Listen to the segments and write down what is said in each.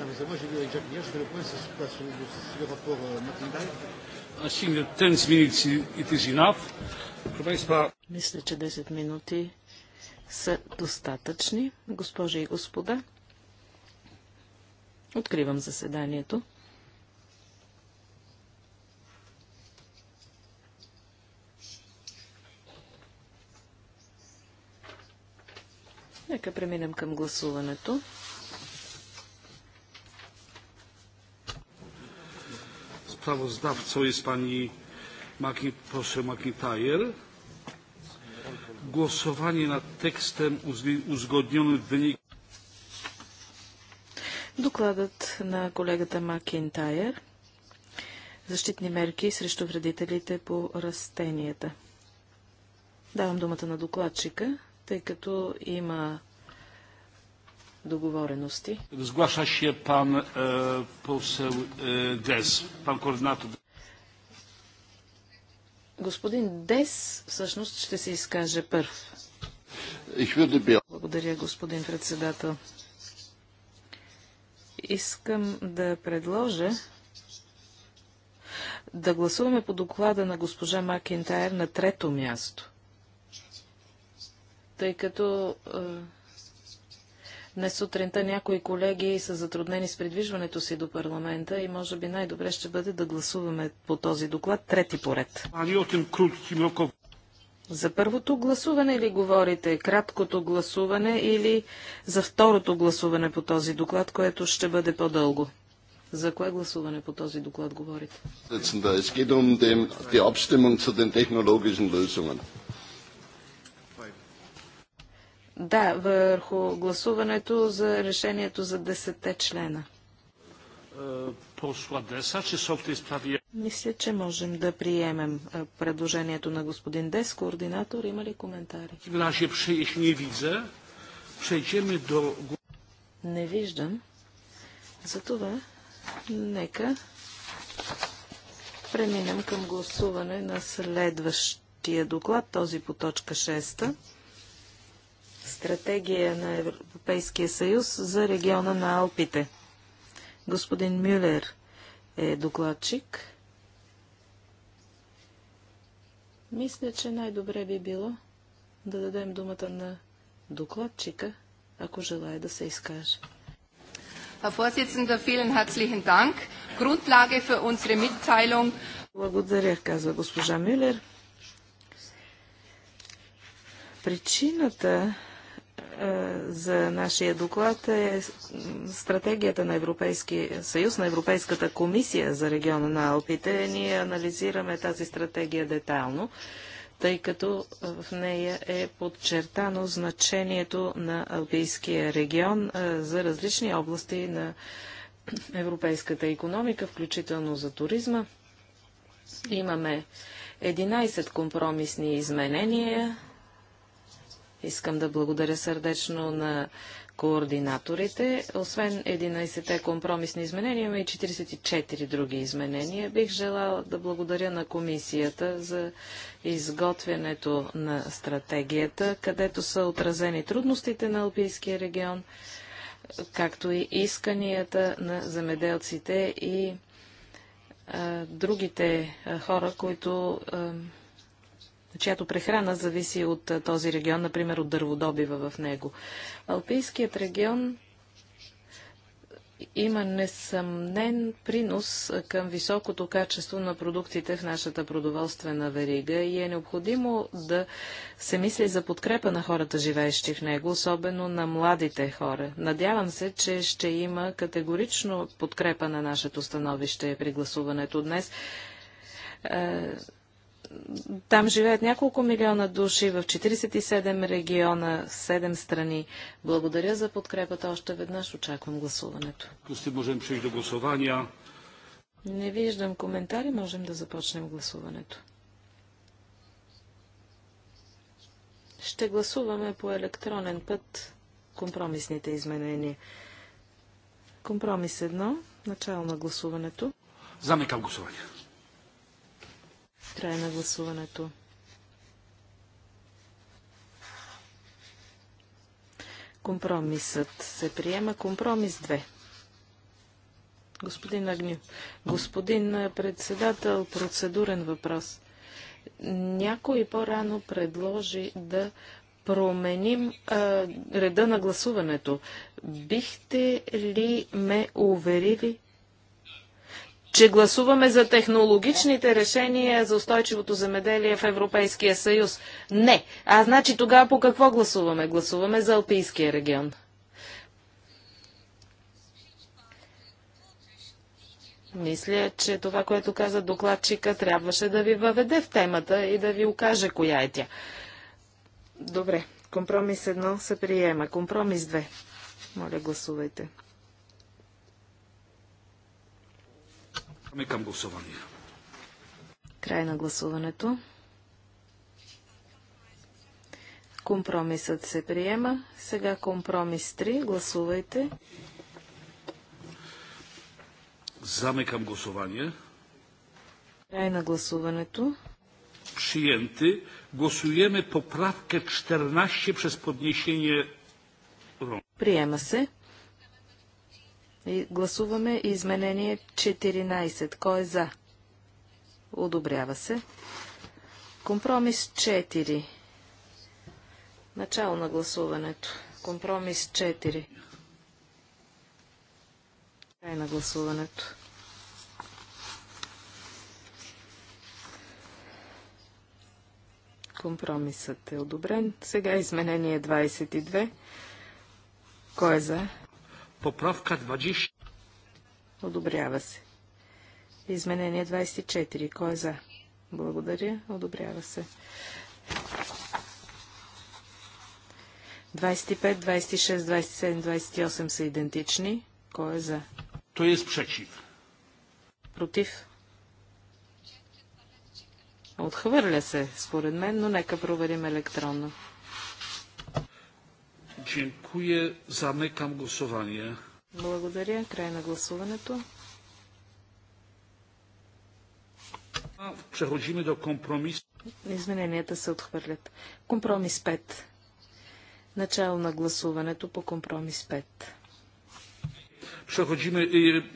Non, mais moi j'ai lu avec Jacques hier, je fais le point sur, quoi, sur, le, sur le rapport euh, Matindaï. I think that 10 minutes it is enough. Мисля, че 10 минути са достатъчни, госпожи и господа. Откривам заседанието. Нека преминем към гласуването. sprawozdawcą jest pani poseł McIntyre. Głosowanie nad tekstem uzgodnionym w wyniku. Докладът на колегата Макентайер Защитни мерки срещу вредителите по растенията. Давам думата на докладчика, тъй като има договорености. Zgłasza się pan e, poseł e, Des, pan koordynator. Господин Дес всъщност ще се изкаже първ. Благодаря, господин председател. Искам да предложа да гласуваме по доклада на госпожа Макинтайр на трето място. Тъй като е, Днес сутринта някои колеги са затруднени с придвижването си до парламента и може би най-добре ще бъде да гласуваме по този доклад трети поред. За първото гласуване ли говорите? Краткото гласуване или за второто гласуване по този доклад, което ще бъде по-дълго? За кое гласуване по този доклад говорите? Да, върху гласуването за решението за 10 члена. Е, Мисля, че можем да приемем е, предложението на господин Дес. Координатор, има ли коментари? Не виждам. Затова нека преминем към гласуване на следващия доклад, този по точка 6 стратегия на Европейския съюз за региона на Алпите. Господин Мюлер е докладчик. Мисля, че най-добре би било да дадем думата на докладчика, ако желая да се изкаже. Herr Vorsitzender, vielen herzlichen Dank. Grundlage für unsere Mitteilung. Благодаря, казва госпожа Мюлер. Причината е, за нашия доклад е стратегията на Европейския съюз, на Европейската комисия за региона на Алпите. Ние анализираме тази стратегия детайлно, тъй като в нея е подчертано значението на Алпийския регион е, за различни области на европейската економика, включително за туризма. Имаме 11 компромисни изменения Искам да благодаря сърдечно на координаторите. Освен 11-те компромисни изменения, има и 44 други изменения. Бих желала да благодаря на комисията за изготвянето на стратегията, където са отразени трудностите на Алпийския регион, както и исканията на земеделците и а, другите а, хора, които а, чиято прехрана зависи от този регион, например от дърводобива в него. Алпийският регион има несъмнен принос към високото качество на продуктите в нашата продоволствена верига и е необходимо да се мисли за подкрепа на хората, живеещи в него, особено на младите хора. Надявам се, че ще има категорично подкрепа на нашето становище при гласуването днес там живеят няколко милиона души в 47 региона, 7 страни. Благодаря за подкрепата. Още веднъж очаквам гласуването. Можем до Не виждам коментари. Можем да започнем гласуването. Ще гласуваме по електронен път компромисните изменения. Компромис едно. Начало на гласуването. Замекам гласуване. Край на гласуването. Компромисът се приема. Компромис 2. Господин Агню. Господин председател, процедурен въпрос. Някой по-рано предложи да променим а, реда на гласуването. Бихте ли ме уверили, че гласуваме за технологичните решения за устойчивото земеделие в Европейския съюз. Не. А значи тогава по какво гласуваме? Гласуваме за Алпийския регион. Мисля, че това, което каза докладчика, трябваше да ви въведе в темата и да ви окаже коя е тя. Добре. Компромис 1 се приема. Компромис 2. Моля, гласувайте. Към гласуване. Край на гласуването. Компромисът се приема. Сега компромис 3. Гласувайте. Заме към гласуване. Край на гласуването. Przyjęty. Гласуваме поправка 14 през поднесение. Приема се. И гласуваме изменение 14. Кой е за? Одобрява се. Компромис 4. Начало на гласуването. Компромис 4. Край на гласуването. Компромисът е одобрен. Сега изменение 22. Кой е за? Поправка 20. Одобрява се. Изменение 24. Кой е за? Благодаря. Одобрява се. 25, 26, 27, 28 са идентични. Кой е за? Той е спречив. Против. Отхвърля се, според мен, но нека проверим електронно. Dziękuję. Zamykam głosowanie. Благодаря. Край на гласуването. Przechodzimy do kompromisu. Измененията се отхвърлят. Компромис 5. Начало на гласуването по компромис 5. Przechodzimy,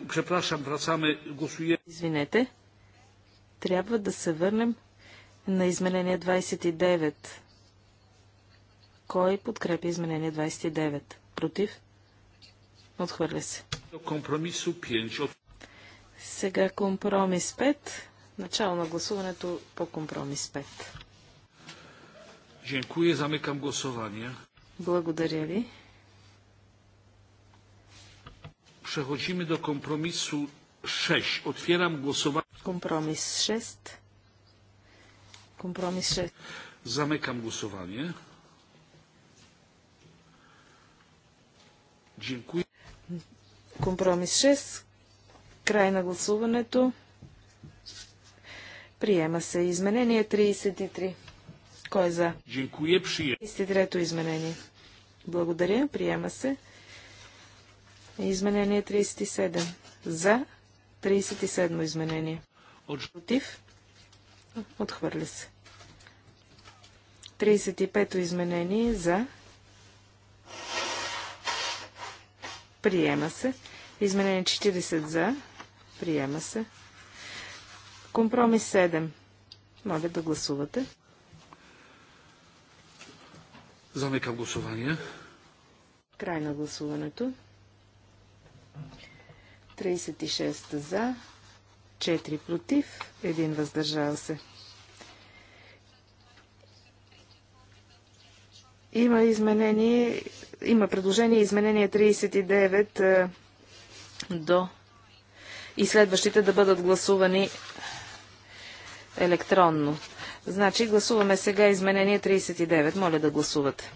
przepraszam, wracamy, głosujemy. Извинете. Трябва да се върнем на изменение 29. Кой подкрепя изменение 29? Против? Отхвърля се. Компромису 5. Сега компромис 5. Начало на гласуването по компромис 5. Dziękuję. Zamykam głosowanie. Благодаря ви. Przechodzimy do kompromisu 6. Otwieram głosowanie. Kompromis 6. Kompromis 6. Zamykam głosowanie. Компромис 6. Край на гласуването. Приема се изменение 33. Кой е за? 33-то изменение. Благодаря. Приема се. Изменение 37. За 37 изменение. Против. Отхвърля се. 35-то изменение за Приема се. Изменение 40 за. Приема се. Компромис 7. Моля да гласувате. Замекам гласувания. Край на гласуването. 36 за, 4 против, 1 въздържал се. Има изменение има предложение изменение 39 е, до и следващите да бъдат гласувани електронно. Значи гласуваме сега изменение 39. Моля да гласувате.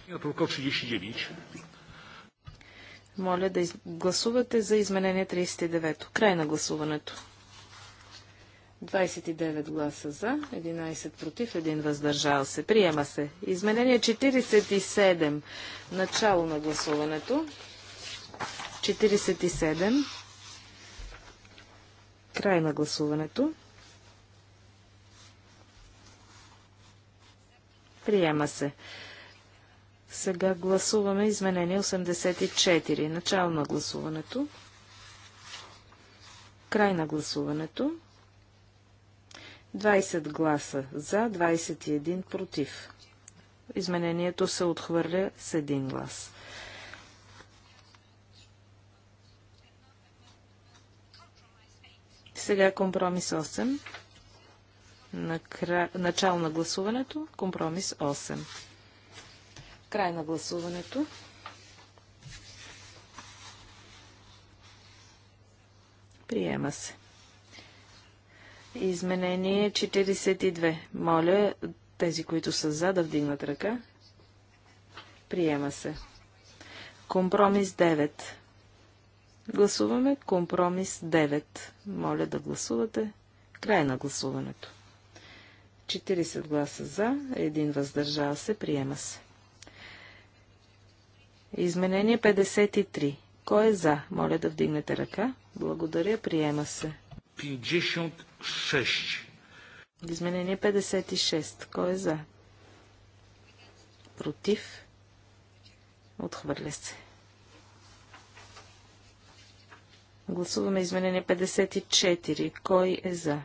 Моля да гласувате за изменение 39. Край на гласуването. 29 гласа за, 11 против, 1 въздържал се. Приема се. Изменение 47. Начало на гласуването. 47. Край на гласуването. Приема се. Сега гласуваме изменение 84. Начало на гласуването. Край на гласуването. 20 гласа за, 21 против. Изменението се отхвърля с един глас. Сега компромис 8. кра... Начало на гласуването. Компромис 8. Край на гласуването. Приема се. Изменение 42. Моля тези, които са за, да вдигнат ръка. Приема се. Компромис 9. Гласуваме компромис 9. Моля да гласувате. Край на гласуването. 40 гласа за, един въздържал се, приема се. Изменение 53. Кой е за? Моля да вдигнете ръка. Благодаря, приема се. 56. Изменение 56. Кой е за? Против? Отхвърля се. Гласуваме изменение 54. Кой е за?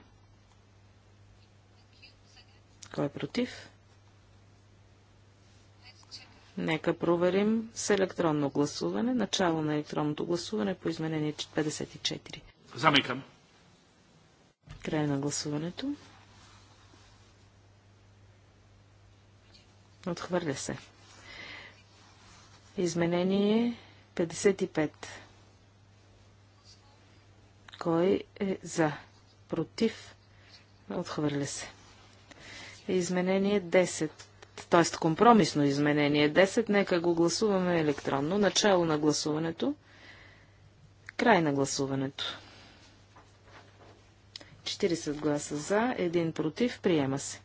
Кой е против? Нека проверим с електронно гласуване. Начало на електронното гласуване по изменение 54. Замикам. Край на гласуването. Отхвърля се. Изменение 55. Кой е за? Против? Отхвърля се. Изменение 10. Т.е. компромисно изменение 10. Нека го гласуваме електронно. Начало на гласуването. Край на гласуването. 40 гласа за, 1 против, приема се.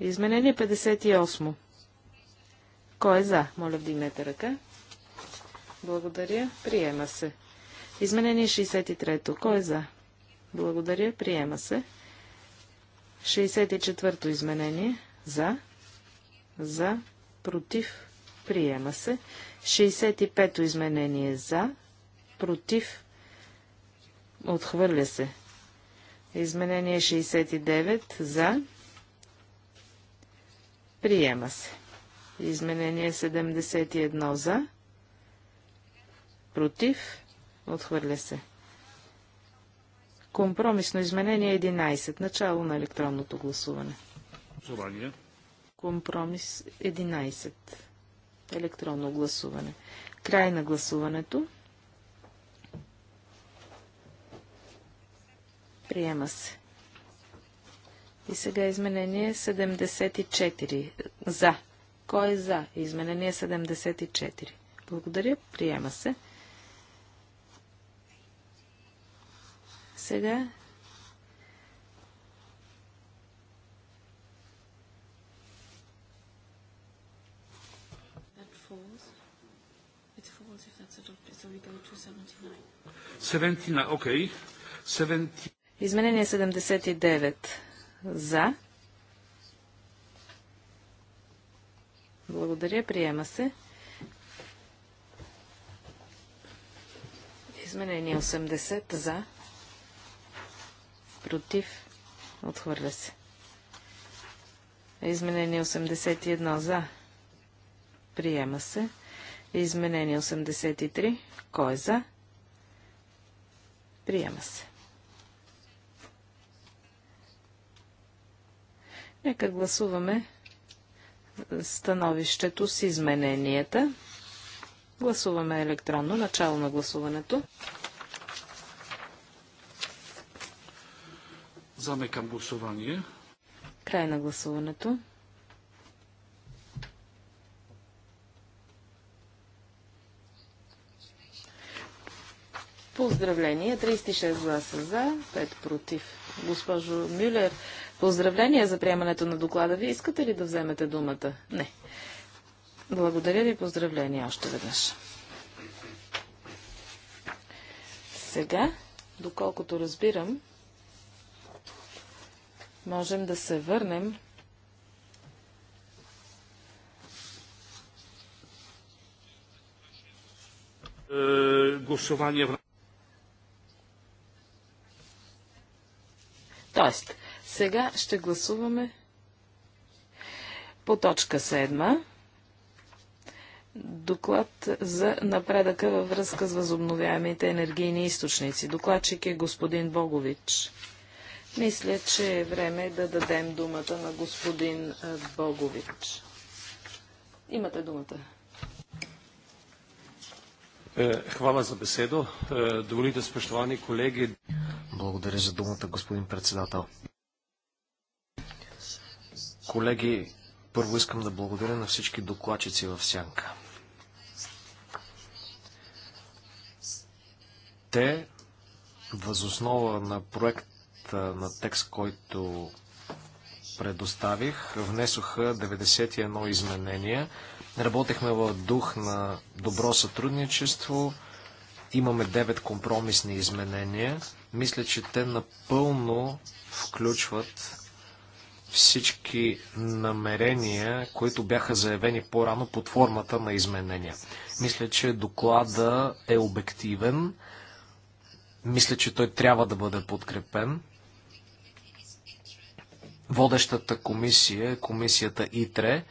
Изменение 58. Кой е за? Моля, вдигнете ръка. Благодаря. Приема се. Изменение 63 Кой е за? Благодаря. Приема се. 64-то изменение. За. За. Против. Приема се. 65-то изменение за. Против. Отхвърля се. Изменение 69 за. Приема се. Изменение 71 за. Против. Отхвърля се. Компромисно изменение 11. Начало на електронното гласуване. Компромис 11. Електронно гласуване. Край на гласуването. Приема се. И сега изменение 74. За. Кой е за? Изменение 74. Благодаря. Приема се. Сега so we go to 79. 79, okay. 70... Изменение 79. За. Благодаря, приема се. Изменение 80 за. Против. Отхвърля се. Изменение 81 за. Приема се. Изменение 83. Кой е за? Приема се. Нека гласуваме становището с измененията. Гласуваме електронно. Начало на гласуването. Замекам гласование. Край на гласуването. Поздравления. 36 гласа за, 5 против. Госпожо Мюлер, поздравления за приемането на доклада. Вие искате ли да вземете думата? Не. Благодаря ви. Поздравления още веднъж. Сега, доколкото разбирам, можем да се върнем głosowanie е, w Тоест, сега ще гласуваме по точка 7. Доклад за напредъка във връзка с възобновяемите енергийни източници. Докладчик е господин Богович. Мисля, че е време да дадем думата на господин Богович. Имате думата. Е, хвала за беседо. Е, доволите spoštovani колеги. Благодаря за думата, господин председател. Колеги, първо искам да благодаря на всички докладчици в Сянка. Те, възоснова на проект на текст, който предоставих, внесоха 91 изменения. Работехме в дух на добро сътрудничество. Имаме 9 компромисни изменения. Мисля, че те напълно включват всички намерения, които бяха заявени по-рано под формата на изменения. Мисля, че доклада е обективен. Мисля, че той трябва да бъде подкрепен. Водещата комисия е комисията ИТРЕ.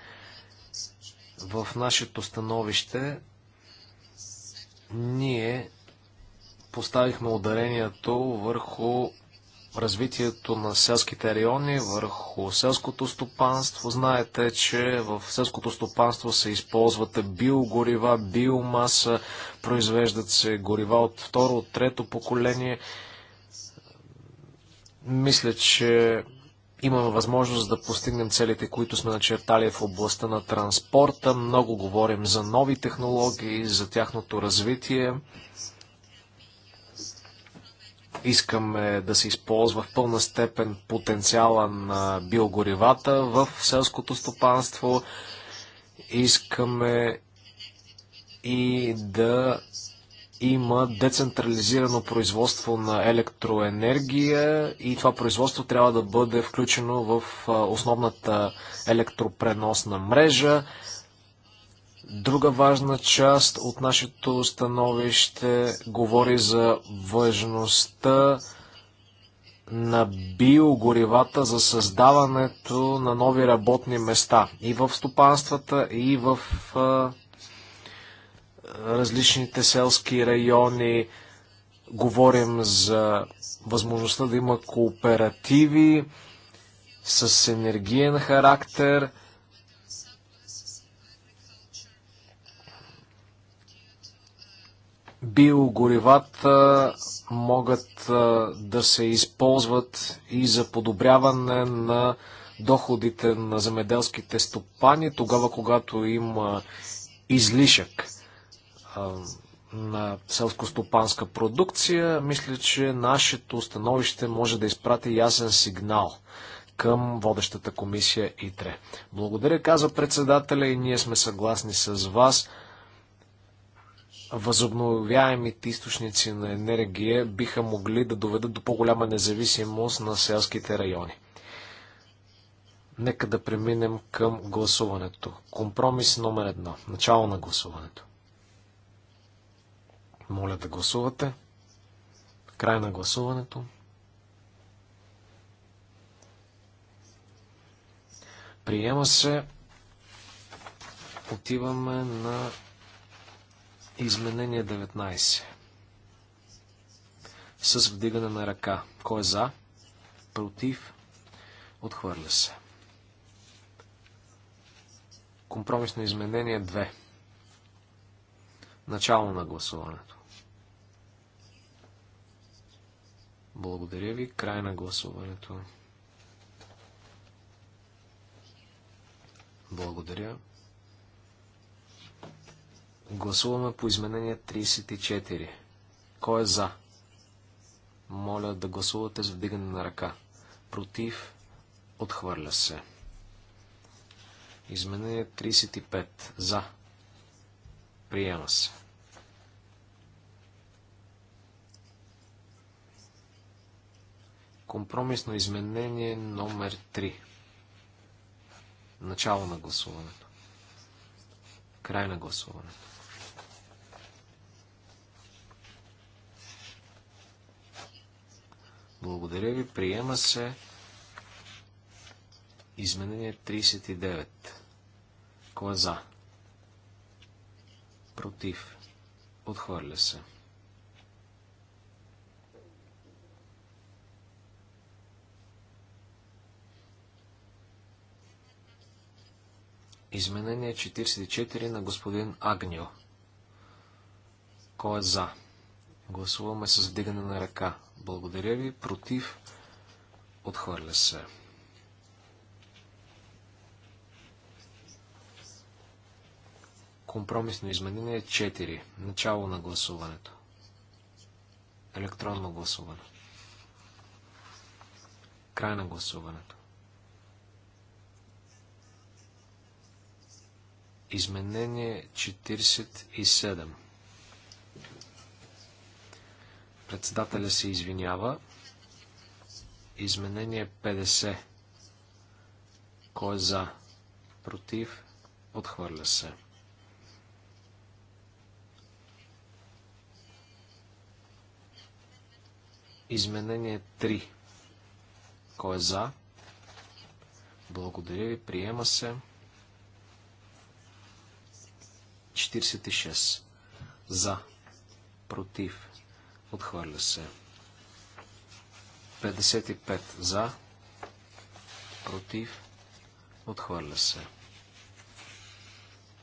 В нашето становище ние поставихме ударението върху развитието на селските райони, върху селското стопанство. Знаете, че в селското стопанство се използват биогорива, биомаса, произвеждат се горива от второ, от трето поколение. Мисля, че имаме възможност да постигнем целите, които сме начертали в областта на транспорта. Много говорим за нови технологии, за тяхното развитие искаме да се използва в пълна степен потенциала на биогоривата в селското стопанство. Искаме и да има децентрализирано производство на електроенергия и това производство трябва да бъде включено в основната електропреносна мрежа. Друга важна част от нашето становище говори за важността на биогоривата за създаването на нови работни места и в стопанствата, и в а, различните селски райони. Говорим за възможността да има кооперативи с енергиен характер – биогоривата могат да се използват и за подобряване на доходите на земеделските стопани, тогава когато има излишък на селскостопанска продукция, мисля, че нашето становище може да изпрати ясен сигнал към водещата комисия ИТРЕ. Благодаря, каза председателя и ние сме съгласни с вас възобновяемите източници на енергия биха могли да доведат до по-голяма независимост на селските райони. Нека да преминем към гласуването. Компромис номер едно. Начало на гласуването. Моля да гласувате. Край на гласуването. Приема се. Отиваме на Изменение 19. С вдигане на ръка. Кой е за? Против? Отхвърля се. Компромисно изменение 2. Начало на гласуването. Благодаря ви. Край на гласуването. Благодаря. Гласуваме по изменение 34. Кой е за? Моля да гласувате с вдигане на ръка. Против? Отхвърля се. Изменение 35. За. Приема се. Компромисно изменение номер 3. Начало на гласуването. Край на гласуването. Благодаря ви. Приема се изменение 39. Кой е за? Против. Отхвърля се. Изменение 44 на господин Агньо. Кой е за? Гласуваме с вдигане на ръка. Благодаря ви. Против. Отхвърля се. Компромисно изменение 4. Начало на гласуването. Електронно гласуване. Край на гласуването. Изменение 47. Председателя се извинява. Изменение 50. Кой е за? Против? Отхвърля се. Изменение 3. Кой е за? Благодаря ви, приема се. 46. За. Против. Отхвърля се. 55 за. Против. Отхвърля се.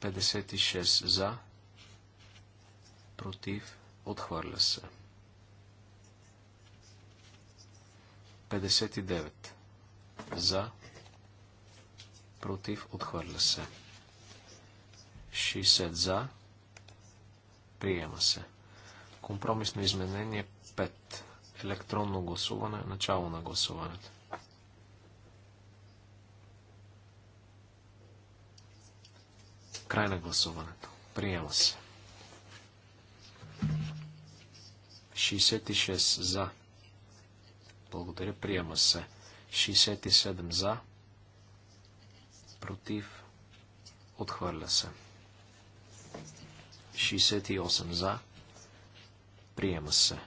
56 за. Против. Отхвърля се. 59 за. Против. Отхвърля се. 60 за. Приема се. Компромисно изменение 5. Електронно гласуване. Начало на гласуването. Край на гласуването. Приема се. 66 за. Благодаря. Приема се. 67 за. Против. Отхвърля се. 68 за. Приема се.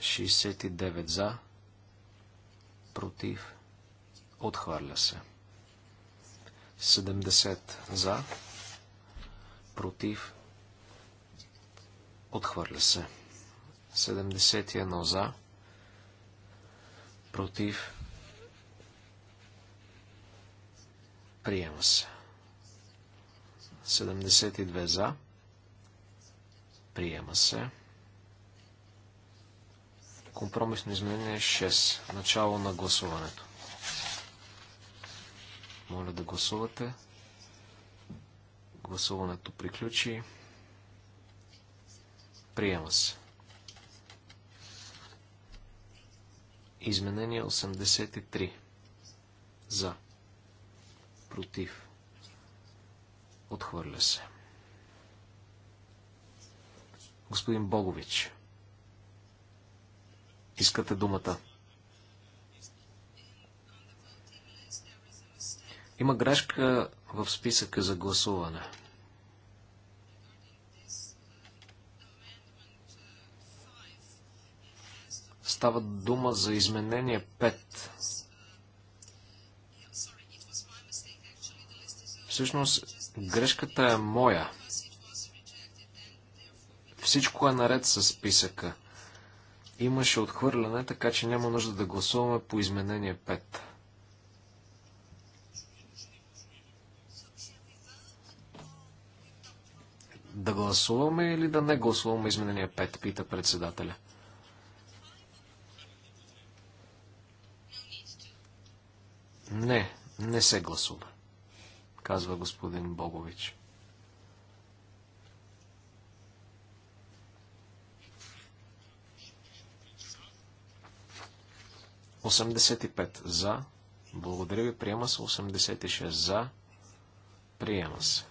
69 за. Против. Отхвърля се. 70 за. Против. Отхвърля се. 71 за. Против. Приема се. 72 за. Приема се. Компромисно изменение 6. Начало на гласуването. Моля да гласувате. Гласуването приключи. Приема се. Изменение 83. За. Против. Отхвърля се. Господин Богович искате думата. Има грешка в списъка за гласуване. Става дума за изменение 5. Всъщност, грешката е моя. Всичко е наред с списъка. Имаше отхвърляне, така че няма нужда да гласуваме по изменение 5. Да гласуваме или да не гласуваме изменение 5, пита председателя. Не, не се гласува, казва господин Богович. 85 за. Благодаря ви. Приема се 86 за. Приема се.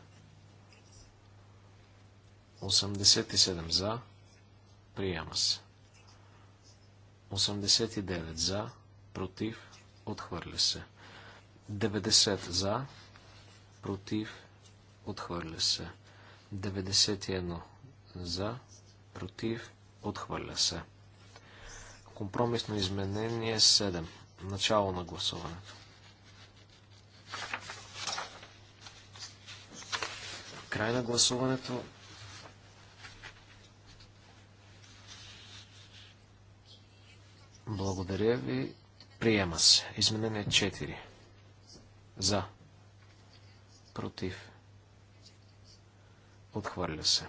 87 за. Приема се. 89 за. Против. Отхвърля се. 90 за. Против. Отхвърля се. 91 за. Против. Отхвърля се. Компромисно изменение 7. Начало на гласуването. Край на гласуването. Благодаря ви. Приема се. Изменение 4. За. Против. Отхвърля се.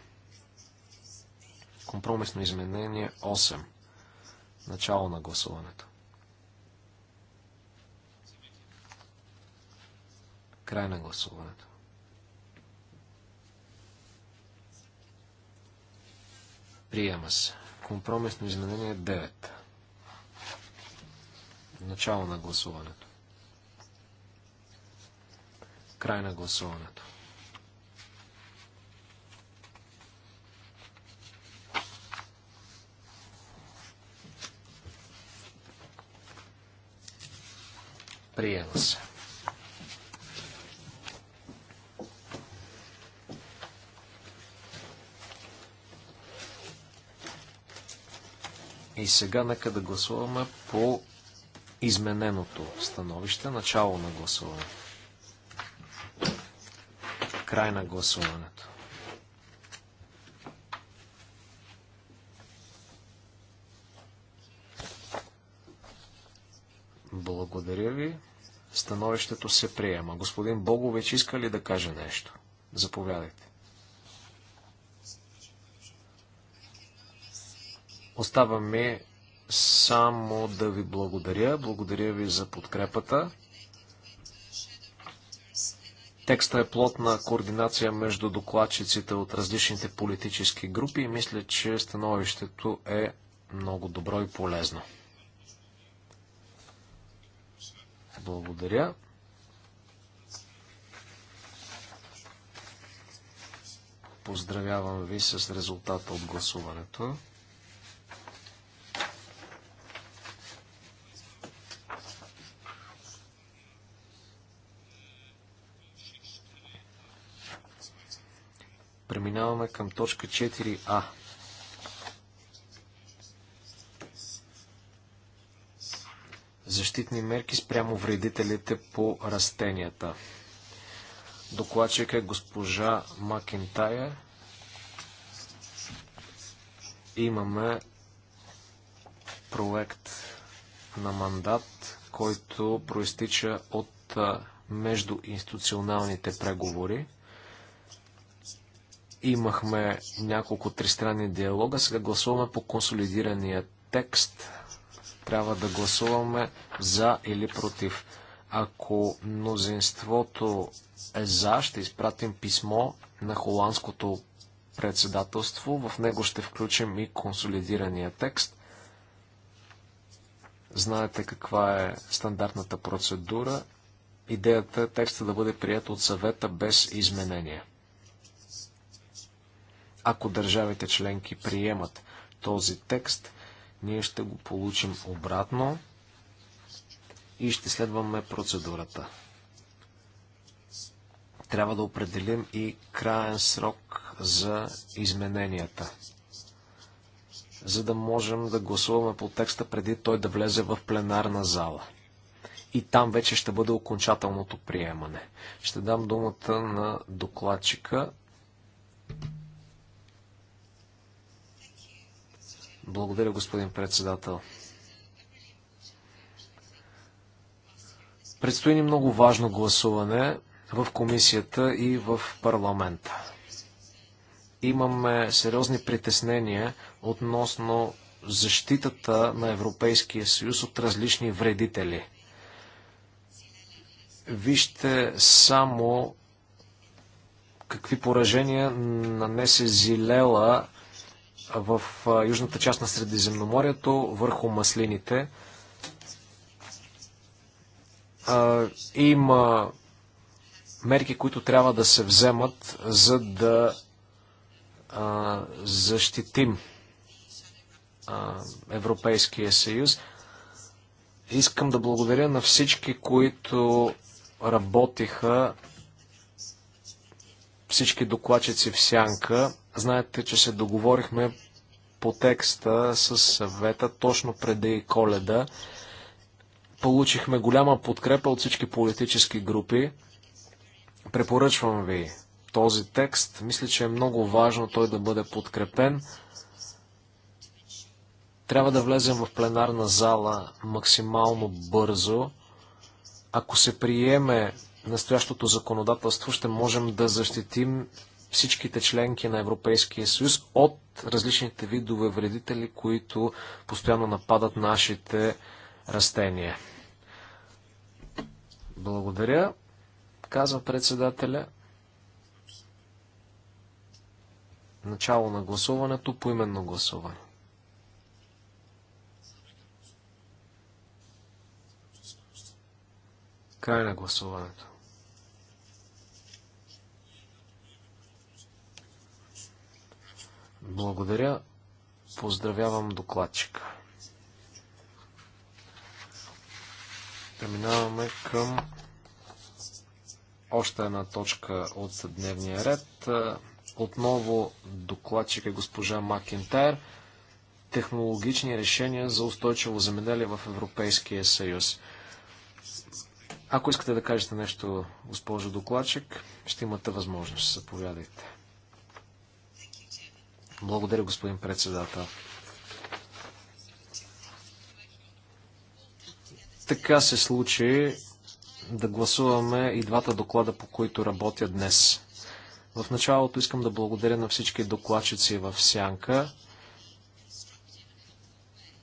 Компромисно изменение 8. Начало на гласуването. Край на гласуването. Приема се. Компромисно изменение 9. Начало на гласуването. Край на гласуването. Приема се. И сега нека да гласуваме по измененото становище, начало на гласуване. Край на гласуването. Благодаря ви. Становището се приема. Господин Богович иска ли да каже нещо? Заповядайте. Остава ми само да ви благодаря. Благодаря ви за подкрепата. Текста е плотна координация между докладчиците от различните политически групи и мисля, че становището е много добро и полезно. Благодаря. Поздравявам ви с резултата от гласуването. Преминаваме към точка 4а. защитни мерки спрямо вредителите по растенията. Докладчик е госпожа Макентая. Имаме проект на мандат, който проистича от междуинституционалните преговори. Имахме няколко тристранни диалога, сега гласуваме по консолидирания текст трябва да гласуваме за или против. Ако мнозинството е за, ще изпратим писмо на холандското председателство. В него ще включим и консолидирания текст. Знаете каква е стандартната процедура. Идеята е текста да бъде прият от съвета без изменения. Ако държавите членки приемат този текст, ние ще го получим обратно и ще следваме процедурата. Трябва да определим и краен срок за измененията, за да можем да гласуваме по текста преди той да влезе в пленарна зала. И там вече ще бъде окончателното приемане. Ще дам думата на докладчика. Благодаря, господин председател. Предстои ни много важно гласуване в комисията и в парламента. Имаме сериозни притеснения относно защитата на Европейския съюз от различни вредители. Вижте само какви поражения нанесе Зилела в южната част на Средиземноморието върху маслините. Има мерки, които трябва да се вземат, за да защитим Европейския съюз. Искам да благодаря на всички, които работиха, всички докладчици в сянка. Знаете, че се договорихме по текста с съвета точно преди коледа. Получихме голяма подкрепа от всички политически групи. Препоръчвам ви този текст. Мисля, че е много важно той да бъде подкрепен. Трябва да влезем в пленарна зала максимално бързо. Ако се приеме настоящото законодателство, ще можем да защитим всичките членки на Европейския съюз от различните видове вредители, които постоянно нападат нашите растения. Благодаря, казва председателя. Начало на гласуването, по именно гласуване. Край на гласуването. Благодаря. Поздравявам докладчика. Преминаваме към още една точка от съдневния ред. Отново докладчик е госпожа Макентайр. Технологични решения за устойчиво земеделие в Европейския съюз. Ако искате да кажете нещо, госпожо докладчик, ще имате възможност. Заповядайте. Благодаря, господин председател. Така се случи да гласуваме и двата доклада, по които работя днес. В началото искам да благодаря на всички докладчици в Сянка.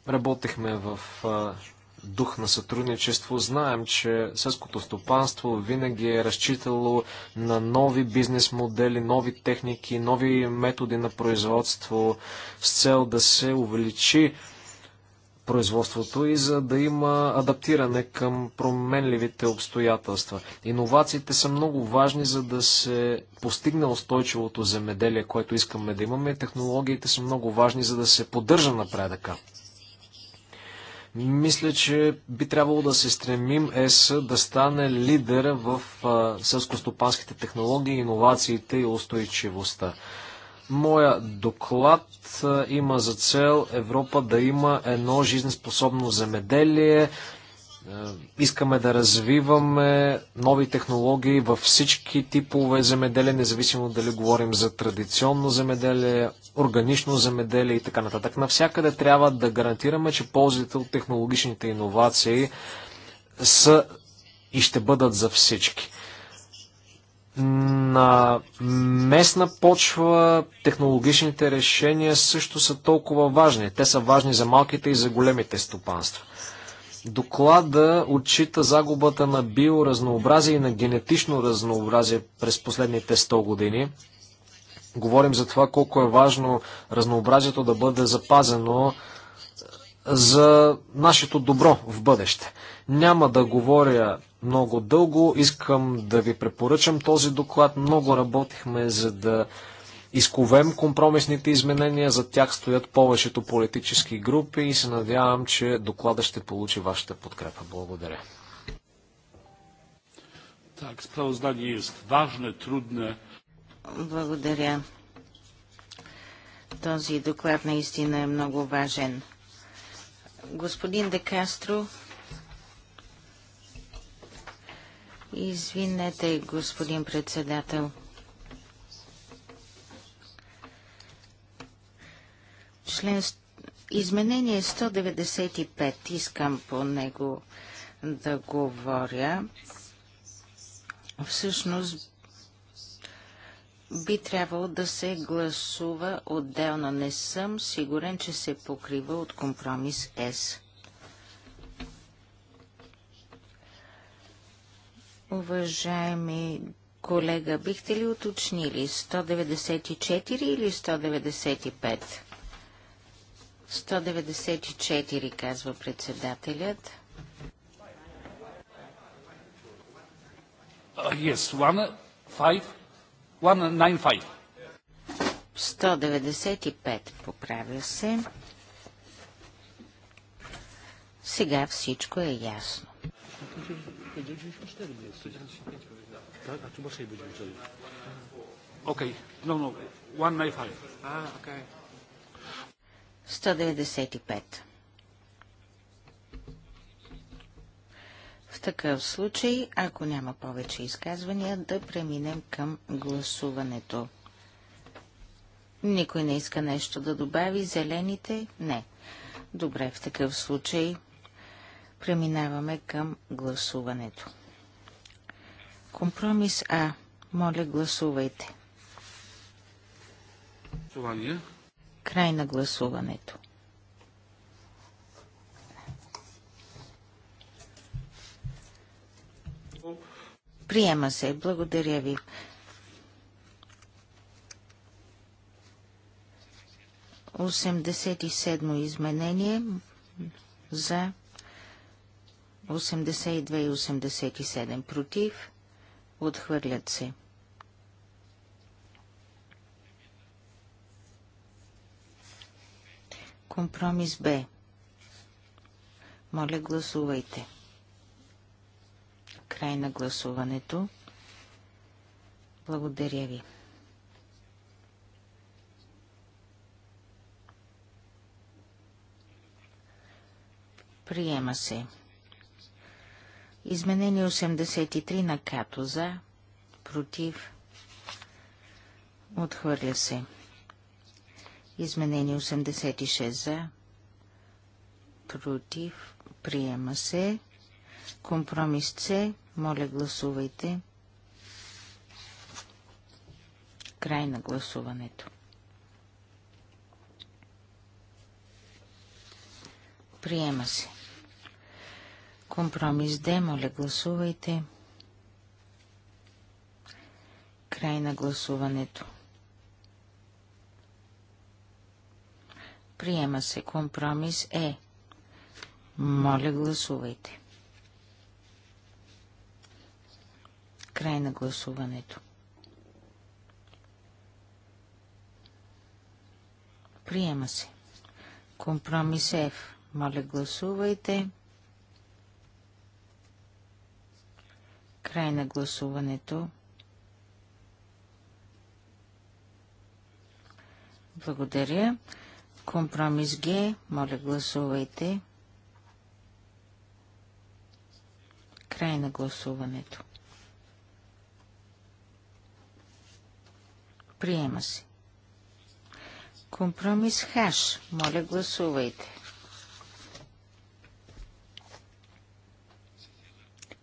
Работехме в дух на сътрудничество. Знаем, че селското стопанство винаги е разчитало на нови бизнес модели, нови техники, нови методи на производство с цел да се увеличи производството и за да има адаптиране към променливите обстоятелства. Иновациите са много важни, за да се постигне устойчивото земеделие, което искаме да имаме. Технологиите са много важни, за да се поддържа напредъка. Мисля, че би трябвало да се стремим ЕС да стане лидер в селскостопанските технологии, иновациите и устойчивостта. Моя доклад има за цел Европа да има едно жизнеспособно земеделие, е, искаме да развиваме нови технологии във всички типове земеделие, независимо дали говорим за традиционно земеделие, органично земеделие и така нататък. Навсякъде трябва да гарантираме, че ползите от технологичните иновации са и ще бъдат за всички. На местна почва технологичните решения също са толкова важни. Те са важни за малките и за големите стопанства. Доклада отчита загубата на биоразнообразие и на генетично разнообразие през последните 100 години. Говорим за това колко е важно разнообразието да бъде запазено е, за нашето добро в бъдеще. Няма да говоря много дълго, искам да ви препоръчам този доклад. Много работихме за да изковем компромисните изменения, за тях стоят повечето политически групи и се надявам, че доклада ще получи вашата подкрепа. Благодаря. Так, справознание е важно, трудно. Благодаря. Този доклад наистина е много важен. Господин Декастро, извинете, господин председател. Член... Изменение 195. Искам по него да говоря. Всъщност би трябвало да се гласува отделно. Не съм сигурен, че се покрива от компромис С. Уважаеми колега, бихте ли уточнили 194 или 195? 194, казва председателят. Uh, yes, one, five, one, nine, five. 195 поправя се. Сега всичко е ясно. Окей, но, но, 195. А, окей. 195. В такъв случай, ако няма повече изказвания, да преминем към гласуването. Никой не иска нещо да добави. Зелените? Не. Добре, в такъв случай преминаваме към гласуването. Компромис А. Моля, гласувайте. Гласуване. Край на гласуването. Приема се. Благодаря ви. Осемдесет и седмо изменение за 82 и 87 против. Отхвърлят се. Компромис Б. Моля, гласувайте. Край на гласуването. Благодаря ви. Приема се. Изменение 83 на Като за, против, отхвърля се. Изменение 86 за. Против. Приема се. Компромис С. Моля, гласувайте. Край на гласуването. Приема се. Компромис Д. Моля, гласувайте. Край на гласуването. Приема се компромис Е. Моля, гласувайте. Край на гласуването. Приема се. Компромис Ф. Е. Моля, гласувайте. Край на гласуването. Благодаря. Компромис Г. Моля, гласувайте. Край на гласуването. Приема се. Компромис Хаш. Моля, гласувайте.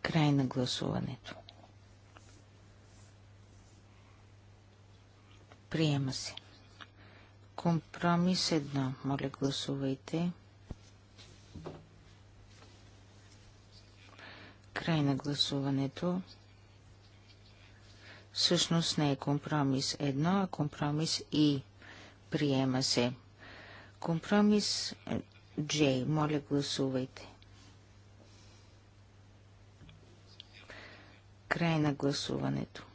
Край на гласуването. Приема се. Компромис едно. Моля, гласувайте. Край на гласуването. Всъщност не е компромис едно, а компромис и. Приема се. Компромис J. Моля, гласувайте. Край на гласуването.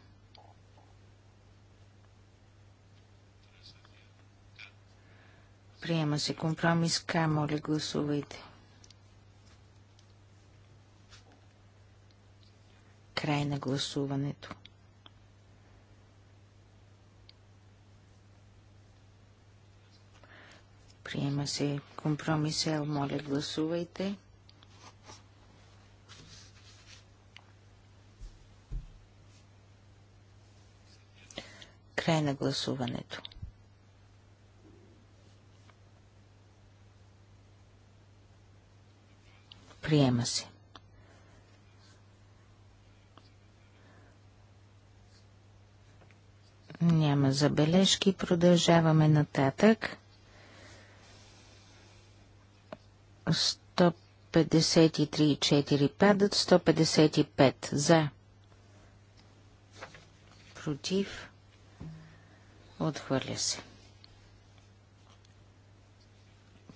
Приема се компромис К. Моля, гласувайте. Край на гласуването. Приема се компромис Л. Моля, гласувайте. Край на гласуването. Приема се. Няма забележки. Продължаваме нататък. 153 и 4 падат. 155 за. Против. Отхвърля се.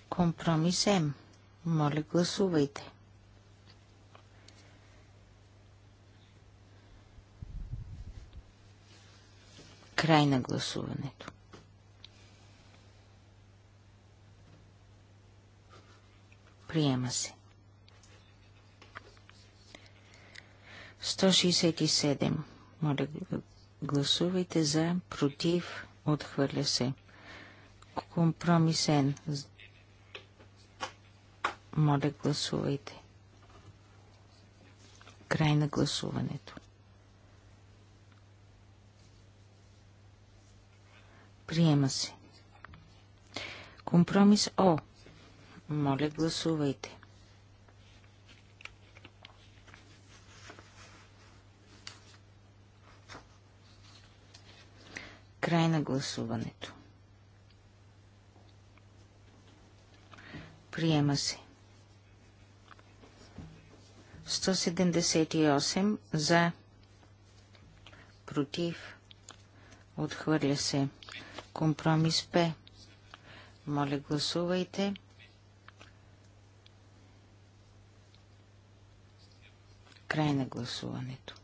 Компромис Моля, гласувайте. Край на гласуването. Приема се. 167. Моля, гласувайте за, против, отхвърля се. Компромисен. Моля, гласувайте. Край на гласуването. Приема се. Компромис О. Моля, гласувайте. Край на гласуването. Приема се. 178 за. Против. Отхвърля се. Компромис П. Моля, гласувайте. Край на гласуването.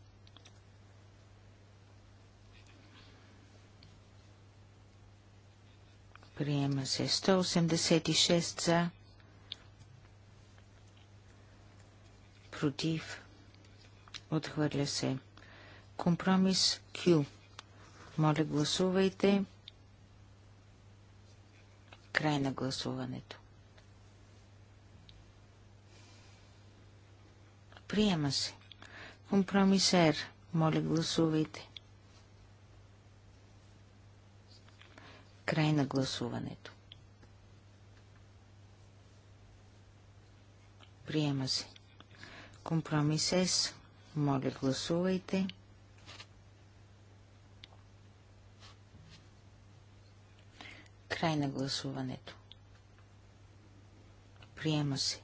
Приема се 186 за, против, отхвърля се. Компромис Q. Моля, гласувайте. Край на гласуването. Приема се. Компромисер. Моля, гласувайте. Край на гласуването. Приема се. Компромисес. Моля, гласувайте. Край на гласуването. Приема се.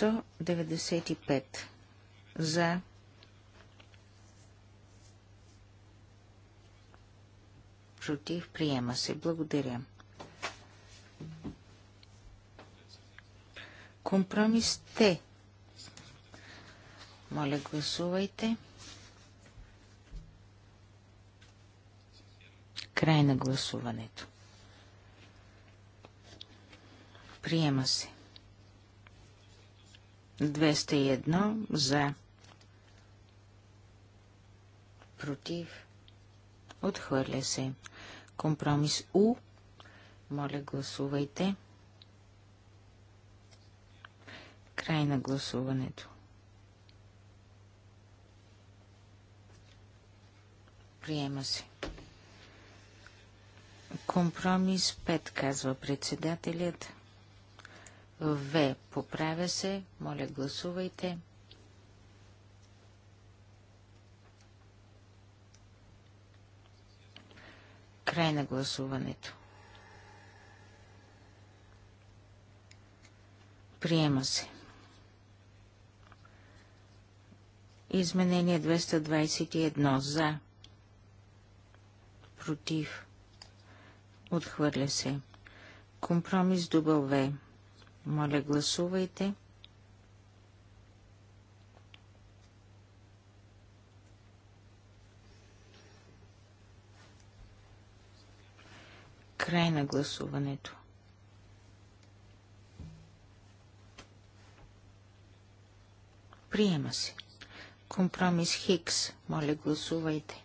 195 за против, приема се. Благодаря. Компромис Т. Моля, гласувайте. Край на гласуването. Приема се. 201 за. Против. Отхвърля се. Компромис У. Моля, гласувайте. Край на гласуването. Приема се. Компромис 5, казва председателят. В. Поправя се. Моля, гласувайте. Край на гласуването. Приема се. Изменение 221 за. Против. Отхвърля се. Компромис В. Моля, гласувайте. Край на гласуването. Приема се. Компромис Хикс. Моля, гласувайте.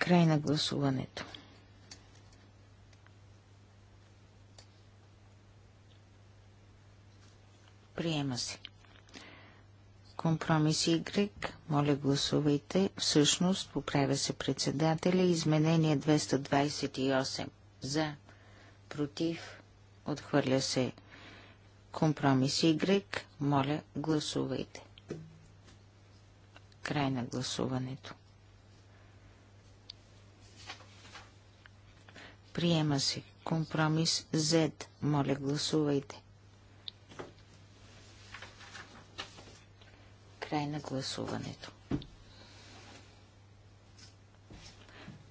Край на гласуването. Приема се. Компромис Y. Моля гласувайте. Всъщност, поправя се председателя. Изменение 228. За. Против. Отхвърля се. Компромис Y. Моля гласувайте. Край на гласуването. Приема се. Компромис Z. Моля, гласувайте. Край на гласуването.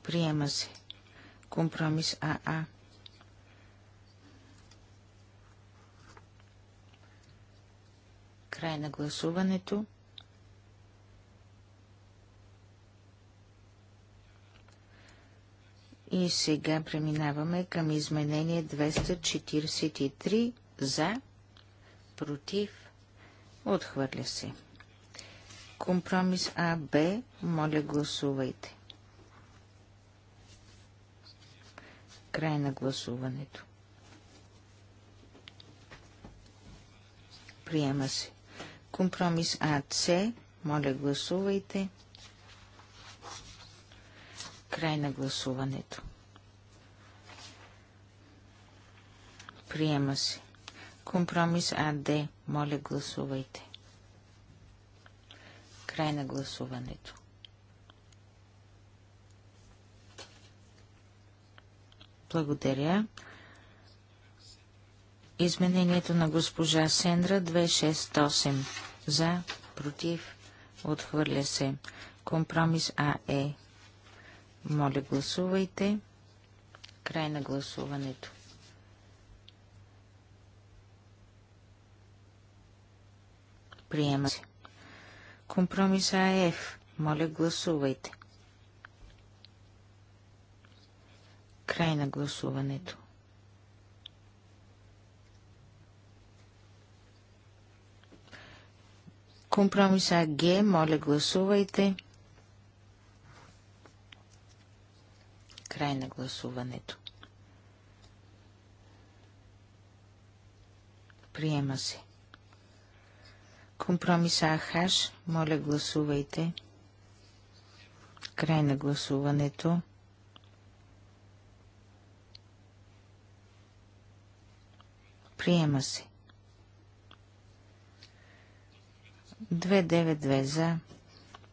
Приема се. Компромис АА. Край на гласуването. И сега преминаваме към изменение 243 за, против, отхвърля се. Компромис А, Б, моля гласувайте. Край на гласуването. Приема се. Компромис А, С, моля гласувайте. Край на гласуването. Приема се. Компромис АД. Моля, гласувайте. Край на гласуването. Благодаря. Изменението на госпожа Сендра 268. За, против, отхвърля се. Компромис АЕ. Моля, гласувайте. Край на гласуването. Приема се. Компромис АФ. Моля, гласувайте. Край на гласуването. Компромис АГ. Моля, гласувайте. Край на гласуването. Приема се. Компромиса АХ. Моля, гласувайте. Край на гласуването. Приема се. 292 за,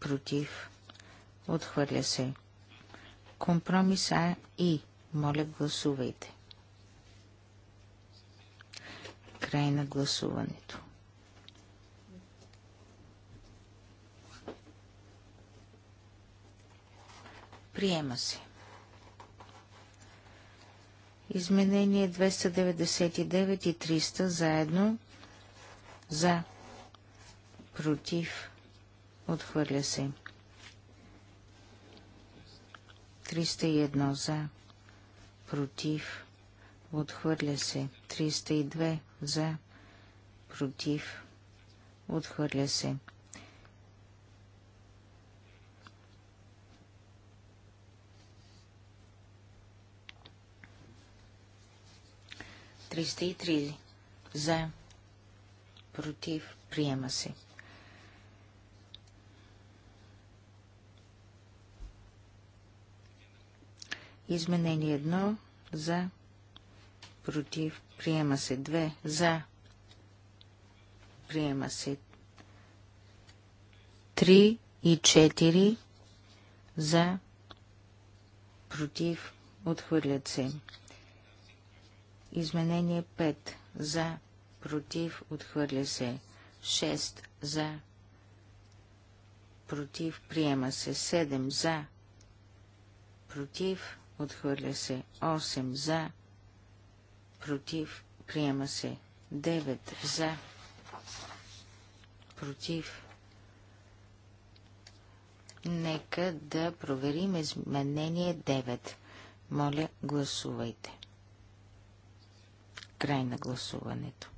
против, отхвърля се. Компромис А и. Моля, гласувайте. Край на гласуването. Приема се. Изменение 299 и 300 заедно за против отхвърля се. 301 за, против, отхвърля се. 302 за, против, отхвърля се. Триста и три за, против, приема се. Изменение едно за, против, приема се 2 за, приема се Три и 4 за, против, отхвърлят се. Изменение 5 за, против, отхвърля се. 6 за, против, приема се. 7 за, против, отхвърля се 8 за, против, приема се 9 за, против. Нека да проверим изменение 9. Моля, гласувайте. Край на гласуването.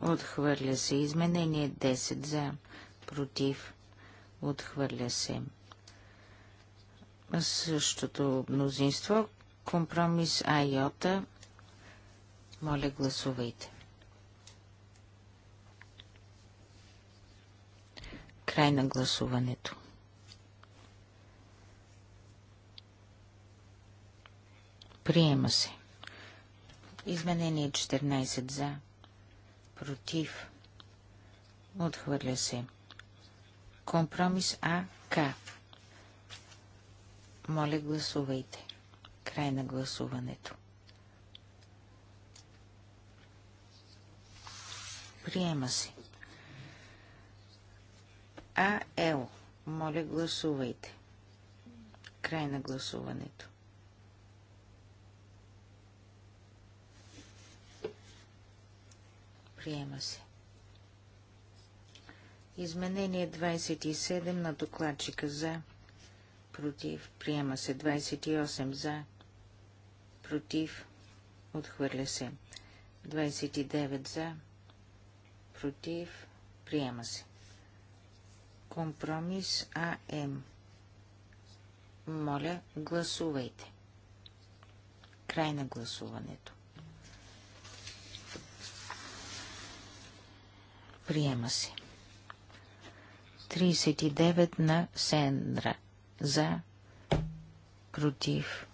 Отхвърля се изменение 10 за, против, Отхвърля се. Същото мнозинство. Компромис Айота. Моля, гласувайте. Край на гласуването. Приема се. Изменение 14 за. Против. Отхвърля се. Компромис АК. Моля, гласувайте. Край на гласуването. Приема се. АЛ. Моля, гласувайте. Край на гласуването. Приема се. Изменение 27 на докладчика за. Против. Приема се 28 за. Против. Отхвърля се. 29 за. Против. Приема се. Компромис АМ. Моля, гласувайте. Край на гласуването. Приема се. 39 на Сендра. За. Против.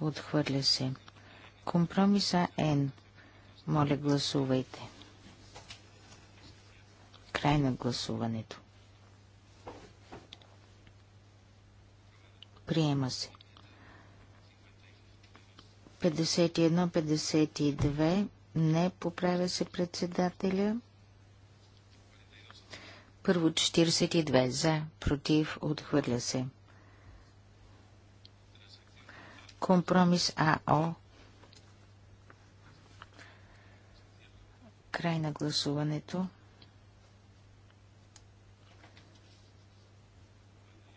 Отхвърля се. Компромиса Н. Моля, гласувайте. Край на гласуването. Приема се. 51-52. Не поправя се председателя. Първо 42 за, против, отхвърля се. Компромис АО. Край на гласуването.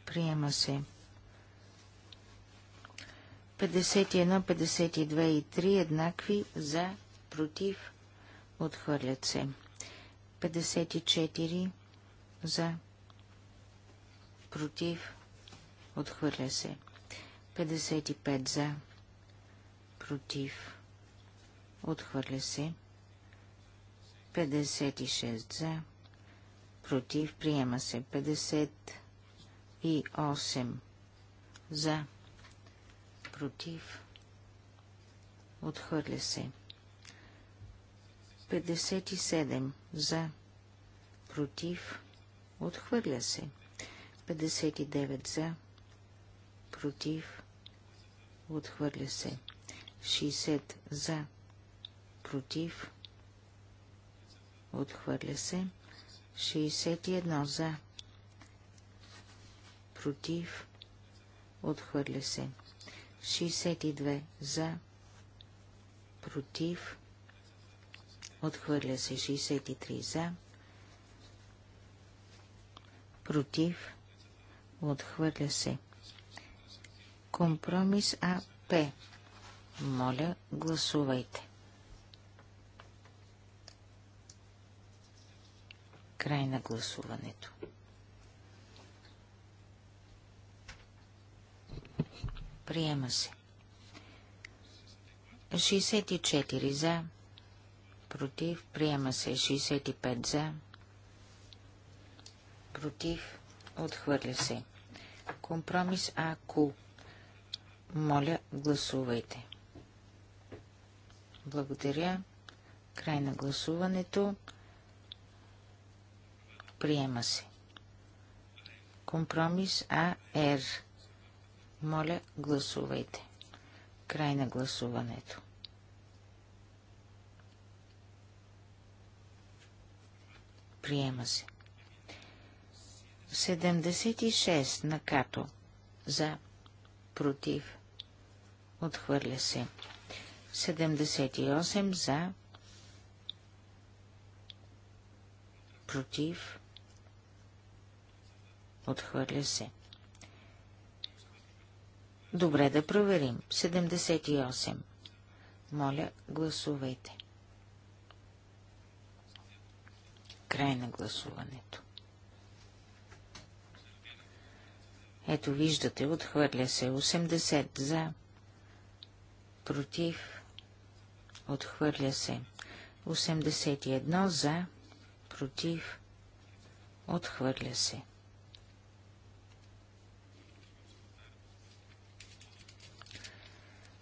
Приема се. 51, 52 и 3 еднакви за, против, отхвърлят се. 54 за, против, отхвърля се. 55 за, против, отхвърля се. 56 за, против, приема се. 58 за, против, отхвърля се. 57 за, против, Отхвърля се. 59 за. Против. Отхвърля се. 60 за. Против. Отхвърля се. 61 за. Против. Отхвърля се. 62 за. Против. Отхвърля се. 63 за против, отхвърля се. Компромис АП. Моля, гласувайте. Край на гласуването. Приема се. 64 за, против, приема се 65 за, против, отхвърля се. Компромис АКУ. Моля, гласувайте. Благодаря. Край на гласуването. Приема се. Компромис АР. Моля, гласувайте. Край на гласуването. Приема се. 76 на като. За. Против. Отхвърля се. 78 за. Против. Отхвърля се. Добре да проверим. 78. Моля, гласувайте. Край на гласуването. Ето виждате, отхвърля се 80 за, против, отхвърля се 81 за, против, отхвърля се.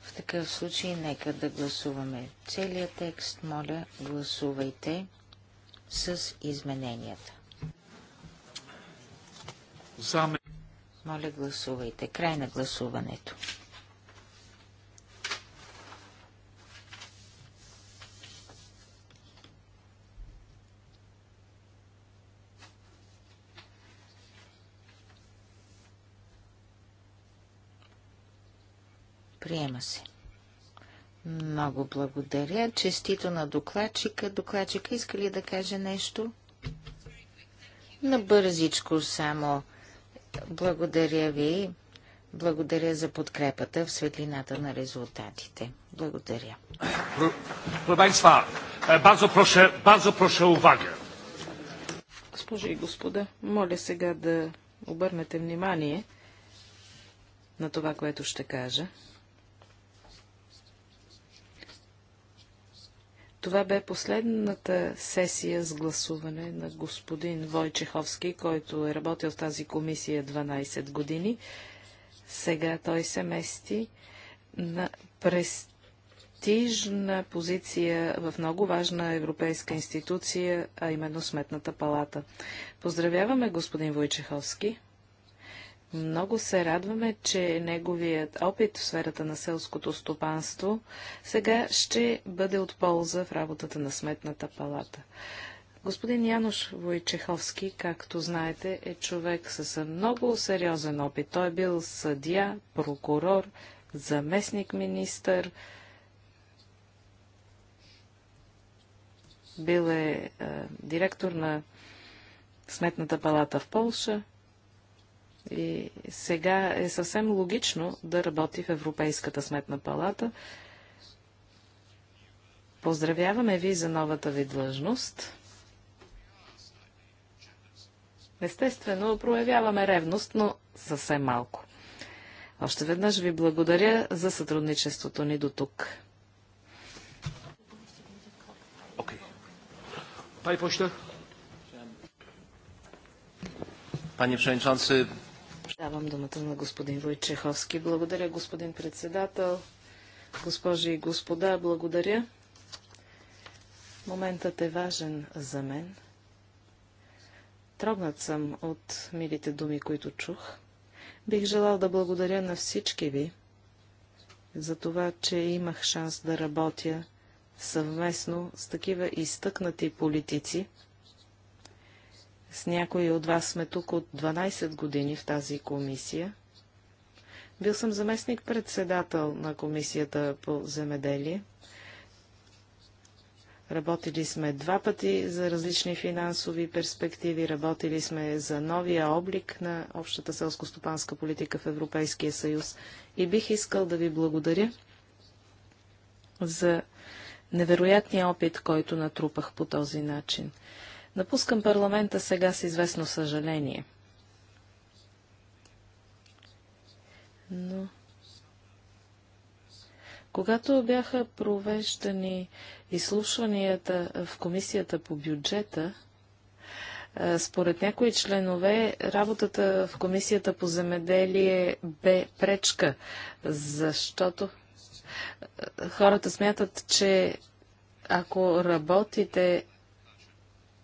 В такъв случай нека да гласуваме целият текст. Моля, гласувайте с измененията. Заме. Моля, гласувайте. Край на гласуването. Приема се. Много благодаря. Честито на докладчика. Докладчика иска ли да каже нещо? Набързичко само. Благодаря ви. Благодаря за подкрепата в светлината на резултатите. Благодаря. Proszę Państwa, e, bardzo proszę, bardzo proszę uwagę. Госпожи и господа, моля сега да обърнете внимание на това, което ще кажа. Това бе последната сесия с гласуване на господин Войчеховски, който е работил в тази комисия 12 години. Сега той се мести на престижна позиция в много важна европейска институция, а именно Сметната палата. Поздравяваме господин Войчеховски. Много се радваме, че неговият опит в сферата на селското стопанство сега ще бъде от полза в работата на Сметната палата. Господин Януш Войчеховски, както знаете, е човек с много сериозен опит. Той е бил съдия, прокурор, заместник министър, бил е, е директор на Сметната палата в Полша – и сега е съвсем логично да работи в Европейската сметна палата. Поздравяваме ви за новата ви длъжност. Естествено, проявяваме ревност, но съвсем малко. Още веднъж ви благодаря за сътрудничеството ни до тук. Panie Przewodniczący, Давам думата на господин Войчеховски. Благодаря, господин председател. Госпожи и господа, благодаря. Моментът е важен за мен. Трогнат съм от милите думи, които чух. Бих желал да благодаря на всички ви за това, че имах шанс да работя съвместно с такива изтъкнати политици, с някои от вас сме тук от 12 години в тази комисия. Бил съм заместник-председател на комисията по земеделие. Работили сме два пъти за различни финансови перспективи, работили сме за новия облик на общата селско-стопанска политика в Европейския съюз и бих искал да ви благодаря за невероятния опит, който натрупах по този начин. Напускам парламента сега с известно съжаление. Но когато бяха провеждани изслушванията в комисията по бюджета, според някои членове, работата в комисията по земеделие бе пречка, защото хората смятат, че ако работите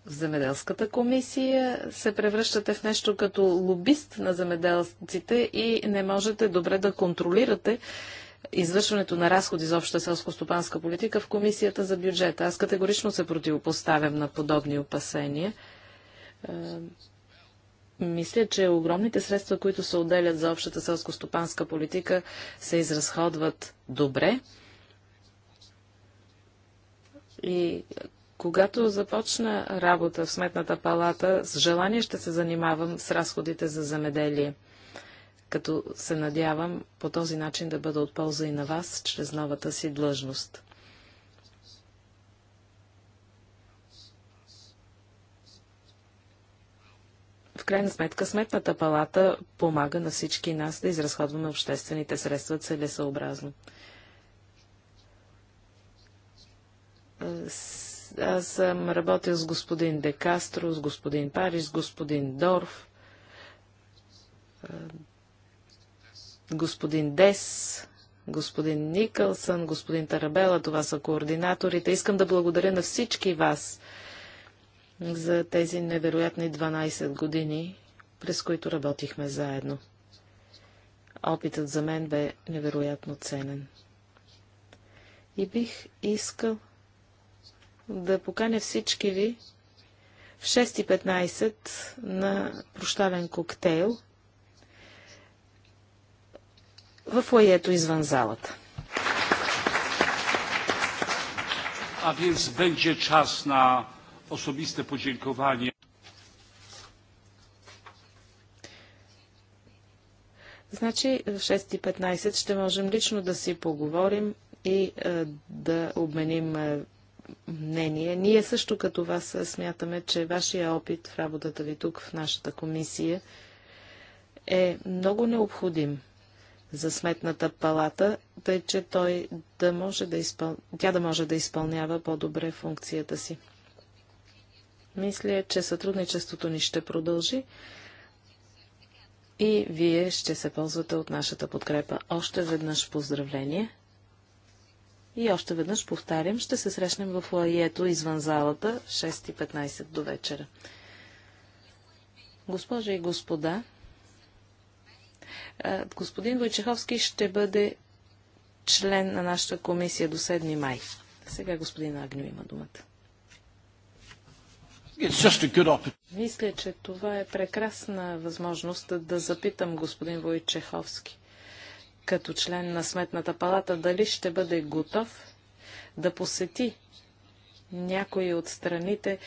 в земеделската комисия, се превръщате в нещо като лобист на земеделците и не можете добре да контролирате извършването на разходи за обща селско-стопанска политика в комисията за бюджета. Аз категорично се противопоставям на подобни опасения. Е, мисля, че огромните средства, които се отделят за общата селско-стопанска политика, се изразходват добре. И когато започна работа в Сметната палата, с желание ще се занимавам с разходите за замеделие, като се надявам по този начин да бъда от полза и на вас чрез новата си длъжност. В крайна сметка Сметната палата помага на всички нас да изразходваме обществените средства целесъобразно. Аз съм работил с господин Де Кастро, с господин Париж, с господин Дорф, господин Дес, господин Никълсън, господин Тарабела, това са координаторите. Искам да благодаря на всички вас за тези невероятни 12 години, през които работихме заедно. Опитът за мен бе невероятно ценен. И бих искал да поканя всички ви в 6.15 на прощален коктейл в лаето извън залата. А więc będzie czas на особисте podziękowanie. Значи в 6.15 ще можем лично да си поговорим и е, да обменим е, мнение. Ние също като вас смятаме, че вашия опит в работата ви тук в нашата комисия е много необходим за сметната палата, тъй че той да може да изпъл... тя да може да изпълнява по-добре функцията си. Мисля, че сътрудничеството ни ще продължи и вие ще се ползвате от нашата подкрепа. Още веднъж поздравление! И още веднъж повтарям, ще се срещнем в лаието извън залата 6.15 до вечера. Госпожа и господа, господин Войчеховски ще бъде член на нашата комисия до 7 май. Сега господин Агню има думата. Мисля, че това е прекрасна възможност да запитам господин Войчеховски като член на Сметната палата, дали ще бъде готов да посети някои от страните,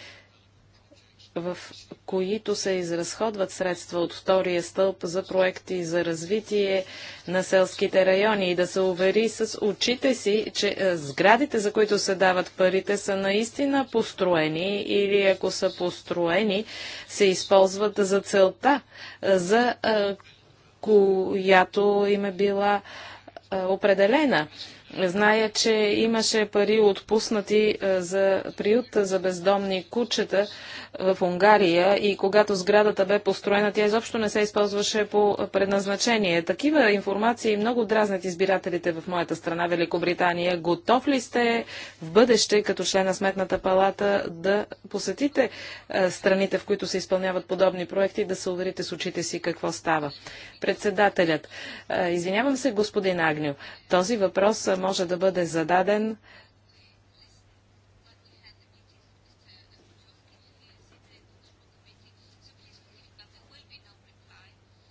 в които се изразходват средства от втория стълб за проекти за развитие на селските райони и да се увери с очите си, че е, сградите, за които се дават парите, са наистина построени или ако са построени, се използват за целта, за е, която им е била определена. Зная, че имаше пари отпуснати е, за приют за бездомни кучета е, в Унгария и когато сградата бе построена, тя изобщо не се използваше по предназначение. Такива информации много дразнят избирателите в моята страна, Великобритания. Готов ли сте в бъдеще, като член на Сметната палата, да посетите е, страните, в които се изпълняват подобни проекти да се уверите с очите си какво става? Председателят. Извинявам се, господин Агню. Този въпрос може да бъде зададен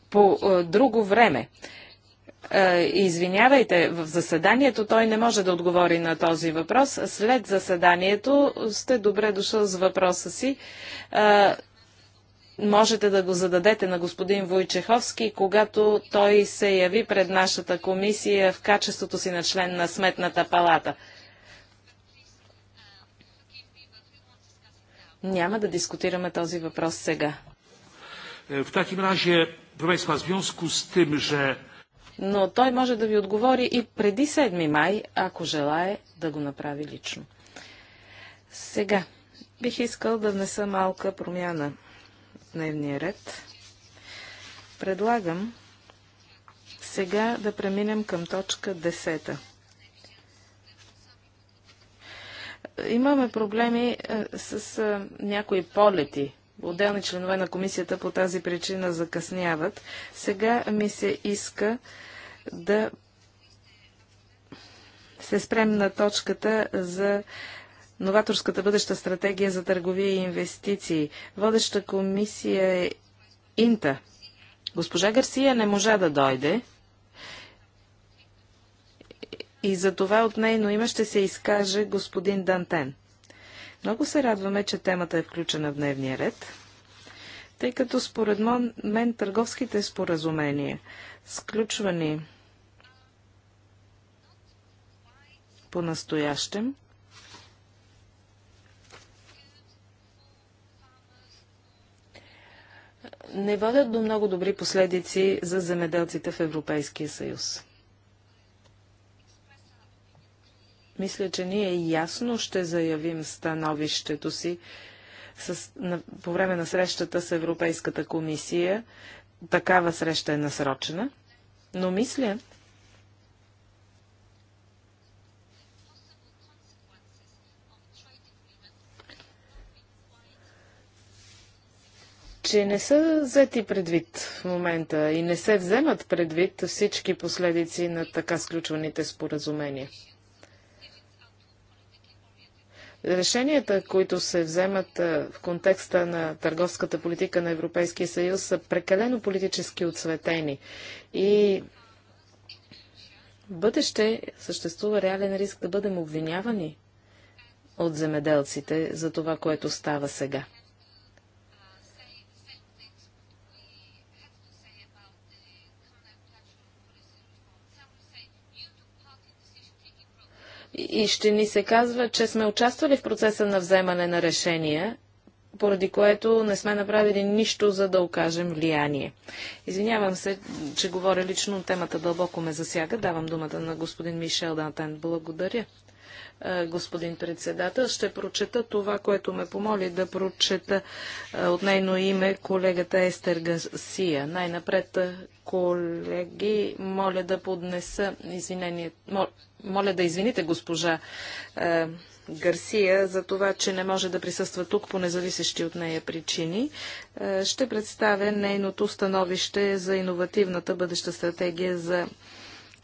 по е, друго време. Е, извинявайте, в заседанието той не може да отговори на този въпрос. След заседанието сте добре дошъл с въпроса си. Е, можете да го зададете на господин Войчеховски, когато той се яви пред нашата комисия в качеството си на член на Сметната палата. Няма да дискутираме този въпрос сега. Е, в таки разе, Państwa, związku z tym, Но той може да ви отговори и преди 7 май, ако желае да го направи лично. Сега, бих искал да внеса малка промяна дневния ред, предлагам сега да преминем към точка 10. Имаме проблеми е, с е, някои полети. Отделни членове на комисията по тази причина закъсняват. Сега ми се иска да се спрем на точката за новаторската бъдеща стратегия за търговия и инвестиции. Водеща комисия е Инта. Госпожа Гарсия не можа да дойде и за това от нейно име ще се изкаже господин Дантен. Много се радваме, че темата е включена в дневния ред, тъй като според мен търговските споразумения, сключвани по-настоящем, не водят до много добри последици за земеделците в Европейския съюз. Мисля, че ние ясно ще заявим становището си с, на, по време на срещата с Европейската комисия. Такава среща е насрочена. Но мисля, че не са взети предвид в момента и не се вземат предвид всички последици на така сключваните споразумения. Решенията, които се вземат в контекста на търговската политика на Европейския съюз, са прекалено политически отсветени. И в бъдеще съществува реален риск да бъдем обвинявани от земеделците за това, което става сега. и ще ни се казва, че сме участвали в процеса на вземане на решения, поради което не сме направили нищо, за да окажем влияние. Извинявам се, че говоря лично, темата дълбоко ме засяга. Давам думата на господин Мишел Дантен. Благодаря. Господин председател, ще прочета това, което ме помоли да прочета от нейно име колегата Естер Гасия. Най-напред, колеги, моля да поднеса извинение, моля да извините госпожа е, Гарсия за това, че не може да присъства тук по независещи от нея причини. Е, ще представя нейното становище за иновативната бъдеща стратегия за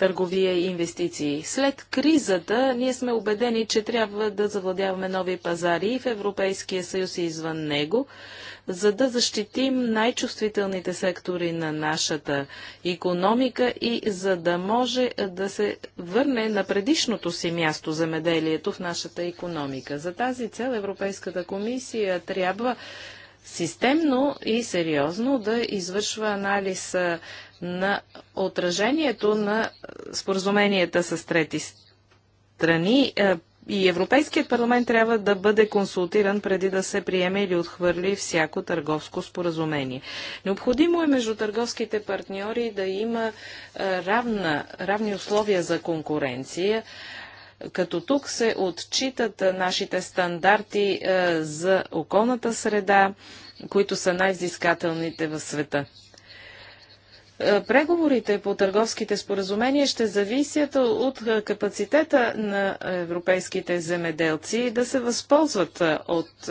търговия и инвестиции. След кризата ние сме убедени, че трябва да завладяваме нови пазари и в Европейския съюз и извън него, за да защитим най-чувствителните сектори на нашата економика и за да може да се върне на предишното си място земеделието в нашата економика. За тази цел Европейската комисия трябва системно и сериозно да извършва анализ на отражението на споразуменията с трети страни. И Европейският парламент трябва да бъде консултиран преди да се приеме или отхвърли всяко търговско споразумение. Необходимо е между търговските партньори да има равна, равни условия за конкуренция като тук се отчитат нашите стандарти за околната среда, които са най-взискателните в света. Е, преговорите по търговските споразумения ще зависят от е, капацитета на европейските земеделци да се възползват е, от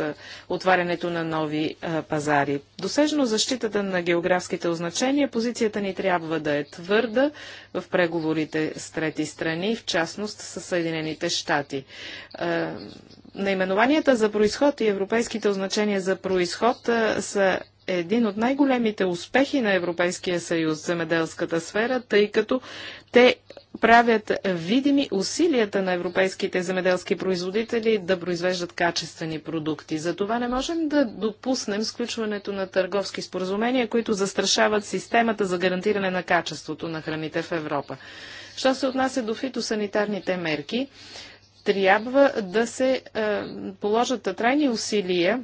отварянето на нови пазари. Досежно защитата на географските означения, позицията ни трябва да е твърда в преговорите с трети страни, в частност с Съединените щати наименованията за происход и европейските означения за происход са един от най-големите успехи на Европейския съюз в земеделската сфера, тъй като те правят видими усилията на европейските земеделски производители да произвеждат качествени продукти. Затова не можем да допуснем сключването на търговски споразумения, които застрашават системата за гарантиране на качеството на храните в Европа. Що се отнася до фитосанитарните мерки, трябва да се е, положат трайни усилия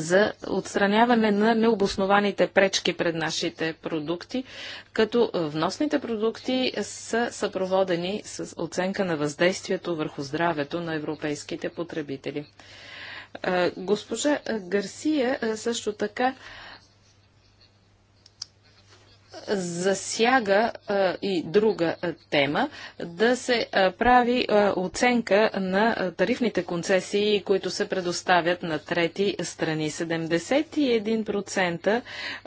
за отстраняване на необоснованите пречки пред нашите продукти, като вносните продукти са съпроводени с оценка на въздействието върху здравето на европейските потребители. Госпожа Гарсия също така засяга а, и друга тема, да се а, прави оценка на тарифните концесии, които се предоставят на трети страни. 71%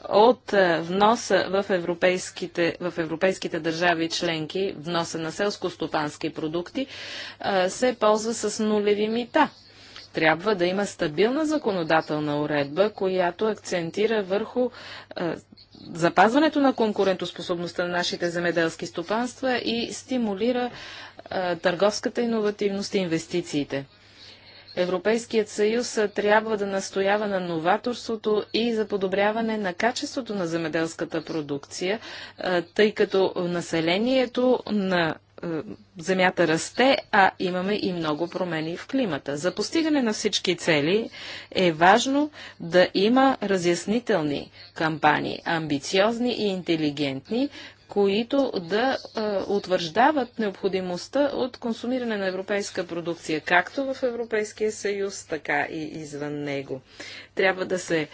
от вноса в европейските, в европейските държави членки, вноса на селско-стопански продукти, се ползва с нулеви мита. Трябва да има стабилна законодателна уредба, която акцентира върху е, запазването на конкурентоспособността на нашите земеделски стопанства и стимулира е, търговската иновативност и инвестициите. Европейският съюз е, трябва да настоява на новаторството и за подобряване на качеството на земеделската продукция, е, тъй като населението на е, земята расте, а имаме и много промени в климата. За постигане на всички цели е важно да има разяснителни кампании, амбициозни и интелигентни, които да а, утвърждават необходимостта от консумиране на европейска продукция, както в Европейския съюз, така и извън него. Трябва да се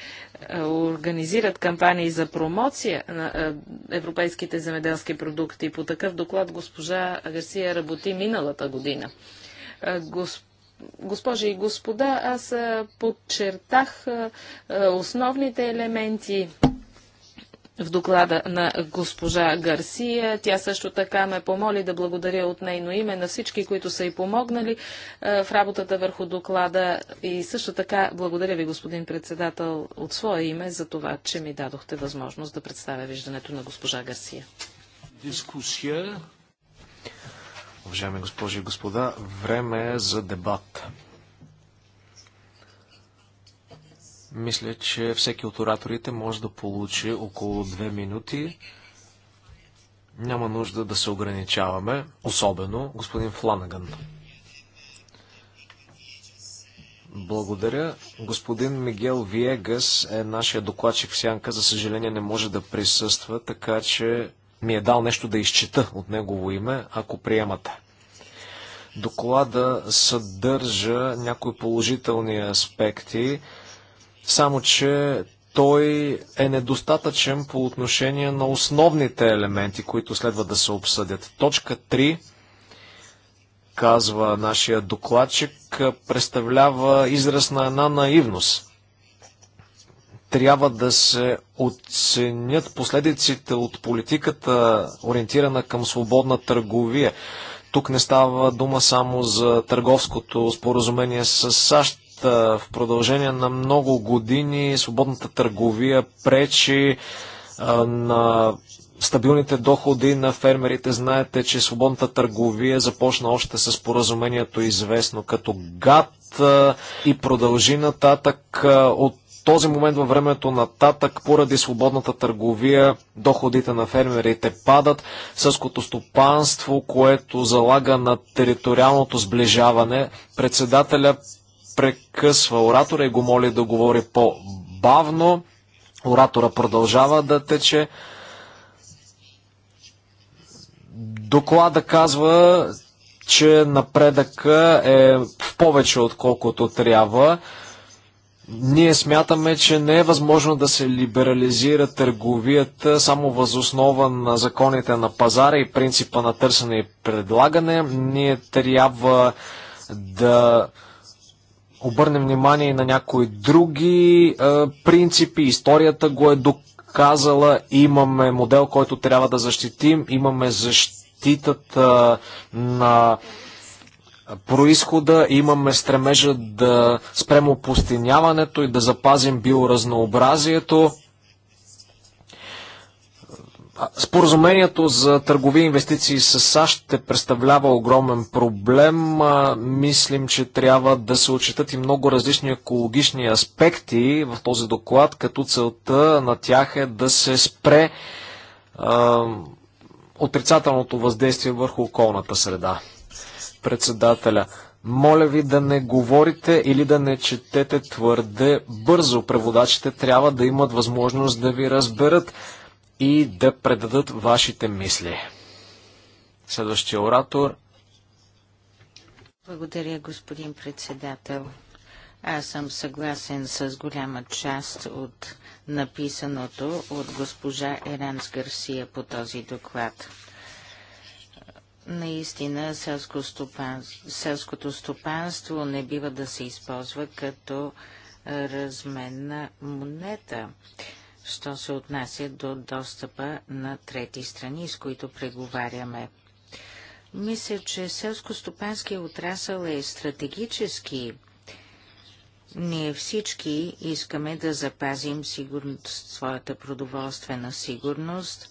а, организират кампании за промоция на а, европейските земеделски продукти. По такъв доклад госпожа Гарсия работи миналата година. Госп... Госпожи и господа, аз подчертах основните елементи в доклада на госпожа Гарсия. Тя също така ме помоли да благодаря от нейно име на всички, които са и помогнали в работата върху доклада. И също така благодаря ви, господин председател, от свое име за това, че ми дадохте възможност да представя виждането на госпожа Гарсия. Дискусия. Уважаеми госпожи и господа, време е за дебат. Мисля, че всеки от ораторите може да получи около две минути. Няма нужда да се ограничаваме, особено господин Фланаган. Благодаря. Господин Мигел Виегас е нашия докладчик в Сянка. За съжаление не може да присъства, така че ми е дал нещо да изчита от негово име, ако приемате. Доклада съдържа някои положителни аспекти, само, че той е недостатъчен по отношение на основните елементи, които следва да се обсъдят. Точка 3 казва нашия докладчик, представлява израз на една наивност. Трябва да се оценят последиците от политиката, ориентирана към свободна търговия. Тук не става дума само за търговското споразумение с САЩ. В продължение на много години свободната търговия пречи на стабилните доходи на фермерите. Знаете, че свободната търговия започна още с поразумението известно като ГАТ и продължи нататък от този момент във времето нататък, поради свободната търговия, доходите на фермерите падат. Съското стопанство, което залага на териториалното сближаване, председателя прекъсва оратора и го моли да говори по-бавно. Оратора продължава да тече. Доклада казва, че напредъка е в повече отколкото трябва. Ние смятаме, че не е възможно да се либерализира търговията само възоснова на законите на пазара и принципа на търсене и предлагане. Ние трябва да обърнем внимание и на някои други е, принципи. Историята го е доказала. Имаме модел, който трябва да защитим. Имаме защитата на происхода, имаме стремежа да спрем опустиняването и да запазим биоразнообразието. Споразумението за търгови инвестиции с САЩ ще представлява огромен проблем. Мислим, че трябва да се отчитат и много различни екологични аспекти в този доклад, като целта на тях е да се спре а, отрицателното въздействие върху околната среда. Председателя, моля ви да не говорите или да не четете твърде бързо. Преводачите трябва да имат възможност да ви разберат и да предадат вашите мисли. Следващия оратор. Благодаря, господин председател. Аз съм съгласен с голяма част от написаното от госпожа Еранс Гарсия по този доклад. Наистина, селско селското стопанство не бива да се използва като разменна монета що се отнася до достъпа на трети страни, с които преговаряме. Мисля, че селско-стопанския отрасъл е стратегически. Ние всички искаме да запазим сигурност, своята продоволствена сигурност.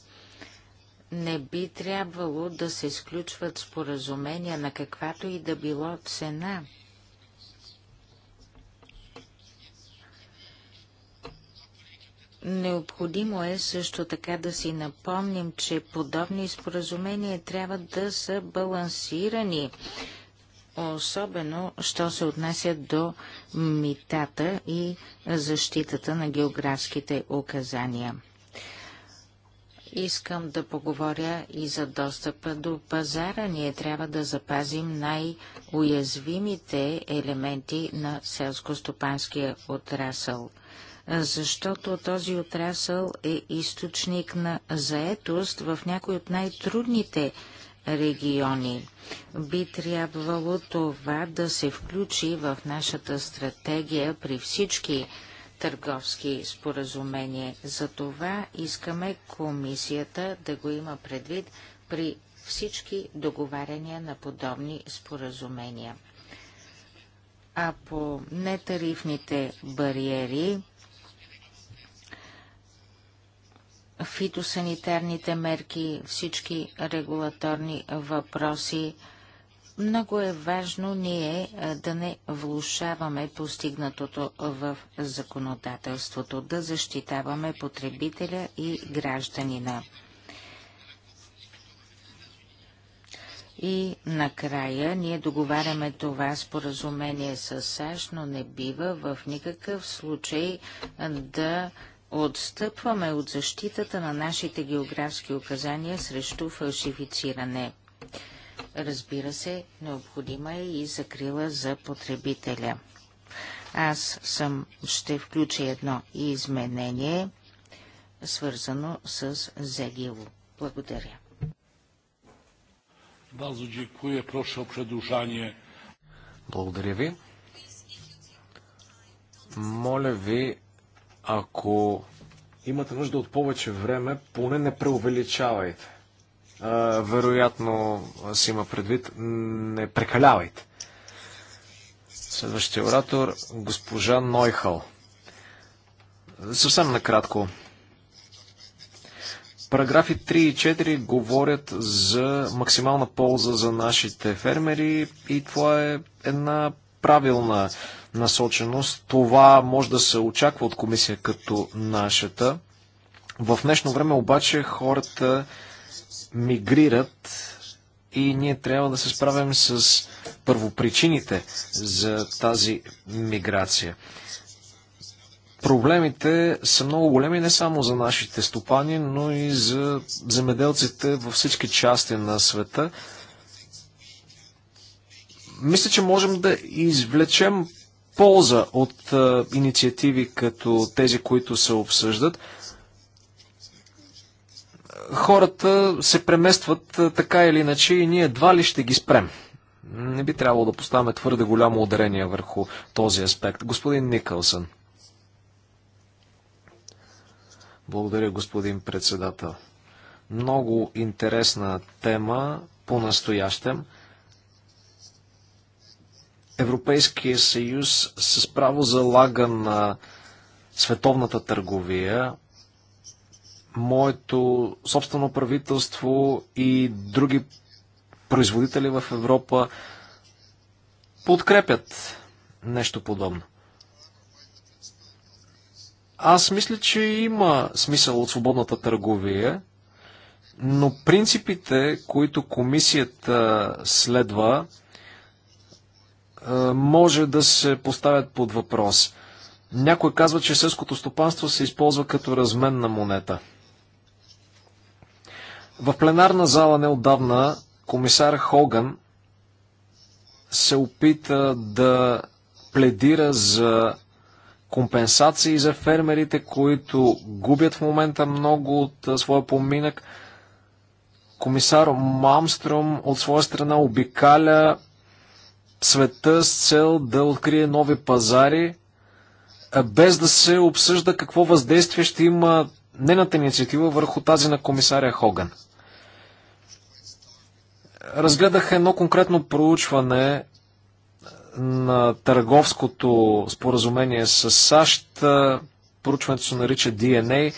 Не би трябвало да се сключват споразумения на каквато и да било цена – Необходимо е също така да си напомним, че подобни споразумения трябва да са балансирани, особено, що се отнася до митата и защитата на географските указания. Искам да поговоря и за достъпа до пазара. Ние трябва да запазим най-уязвимите елементи на селско-стопанския отрасъл защото този отрасъл е източник на заетост в някои от най-трудните региони. Би трябвало това да се включи в нашата стратегия при всички търговски споразумения. За това искаме комисията да го има предвид при всички договаряния на подобни споразумения. А по нетарифните бариери фитосанитарните мерки, всички регулаторни въпроси. Много е важно ние да не влушаваме постигнатото в законодателството, да защитаваме потребителя и гражданина. И накрая ние договаряме това споразумение с САЩ, но не бива в никакъв случай да отстъпваме от защитата на нашите географски указания срещу фалшифициране. Разбира се, необходима е и закрила за потребителя. Аз съм, ще включа едно изменение, свързано с ЗГИЛО. Благодаря. Bardzo dziękuję. Proszę o przedłużanie. Благодаря ви. Моля ви ако имате нужда от повече време, поне не преувеличавайте. А, вероятно си има предвид, не прекалявайте. Следващия оратор, госпожа Нойхал. Съвсем накратко. Параграфи 3 и 4 говорят за максимална полза за нашите фермери и това е една правилна насоченост. Това може да се очаква от комисия като нашата. В днешно време обаче хората мигрират и ние трябва да се справим с първопричините за тази миграция. Проблемите са много големи не само за нашите стопани, но и за земеделците във всички части на света. Мисля, че можем да извлечем полза от инициативи като тези, които се обсъждат. Хората се преместват така или иначе и ние едва ли ще ги спрем. Не би трябвало да поставяме твърде голямо ударение върху този аспект. Господин Никълсън. Благодаря, господин председател. Много интересна тема по-настоящем. Европейския съюз с право залага на световната търговия. Моето собствено правителство и други производители в Европа подкрепят нещо подобно. Аз мисля, че има смисъл от свободната търговия, но принципите, които комисията следва, може да се поставят под въпрос. Някой казва, че селското стопанство се използва като разменна монета. В пленарна зала неодавна комисар Хоган се опита да пледира за компенсации за фермерите, които губят в момента много от своя поминък. Комисар Мамстром от своя страна обикаля света с цел да открие нови пазари, без да се обсъжда какво въздействие ще има нената инициатива върху тази на комисаря Хоган. Разгледах едно конкретно проучване на търговското споразумение с САЩ. Проучването се нарича DNA.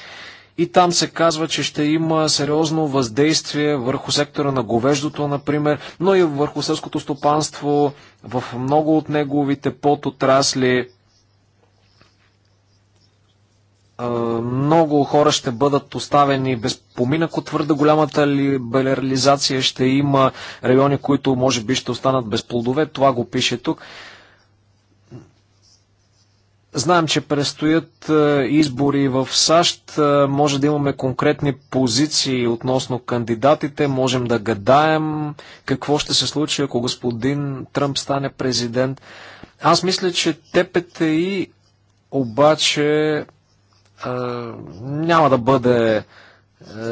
И там се казва, че ще има сериозно въздействие върху сектора на говеждото, например, но и върху сърското стопанство, в много от неговите подотрасли. Много хора ще бъдат оставени без поминък от твърде голямата либерализация. Ще има райони, които може би ще останат без плодове. Това го пише тук. Знаем, че предстоят е, избори в САЩ. Е, може да имаме конкретни позиции относно кандидатите. Можем да гадаем какво ще се случи, ако господин Тръмп стане президент. Аз мисля, че ТПТИ обаче е, няма да бъде е,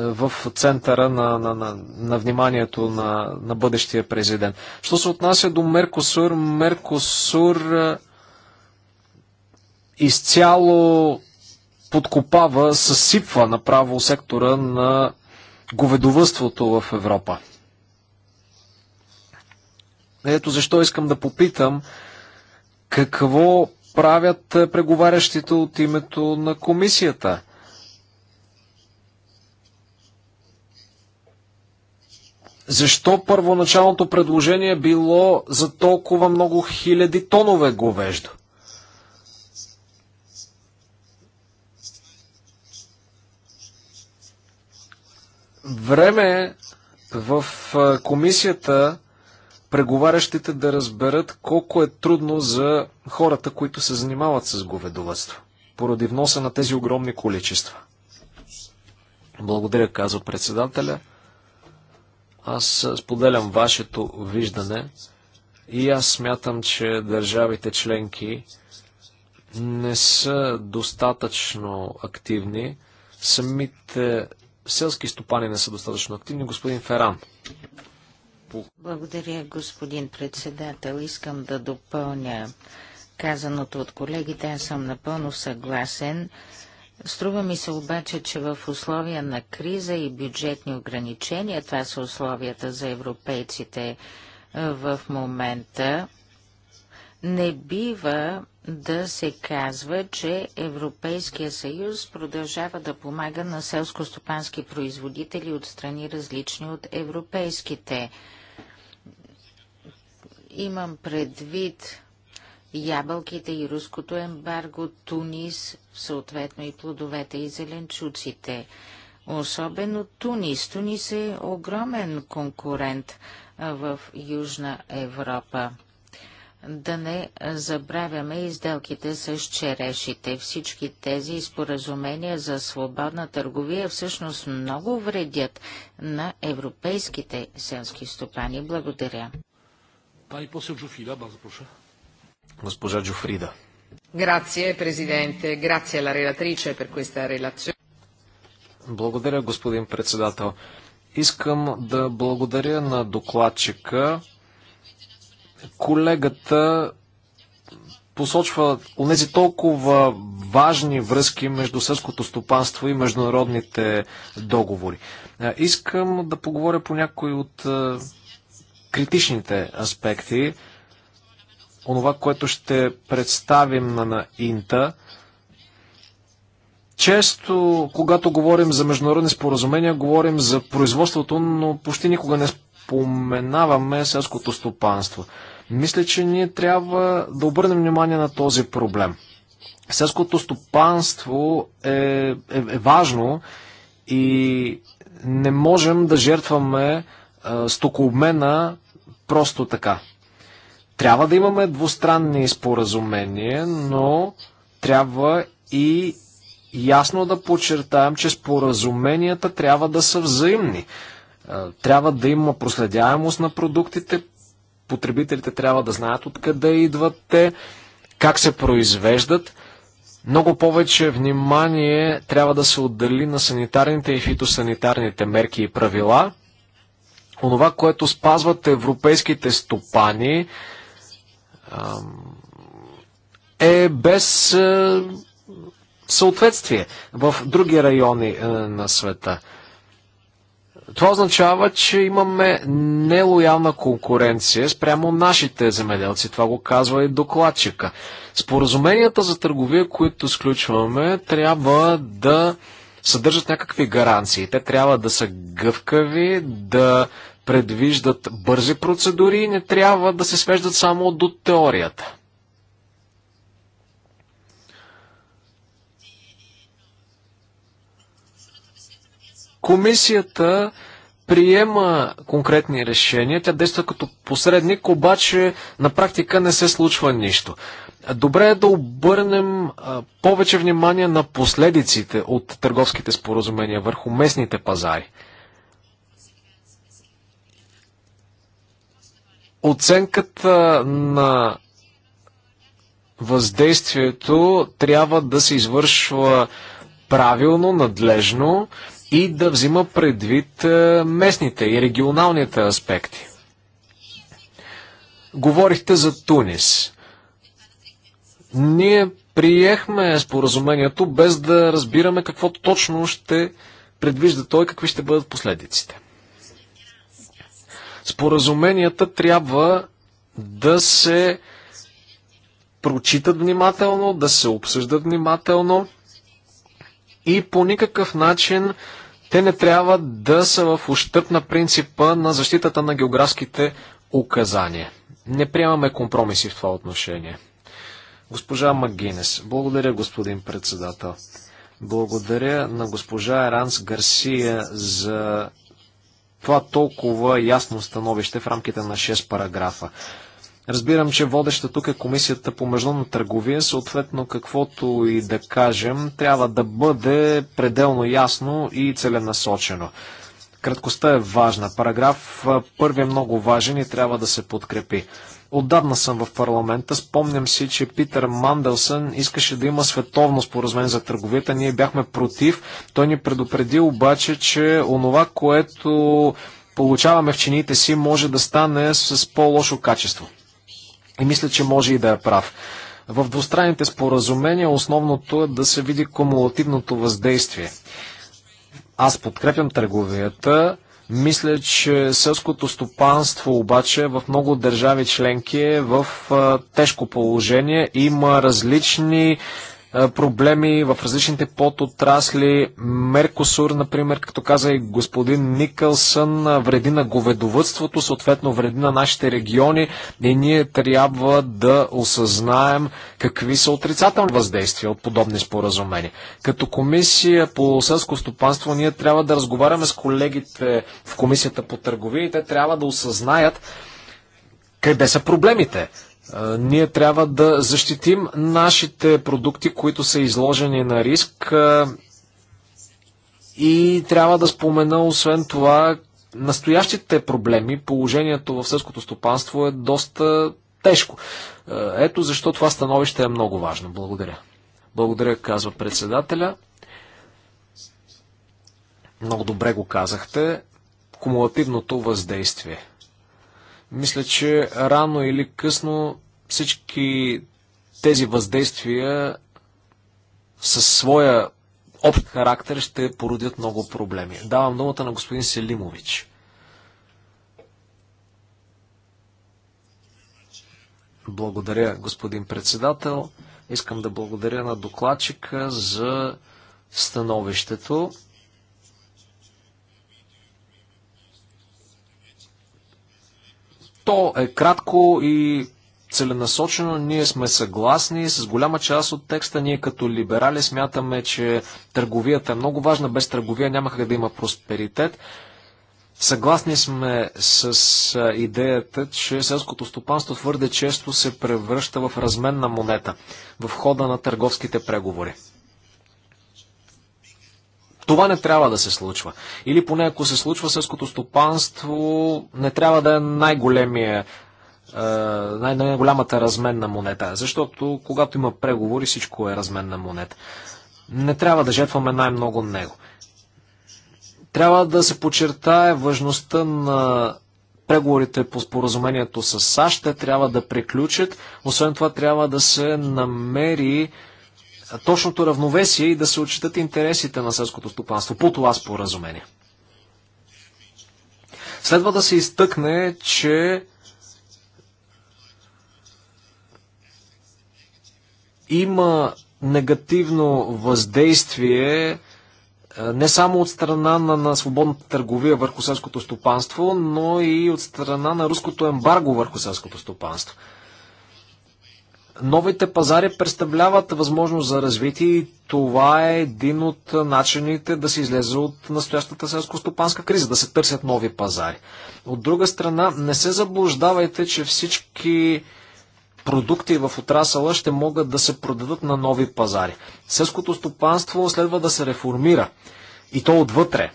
в центъра на, на, на, на вниманието на, на бъдещия президент. Що се отнася до Меркосур, Меркосур. Е, изцяло подкопава, съсипва направо сектора на говедовътството в Европа. Ето защо искам да попитам какво правят преговарящите от името на комисията. Защо първоначалното предложение било за толкова много хиляди тонове говеждо? Време е в комисията преговарящите да разберат колко е трудно за хората, които се занимават с говедовътство, поради вноса на тези огромни количества. Благодаря, казва председателя. Аз споделям вашето виждане и аз смятам, че държавите членки не са достатъчно активни. Самите селски стопани не са достатъчно активни. Господин Феран. Благодаря, господин председател. Искам да допълня казаното от колегите. Аз съм напълно съгласен. Струва ми се обаче, че в условия на криза и бюджетни ограничения, това са условията за европейците в момента, не бива да се казва, че Европейския съюз продължава да помага на селско-стопански производители от страни различни от европейските. Имам предвид ябълките и руското ембарго, Тунис, съответно и плодовете и зеленчуците. Особено Тунис. Тунис е огромен конкурент в Южна Европа да не забравяме изделките с черешите. Всички тези споразумения за свободна търговия всъщност много вредят на европейските селски стопани. Благодаря. Пани посел Джуфрида, бързо проша. Госпожа Джуфрида. Грация, президенте. Грация ла релатриче пер questa релация. Благодаря, господин председател. Искам да благодаря на докладчика Колегата посочва онези толкова важни връзки между сърското стопанство и международните договори. Искам да поговоря по някои от критичните аспекти. Онова, което ще представим на Инта. Често, когато говорим за международни споразумения, говорим за производството, но почти никога не споменаваме селското стопанство. Мисля, че ние трябва да обърнем внимание на този проблем. Селското стопанство е, е, е важно и не можем да жертваме е, стокообмена просто така. Трябва да имаме двустранни споразумения, но трябва и ясно да подчертаем, че споразуменията трябва да са взаимни. Е, трябва да има проследяемост на продуктите, потребителите трябва да знаят откъде идват те, как се произвеждат. Много повече внимание трябва да се отдели на санитарните и фитосанитарните мерки и правила. Онова, което спазват европейските стопани, е без е, съответствие в други райони е, на света. Това означава, че имаме нелоялна конкуренция спрямо нашите земеделци. Това го казва и докладчика. Споразуменията за търговия, които сключваме, трябва да съдържат някакви гаранции. Те трябва да са гъвкави, да предвиждат бързи процедури и не трябва да се свеждат само до теорията. Комисията приема конкретни решения, тя действа като посредник, обаче на практика не се случва нищо. Добре е да обърнем повече внимание на последиците от търговските споразумения върху местните пазари. Оценката на въздействието трябва да се извършва правилно, надлежно и да взима предвид е, местните и регионалните аспекти. Говорихте за Тунис. Ние приехме споразумението без да разбираме какво точно ще предвижда той, какви ще бъдат последиците. Споразуменията трябва да се прочитат внимателно, да се обсъждат внимателно и по никакъв начин те не трябва да са в ущърп на принципа на защитата на географските указания. Не приемаме компромиси в това отношение. Госпожа Магинес. Благодаря, господин председател. Благодаря на госпожа Еранс Гарсия за това толкова ясно становище в рамките на 6 параграфа. Разбирам, че водеща тук е комисията по международна търговия, съответно каквото и да кажем, трябва да бъде пределно ясно и целенасочено. Краткостта е важна. Параграф първи е много важен и трябва да се подкрепи. Отдавна съм в парламента. Спомням си, че Питър Мандълсън искаше да има световно споразумение за търговията. Ние бяхме против. Той ни предупреди обаче, че онова, което получаваме в чините си, може да стане с по-лошо качество. И мисля, че може и да е прав. В двустранните споразумения основното е да се види кумулативното въздействие. Аз подкрепям търговията. Мисля, че селското стопанство обаче в много държави членки е в тежко положение. Има различни проблеми в различните подотрасли. Меркосур, например, като каза и господин Никълсън, вреди на говедовътството, съответно вреди на нашите региони и ние трябва да осъзнаем какви са отрицателни въздействия от подобни споразумения. Като комисия по селско стопанство ние трябва да разговаряме с колегите в комисията по търговия и те трябва да осъзнаят къде са проблемите ние трябва да защитим нашите продукти, които са изложени на риск. И трябва да спомена, освен това, настоящите проблеми, положението в сърското стопанство е доста тежко. Ето защо това становище е много важно. Благодаря. Благодаря, казва председателя. Много добре го казахте. Кумулативното въздействие. Мисля, че рано или късно всички тези въздействия със своя общ характер ще породят много проблеми. Давам думата на господин Селимович. Благодаря, господин председател. Искам да благодаря на докладчика за становището. То е кратко и целенасочено. Ние сме съгласни с голяма част от текста. Ние като либерали смятаме, че търговията е много важна. Без търговия няма как да има просперитет. Съгласни сме с идеята, че селското стопанство твърде често се превръща в разменна монета в хода на търговските преговори. Това не трябва да се случва. Или поне ако се случва сърското стопанство, не трябва да е най-големия е, най-голямата разменна монета. Защото когато има преговори, всичко е разменна монета. Не трябва да жетваме най-много него. Трябва да се подчертае важността на преговорите по споразумението с САЩ. Те трябва да приключат. Освен това трябва да се намери точното равновесие и да се отчитат интересите на селското стопанство по това споразумение. Следва да се изтъкне, че има негативно въздействие е, не само от страна на, на свободната търговия върху селското стопанство, но и от страна на руското ембарго върху селското стопанство. Новите пазари представляват възможност за развитие и това е един от начините да се излезе от настоящата селско-стопанска криза, да се търсят нови пазари. От друга страна, не се заблуждавайте, че всички продукти в отрасъла ще могат да се продадат на нови пазари. Селското стопанство следва да се реформира и то отвътре.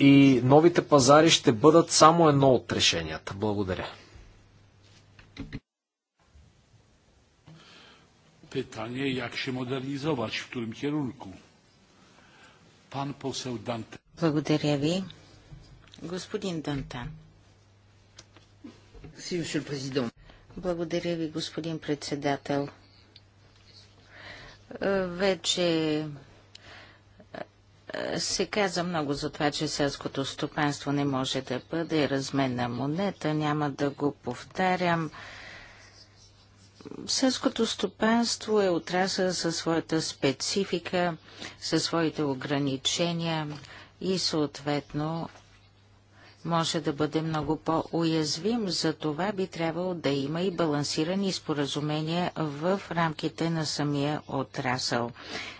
И новите пазари ще бъдат само едно от решенията. Благодаря pytanie, jak się modernizować, w którym kierunku. Pan poseł Dante. Благодаря ви. Господин Дантан. Благодаря ви, господин председател. Вече е, се каза много за това, че селското стопанство не може да бъде разменна монета. Няма да го повтарям. Селското стопанство е отрасъл със своята специфика, със своите ограничения и съответно може да бъде много по-уязвим, за това би трябвало да има и балансирани споразумения в рамките на самия отрасъл.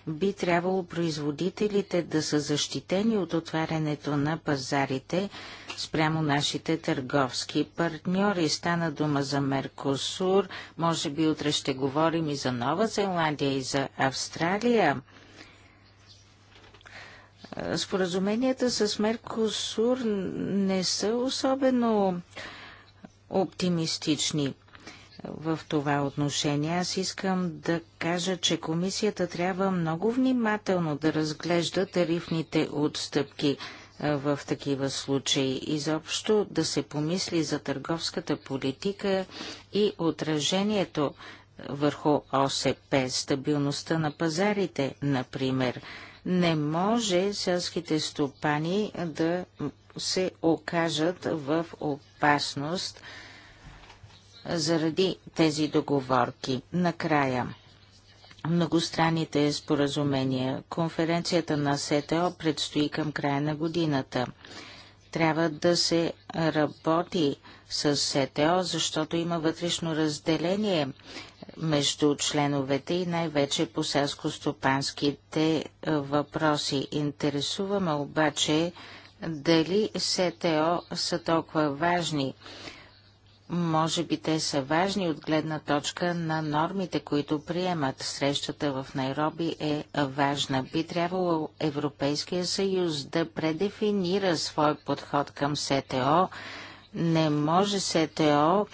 Би трябвало производителите да са защитени от отварянето на пазарите спрямо нашите търговски партньори. Стана дума за Меркосур, може би утре ще говорим и за Нова Зеландия и за Австралия. Споразуменията с Меркосур не са особено оптимистични в това отношение. Аз искам да кажа, че комисията трябва много внимателно да разглежда тарифните отстъпки в такива случаи. Изобщо да се помисли за търговската политика и отражението върху ОСП, стабилността на пазарите, например – не може селските стопани да се окажат в опасност заради тези договорки. Накрая многостранните споразумения. Конференцията на СТО предстои към края на годината. Трябва да се работи с СТО, защото има вътрешно разделение между членовете и най-вече по селско-стопанските е, въпроси. Интересуваме обаче дали СТО са толкова важни. Може би те са важни от гледна точка на нормите, които приемат. Срещата в Найроби е важна. Би трябвало Европейския съюз да предефинира свой подход към СТО. Не може СТО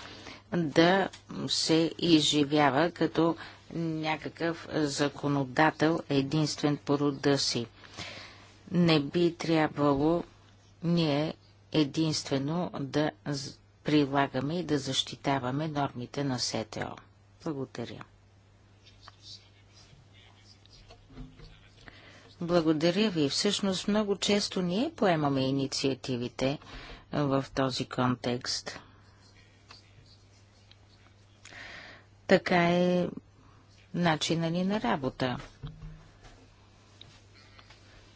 да се изживява като някакъв законодател единствен по рода си. Не би трябвало ние единствено да прилагаме и да защитаваме нормите на СТО. Благодаря. Благодаря ви. Всъщност много често ние поемаме инициативите в този контекст. Така е начина ни на работа.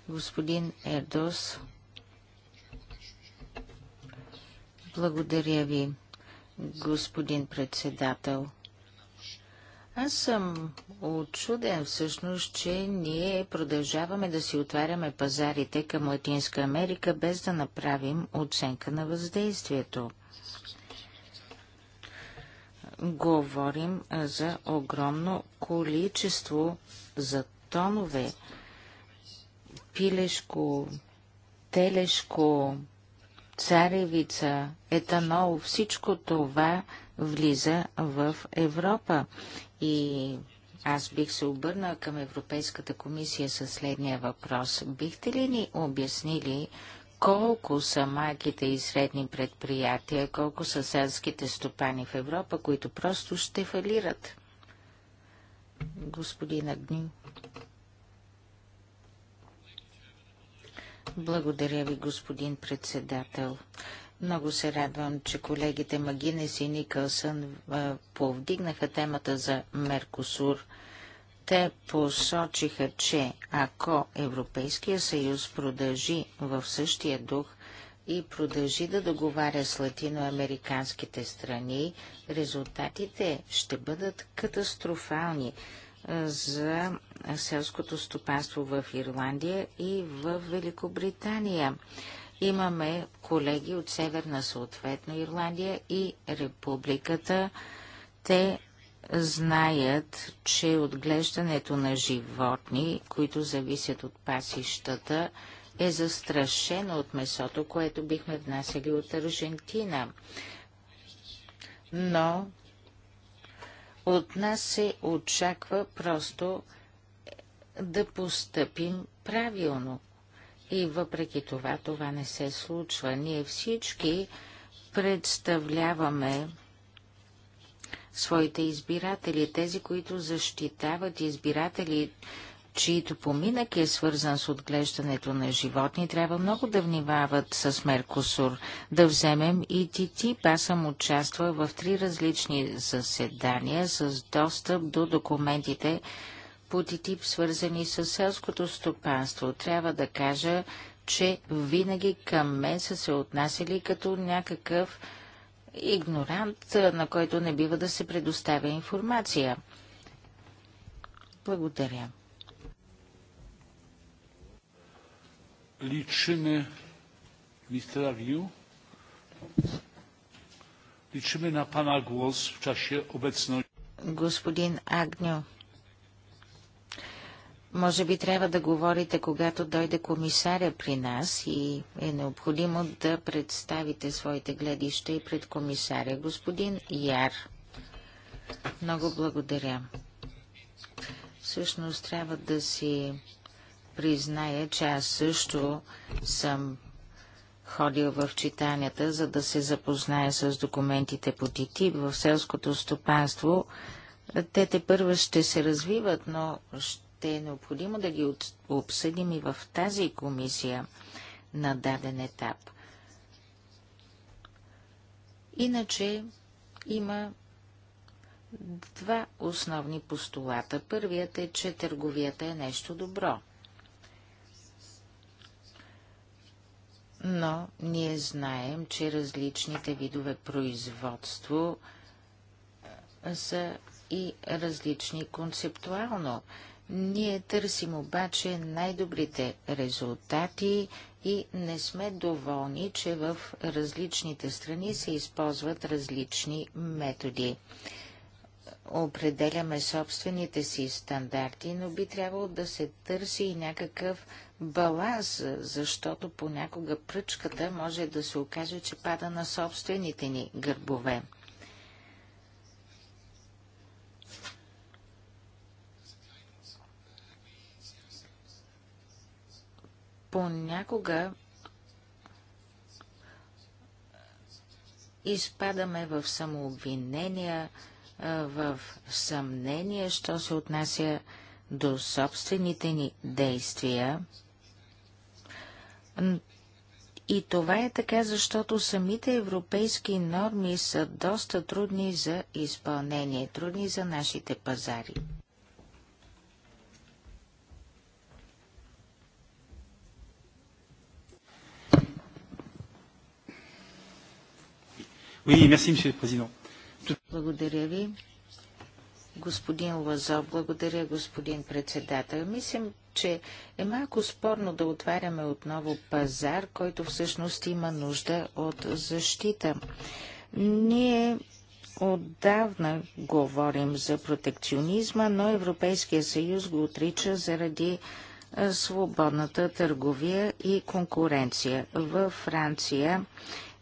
Господин Ердос, благодаря ви, господин председател. Аз съм очуден всъщност, че ние продължаваме да си отваряме пазарите към Латинска Америка, без да направим оценка на въздействието говорим за огромно количество за тонове пилешко, телешко, царевица, етанол, всичко това влиза в Европа. И аз бих се обърнал към Европейската комисия със следния въпрос. Бихте ли ни обяснили колко са малките и средни предприятия, колко са селските стопани в Европа, които просто ще фалират. Господин Агню. Благодаря ви, господин председател. Много се радвам, че колегите Магинес и Никълсън повдигнаха темата за Меркосур. Те посочиха, че ако Европейския съюз продължи в същия дух и продължи да договаря с латиноамериканските страни, резултатите ще бъдат катастрофални за селското стопанство в Ирландия и в Великобритания. Имаме колеги от Северна съответно Ирландия и Републиката. Те знаят, че отглеждането на животни, които зависят от пасищата, е застрашено от месото, което бихме внасяли от Аржентина. Но от нас се очаква просто да постъпим правилно. И въпреки това, това не се случва. Ние всички представляваме своите избиратели, тези, които защитават избиратели, чието поминък е свързан с отглеждането на животни, трябва много да внимават с Меркосур. Да вземем и Тити. Аз съм участвал в три различни заседания с достъп до документите по титип, свързани с селското стопанство. Трябва да кажа, че винаги към мен са се отнасяли като някакъв игнорант, на който не бива да се предоставя информация. Благодаря. Liczymy, mistera Wiu, liczymy na Pana głos w czasie obecności. Господин Агньо, може би трябва да говорите, когато дойде комисаря при нас и е необходимо да представите своите гледища и пред комисаря. Господин Яр, много благодаря. Всъщност трябва да си призная, че аз също съм ходил в читанията, за да се запозная с документите по ТИТИП в селското стопанство. Те те първо ще се развиват, но ще е необходимо да ги обсъдим и в тази комисия на даден етап. Иначе има два основни постулата. Първият е, че търговията е нещо добро. Но ние знаем, че различните видове производство са и различни концептуално. Ние търсим обаче най-добрите резултати и не сме доволни, че в различните страни се използват различни методи. Определяме собствените си стандарти, но би трябвало да се търси и някакъв баланс, защото понякога пръчката може да се окаже, че пада на собствените ни гърбове. понякога изпадаме в самообвинения, в съмнение, що се отнася до собствените ни действия. И това е така, защото самите европейски норми са доста трудни за изпълнение, трудни за нашите пазари. Oui, merci, monsieur Благодаря ви. Господин Лазо, благодаря, господин председател. Мислим, че е малко спорно да отваряме отново пазар, който всъщност има нужда от защита. Ние отдавна говорим за протекционизма, но Европейския съюз го отрича заради свободната търговия и конкуренция. Във Франция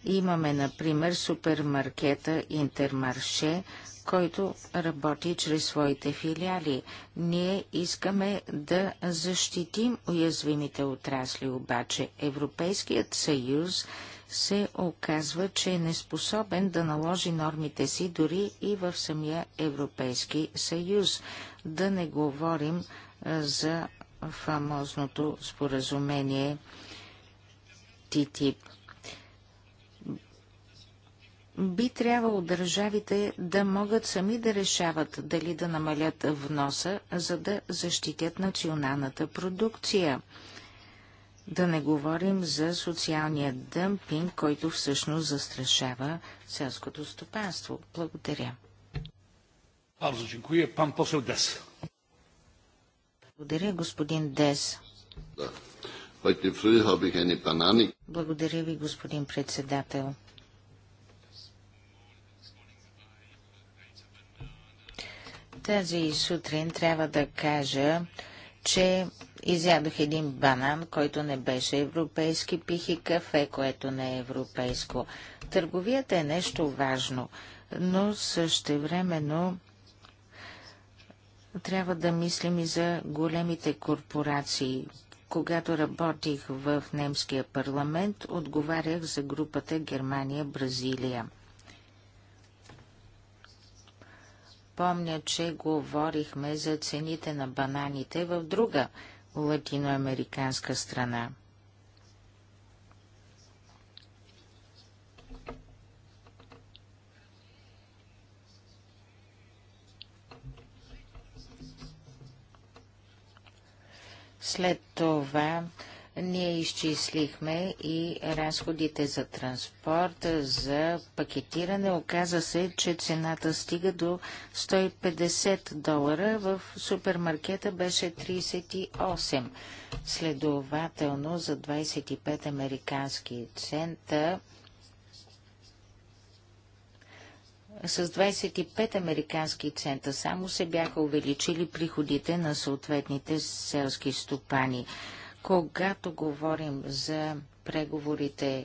Имаме, например, супермаркета Интермарше, който работи чрез своите филиали. Ние искаме да защитим уязвимите отрасли, обаче Европейският съюз се оказва, че е неспособен да наложи нормите си дори и в самия Европейски съюз. Да не говорим за фамозното споразумение ТТИП би трябвало държавите да могат сами да решават дали да намалят вноса, за да защитят националната продукция. Да не говорим за социалния дъмпинг, който всъщност застрашава селското стопанство. Благодаря. Благодаря, господин Дес. Благодаря ви, господин председател. Тази сутрин трябва да кажа, че изядох един банан, който не беше европейски, пих и кафе, което не е европейско. Търговията е нещо важно, но същевременно трябва да мислим и за големите корпорации. Когато работих в немския парламент, отговарях за групата Германия-Бразилия. Помня, че говорихме за цените на бананите в друга латиноамериканска страна. След това ние изчислихме и разходите за транспорт, за пакетиране. Оказа се, че цената стига до 150 долара. В супермаркета беше 38. Следователно за 25 американски цента с 25 американски цента само се бяха увеличили приходите на съответните селски стопани. Когато говорим за преговорите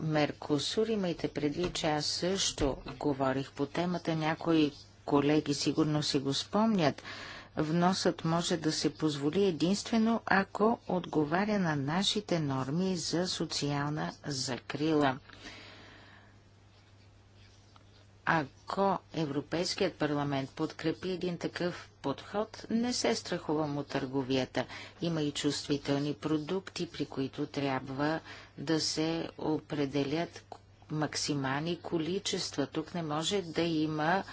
Меркосур, имайте предвид, че аз също говорих по темата. Някои колеги сигурно си го спомнят. Вносът може да се позволи единствено, ако отговаря на нашите норми за социална закрила. Ако Европейският парламент подкрепи един такъв подход, не се страхувам от търговията. Има и чувствителни продукти, при които трябва да се определят максимални количества. Тук не може да има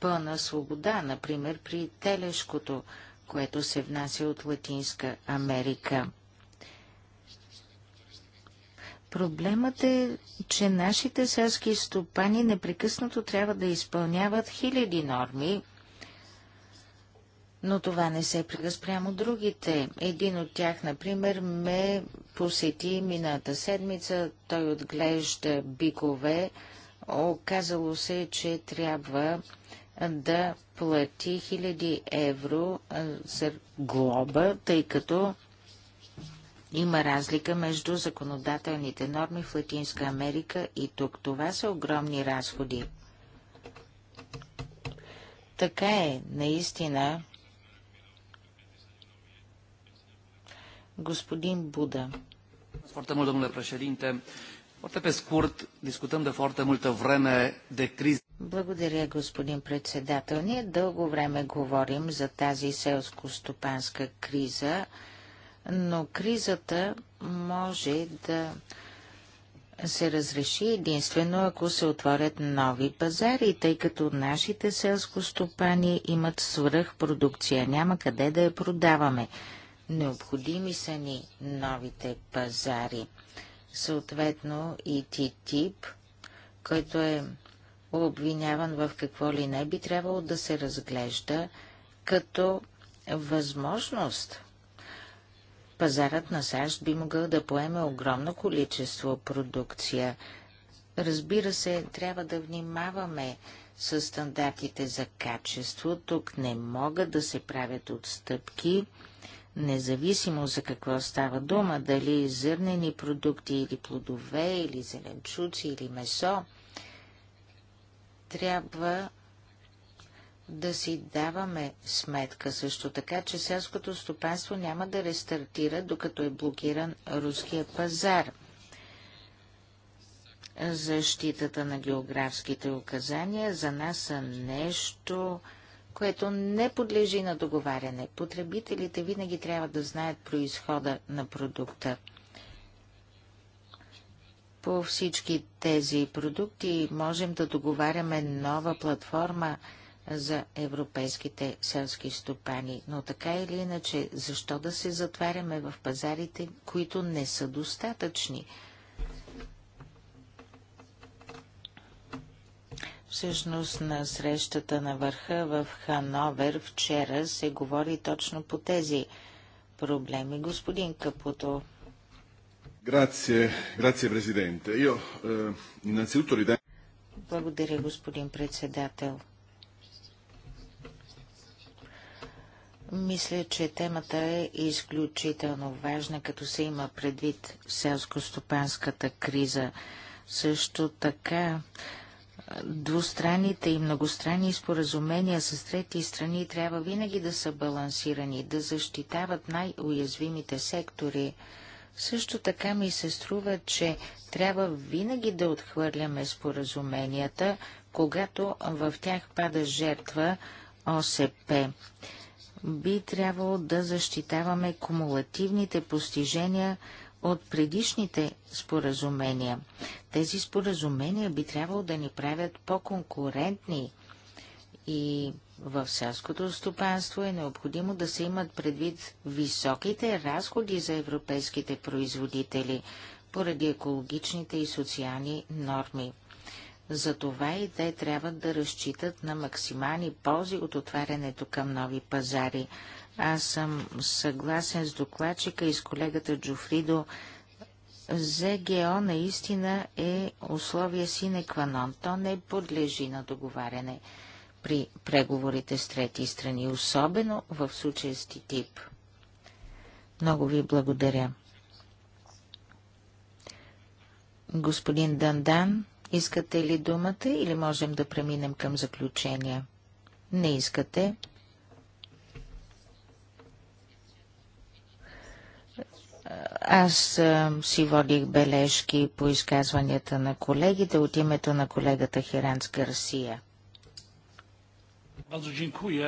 пълна свобода, например при телешкото, което се внася от Латинска Америка. Проблемът е, че нашите селски стопани непрекъснато трябва да изпълняват хиляди норми, но това не се прилага спрямо другите. Един от тях, например, ме посети мината седмица. Той отглежда бикове. Оказало се, че трябва да плати хиляди евро за глоба, тъй като има разлика между законодателните норми в Латинска Америка и тук. Това са огромни разходи. Така е, наистина. Господин Буда. Foarte mult, domnule președinte. Foarte pe scurt, discutăm de foarte multă vreme de criză. Благодаря, господин председател. Ние дълго време говорим за тази селско-стопанска криза но кризата може да се разреши единствено, ако се отворят нови пазари, тъй като нашите селскостопани имат свръхпродукция. Няма къде да я продаваме. Необходими са ни новите пазари. Съответно и ТИП, който е обвиняван в какво ли не, би трябвало да се разглежда като възможност пазарът на САЩ би могъл да поеме огромно количество продукция. Разбира се, трябва да внимаваме с стандартите за качество. Тук не могат да се правят отстъпки, независимо за какво става дума, дали зърнени продукти или плодове, или зеленчуци, или месо. Трябва да си даваме сметка също така, че селското стопанство няма да рестартира, докато е блокиран руския пазар. Защитата на географските указания за нас са нещо, което не подлежи на договаряне. Потребителите винаги трябва да знаят происхода на продукта. По всички тези продукти можем да договаряме нова платформа – за европейските селски стопани. Но така или иначе, защо да се затваряме в пазарите, които не са достатъчни? Всъщност на срещата на върха в Хановер вчера се говори точно по тези проблеми. Господин Капуто. Грация, грация, президенте. Е, Благодаря, господин председател. Мисля, че темата е изключително важна, като се има предвид селско-стопанската криза. Също така, двустранните и многостранни споразумения с трети страни трябва винаги да са балансирани, да защитават най-уязвимите сектори. Също така ми се струва, че трябва винаги да отхвърляме споразуменията, когато в тях пада жертва ОСП би трябвало да защитаваме кумулативните постижения от предишните споразумения. Тези споразумения би трябвало да ни правят по-конкурентни и в селското стопанство е необходимо да се имат предвид високите разходи за европейските производители поради екологичните и социални норми. Затова и те трябва да разчитат на максимални ползи от отварянето към нови пазари. Аз съм съгласен с докладчика и с колегата Джофридо. ЗГО наистина е условие сине кванон. То не подлежи на договаряне при преговорите с трети страни, особено в случая с ТИТИП. Много ви благодаря. Господин Дандан Искате ли думата или можем да преминем към заключения? Не искате. Аз а, си водих бележки по изказванията на колегите от името на колегата Хиранц Гарсия. Bardzo dziękuję.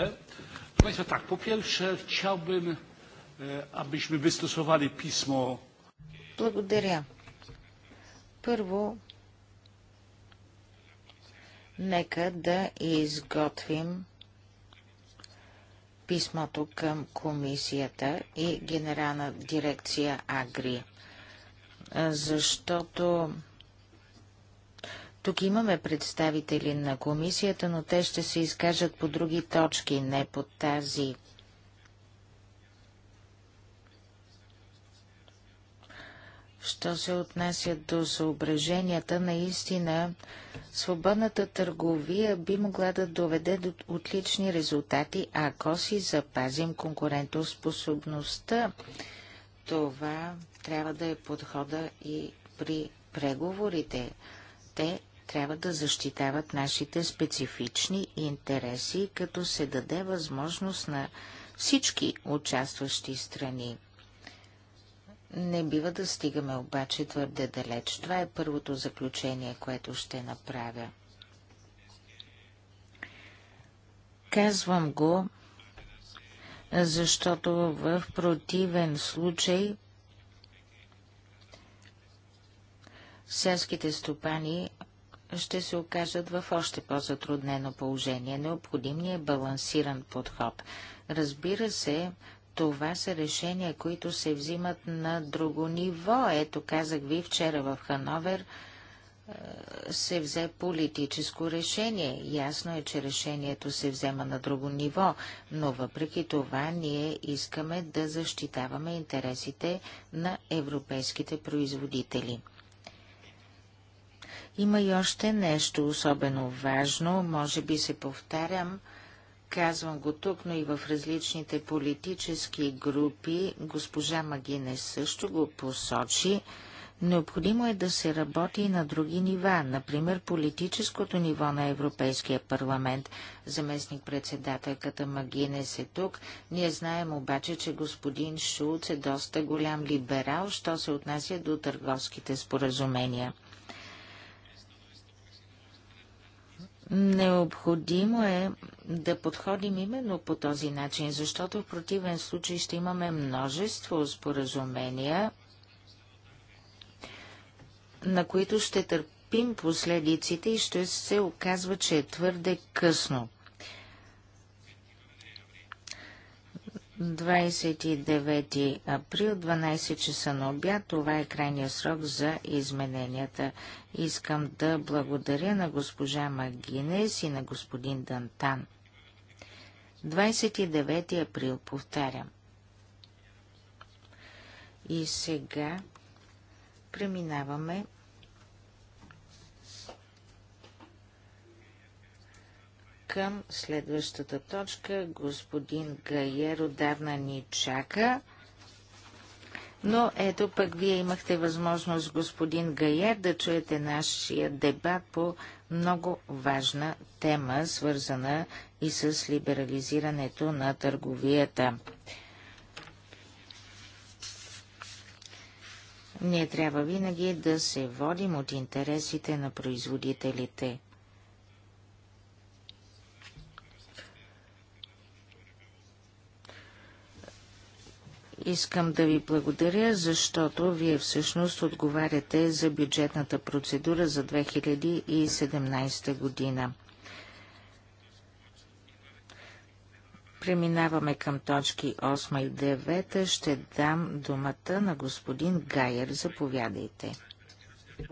Proszę Państwa, tak, po pierwsze chciałbym, e, abyśmy wystosowali pismo. Благодаря. Първо, Нека да изготвим писмото към комисията и генерална дирекция Агри, защото тук имаме представители на комисията, но те ще се изкажат по други точки, не по тази. Що се отнася до съображенията, наистина свободната търговия би могла да доведе до отлични резултати, ако си запазим конкурентоспособността. Това трябва да е подхода и при преговорите. Те трябва да защитават нашите специфични интереси, като се даде възможност на всички участващи страни не бива да стигаме обаче твърде далеч. Това е първото заключение, което ще направя. Казвам го, защото в противен случай селските стопани ще се окажат в още по-затруднено положение. Необходим ни е балансиран подход. Разбира се, това са решения, които се взимат на друго ниво. Ето, казах ви вчера в Хановер, е, се взе политическо решение. Ясно е, че решението се взема на друго ниво, но въпреки това ние искаме да защитаваме интересите на европейските производители. Има и още нещо особено важно, може би се повтарям – Казвам го тук, но и в различните политически групи. Госпожа Магине също го посочи. Необходимо е да се работи и на други нива, например политическото ниво на Европейския парламент. Заместник-председателката Магинес е тук. Ние знаем обаче, че господин Шулц е доста голям либерал, що се отнася до търговските споразумения. Необходимо е да подходим именно по този начин, защото в противен случай ще имаме множество споразумения, на които ще търпим последиците и ще се оказва, че е твърде късно 29 април, 12 часа на обяд. Това е крайния срок за измененията. Искам да благодаря на госпожа Магинес и на господин Дантан. 29 април, повтарям. И сега преминаваме към следващата точка. Господин Гайер отдавна ни чака. Но ето пък вие имахте възможност, господин Гайер, да чуете нашия дебат по много важна тема, свързана и с либерализирането на търговията. Ние трябва винаги да се водим от интересите на производителите – Искам да ви благодаря, защото вие всъщност отговаряте за бюджетната процедура за 2017 година. Преминаваме към точки 8 и 9. Ще дам думата на господин Гайер. Заповядайте. Е-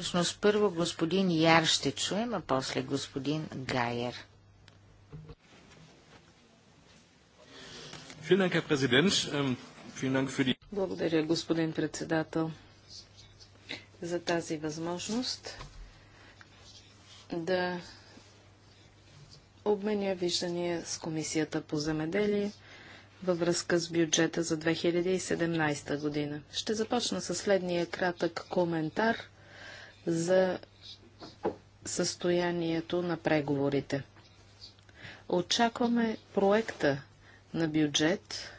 всъщност първо господин Яр ще чуем, а после господин Гайер. Ähm, Благодаря, господин председател, за тази възможност да обменя виждания с Комисията по земеделие във връзка с бюджета за 2017 година. Ще започна с следния кратък коментар за състоянието на преговорите. Очакваме проекта на бюджет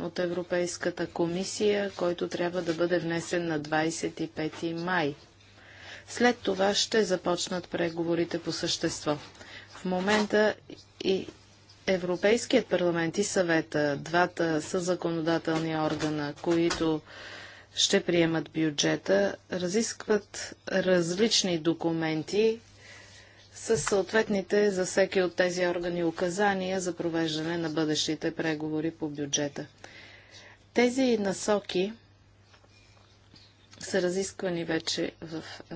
от Европейската комисия, който трябва да бъде внесен на 25 май. След това ще започнат преговорите по същество. В момента и Европейският парламент и съвета, двата са законодателни органа, които ще приемат бюджета, разискват различни документи, с съответните за всеки от тези органи указания за провеждане на бъдещите преговори по бюджета. Тези насоки са разисквани вече в е,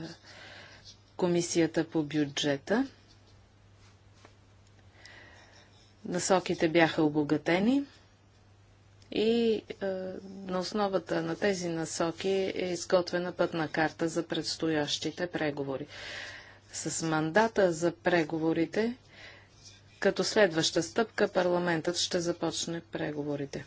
Комисията по бюджета. Насоките бяха обогатени и е, на основата на тези насоки е изготвена пътна карта за предстоящите преговори с мандата за преговорите, като следваща стъпка парламентът ще започне преговорите.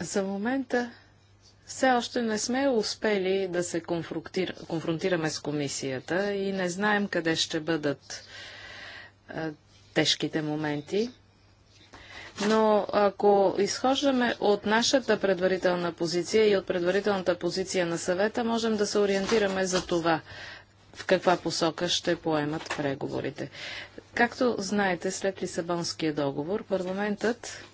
За момента все още не сме успели да се конфронтира, конфронтираме с комисията и не знаем къде ще бъдат а, тежките моменти. Но ако изхождаме от нашата предварителна позиция и от предварителната позиция на съвета, можем да се ориентираме за това в каква посока ще поемат преговорите. Както знаете, след Лисабонския договор парламентът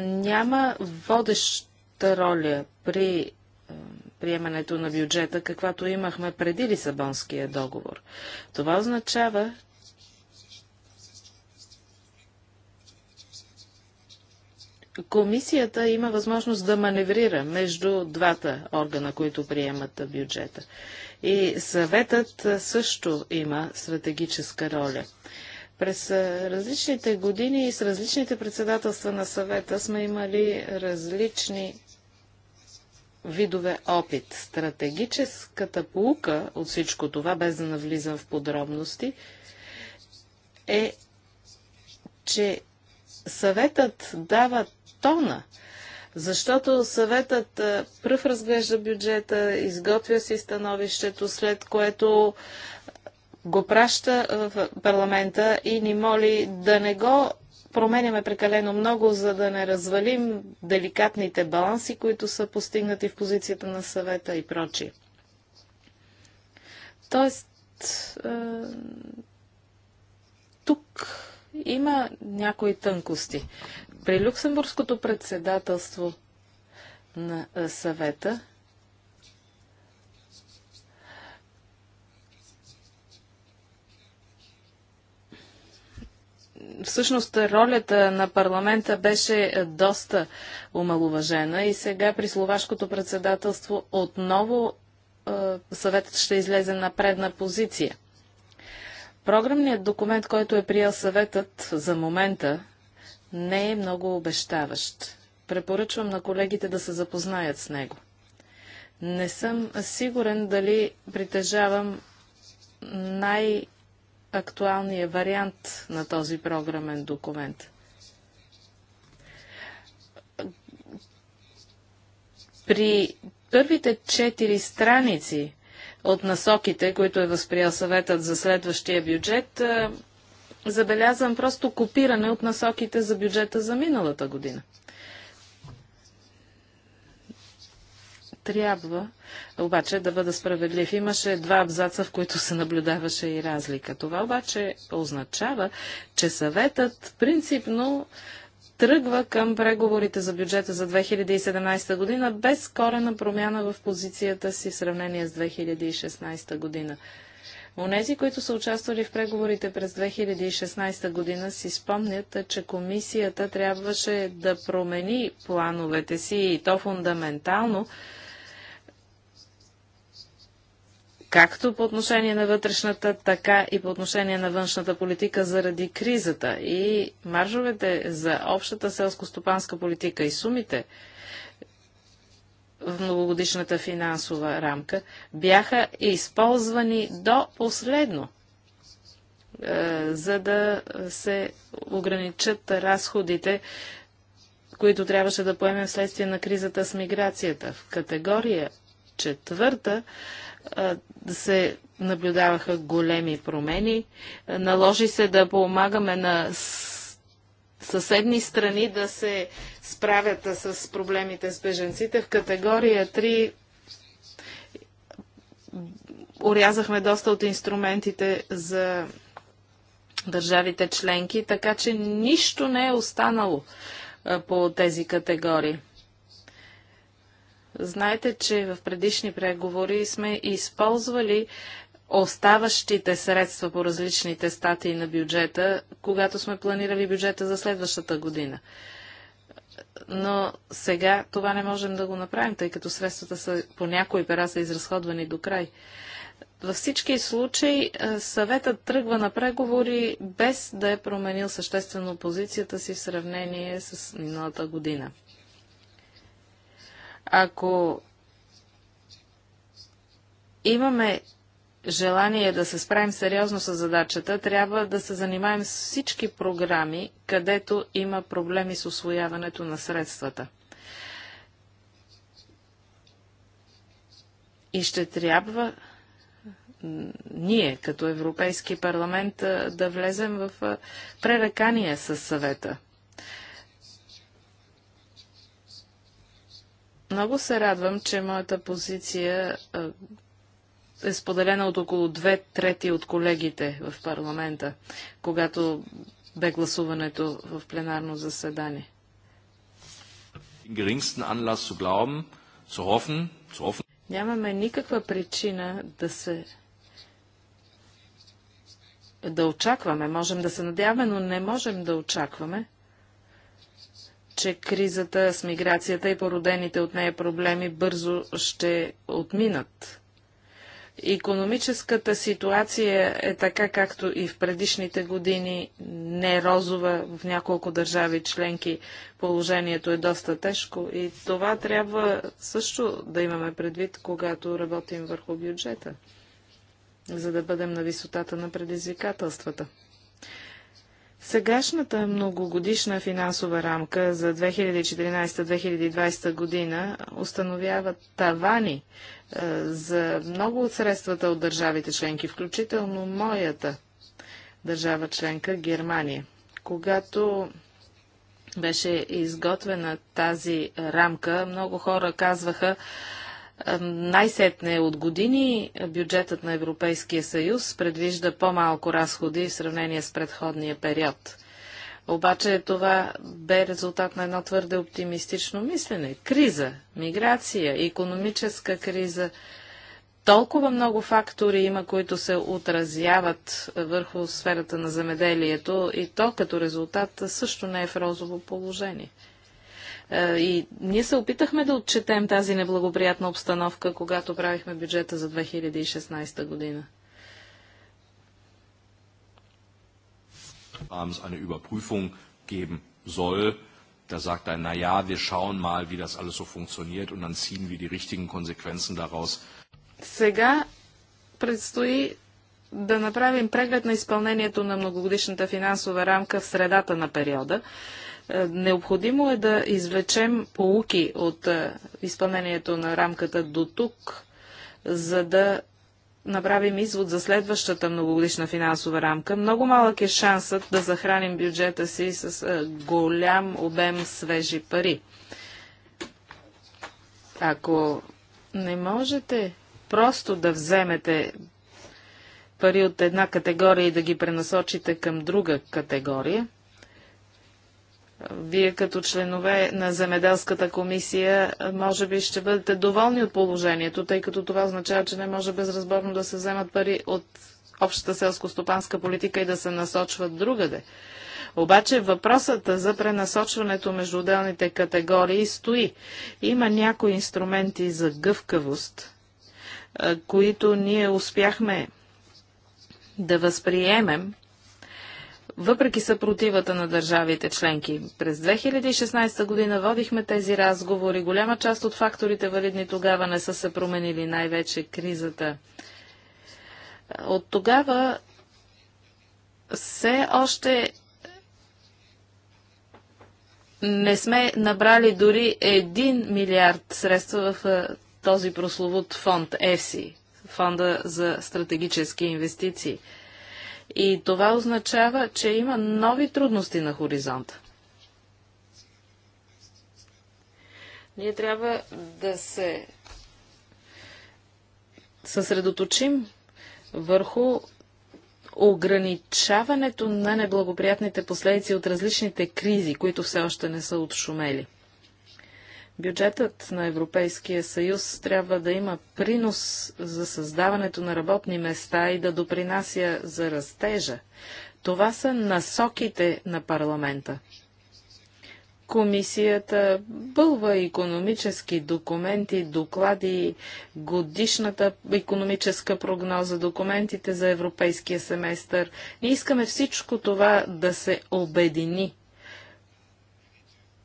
няма водеща роля при приемането на бюджета, каквато имахме преди Лисабонския договор. Това означава, Комисията има възможност да маневрира между двата органа, които приемат бюджета. И съветът също има стратегическа роля. През различните години и с различните председателства на съвета сме имали различни видове опит. Стратегическата полука от всичко това, без да навлизам в подробности, е, че съветът дава тона, защото съветът пръв разглежда бюджета, изготвя си становището, след което го праща в парламента и ни моли да не го променяме прекалено много, за да не развалим деликатните баланси, които са постигнати в позицията на съвета и прочие. Тоест, е, тук има някои тънкости. При Люксембургското председателство на е, съвета всъщност ролята на парламента беше доста омалуважена и сега при словашкото председателство отново съветът ще излезе на предна позиция. Програмният документ, който е приел съветът за момента, не е много обещаващ. Препоръчвам на колегите да се запознаят с него. Не съм сигурен дали притежавам най- актуалния вариант на този програмен документ. При първите четири страници от насоките, които е възприял съветът за следващия бюджет, забелязвам просто копиране от насоките за бюджета за миналата година. трябва обаче да бъда справедлив. Имаше два абзаца, в които се наблюдаваше и разлика. Това обаче означава, че съветът принципно тръгва към преговорите за бюджета за 2017 година без корена промяна в позицията си в сравнение с 2016 година. Онези, които са участвали в преговорите през 2016 година, си спомнят, че комисията трябваше да промени плановете си и то фундаментално, както по отношение на вътрешната, така и по отношение на външната политика заради кризата и маржовете за общата селско-стопанска политика и сумите в многогодишната финансова рамка бяха използвани до последно, е, за да се ограничат разходите, които трябваше да поемем вследствие на кризата с миграцията. В категория четвърта да се наблюдаваха големи промени. Наложи се да помагаме на съседни страни да се справят с проблемите с беженците. В категория 3 урязахме доста от инструментите за държавите членки, така че нищо не е останало по тези категории. Знаете, че в предишни преговори сме използвали оставащите средства по различните статии на бюджета, когато сме планирали бюджета за следващата година. Но сега това не можем да го направим, тъй като средствата са, по някои пера са изразходвани до край. Във всички случаи е, съветът тръгва на преговори без да е променил съществено позицията си в сравнение с миналата година. Ако имаме желание да се справим сериозно с задачата, трябва да се занимаем с всички програми, където има проблеми с освояването на средствата. И ще трябва ние, като Европейски парламент, да влезем в пререкание с съвета. Много се радвам, че моята позиция е споделена от около две трети от колегите в парламента, когато бе гласуването в пленарно заседание. Нямаме никаква причина да се да очакваме. Можем да се надяваме, но не можем да очакваме, че кризата с миграцията и породените от нея проблеми бързо ще отминат. Економическата ситуация е така, както и в предишните години, не розова в няколко държави членки. Положението е доста тежко и това трябва също да имаме предвид, когато работим върху бюджета, за да бъдем на висотата на предизвикателствата. Сегашната многогодишна финансова рамка за 2014-2020 година установява тавани е, за много от средствата от държавите членки, включително моята държава членка Германия. Когато беше изготвена тази рамка, много хора казваха, най-сетне от години бюджетът на Европейския съюз предвижда по-малко разходи в сравнение с предходния период. Обаче това бе резултат на едно твърде оптимистично мислене. Криза, миграция, економическа криза. Толкова много фактори има, които се отразяват върху сферата на земеделието и то като резултат също не е в розово положение. Е, и ние се опитахме да отчетем тази неблагоприятна обстановка, когато правихме бюджета за 2016 година. eine Überprüfung geben soll. Da sagt er, naja, wir schauen mal, wie das alles so funktioniert und dann ziehen wir die richtigen Konsequenzen daraus. Сега предстои да направим преглед на изпълнението на многогодишната финансова рамка в средата на периода е, необходимо е да извлечем полуки от е, изпълнението на рамката до тук, за да направим извод за следващата многогодишна финансова рамка. Много малък е шансът да захраним бюджета си с е, голям обем свежи пари. Ако не можете просто да вземете пари от една категория и да ги пренасочите към друга категория, вие като членове на Земеделската комисия може би ще бъдете доволни от положението, тъй като това означава, че не може безразборно да се вземат пари от общата селско-стопанска политика и да се насочват другаде. Обаче въпросът за пренасочването между отделните категории стои. Има някои инструменти за гъвкавост, които ние успяхме да възприемем въпреки съпротивата на държавите членки. През 2016 година водихме тези разговори. Голяма част от факторите валидни тогава не са се променили, най-вече кризата. От тогава все още не сме набрали дори 1 милиард средства в този прословут фонд ЕФСИ, фонда за стратегически инвестиции – и това означава, че има нови трудности на хоризонта. Ние трябва да се съсредоточим върху ограничаването на неблагоприятните последици от различните кризи, които все още не са отшумели. Бюджетът на Европейския съюз трябва да има принос за създаването на работни места и да допринася за растежа. Това са насоките на парламента. Комисията бълва економически документи, доклади, годишната економическа прогноза, документите за европейския семестър. Ние искаме всичко това да се обедини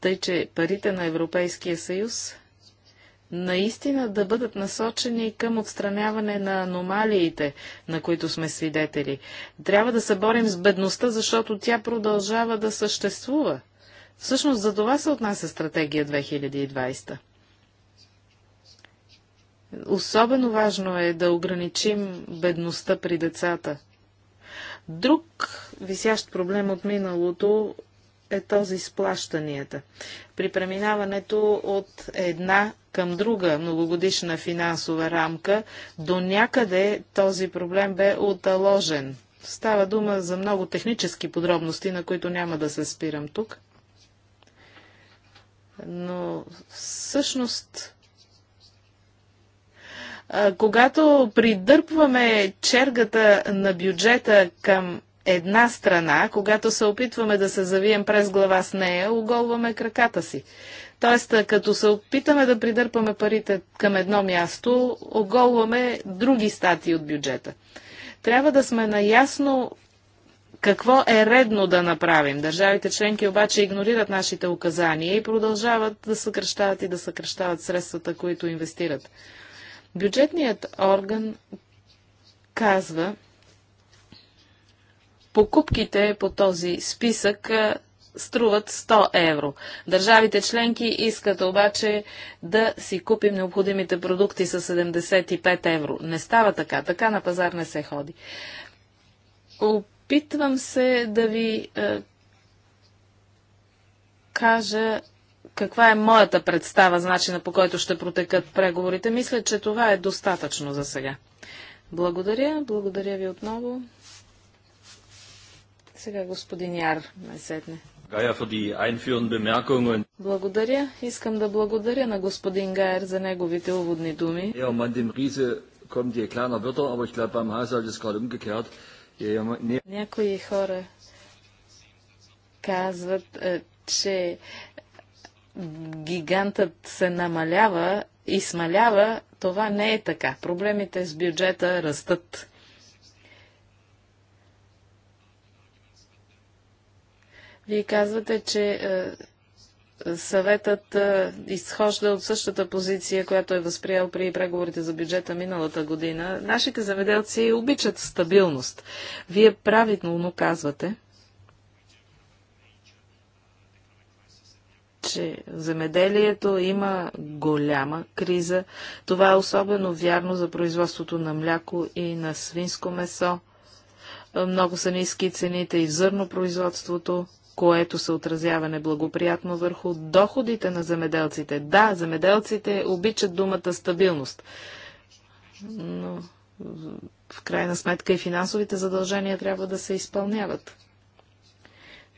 тъй че парите на Европейския съюз наистина да бъдат насочени към отстраняване на аномалиите, на които сме свидетели. Трябва да се борим с бедността, защото тя продължава да съществува. Всъщност за това се отнася стратегия 2020. Особено важно е да ограничим бедността при децата. Друг висящ проблем от миналото е този с плащанията. При преминаването от една към друга многогодишна финансова рамка, до някъде този проблем бе оталожен. Става дума за много технически подробности, на които няма да се спирам тук. Но всъщност когато придърпваме чергата на бюджета към една страна, когато се опитваме да се завием през глава с нея, оголваме краката си. Тоест, като се опитаме да придърпаме парите към едно място, оголваме други стати от бюджета. Трябва да сме наясно какво е редно да направим. Държавите членки обаче игнорират нашите указания и продължават да съкръщават и да съкръщават средствата, които инвестират. Бюджетният орган казва, покупките по този списък струват 100 евро. Държавите членки искат обаче да си купим необходимите продукти с 75 евро. Не става така. Така на пазар не се ходи. Опитвам се да ви е, кажа каква е моята представа начина по който ще протекат преговорите. Мисля, че това е достатъчно за сега. Благодаря. Благодаря ви отново. Сега господин Яр ме седне. Благодаря. Искам да благодаря на господин Гайер за неговите уводни думи. Някои хора казват, е, че гигантът се намалява и смалява. Това не е така. Проблемите с бюджета растат. Вие казвате, че е, съветът е, изхожда от същата позиция, която е възприял при преговорите за бюджета миналата година. Нашите замеделци обичат стабилност. Вие правилно казвате, че земеделието има голяма криза. Това е особено вярно за производството на мляко и на свинско месо. Много са ниски цените и в зърнопроизводството което се отразява неблагоприятно върху доходите на земеделците. Да, земеделците обичат думата стабилност, но в крайна сметка и финансовите задължения трябва да се изпълняват.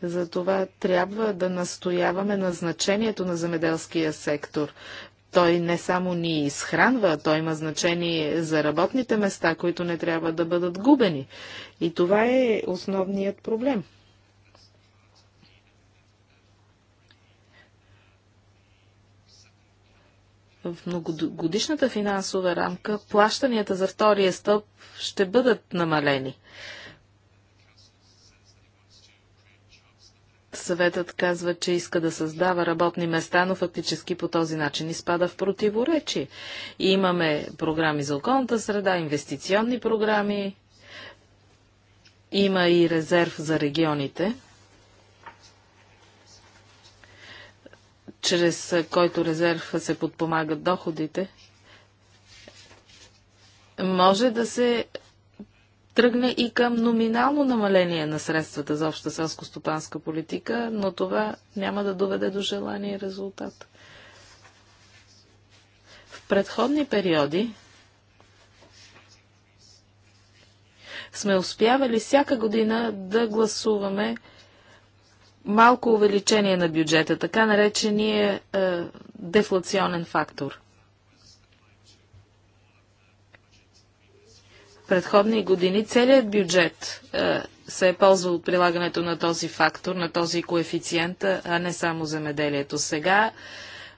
Затова трябва да настояваме на значението на земеделския сектор. Той не само ни изхранва, той има значение за работните места, които не трябва да бъдат губени. И това е основният проблем. В многогодишната финансова рамка плащанията за втория стълб ще бъдат намалени. Съветът казва, че иска да създава работни места, но фактически по този начин изпада в противоречие. Имаме програми за околната среда, инвестиционни програми, има и резерв за регионите. чрез който резерв се подпомагат доходите, може да се тръгне и към номинално намаление на средствата за обща селско-стопанска политика, но това няма да доведе до желания резултат. В предходни периоди сме успявали всяка година да гласуваме малко увеличение на бюджета, така наречения е, дефлационен фактор. В предходни години целият бюджет е, се е ползвал от прилагането на този фактор, на този коефициент, а не само земеделието. Сега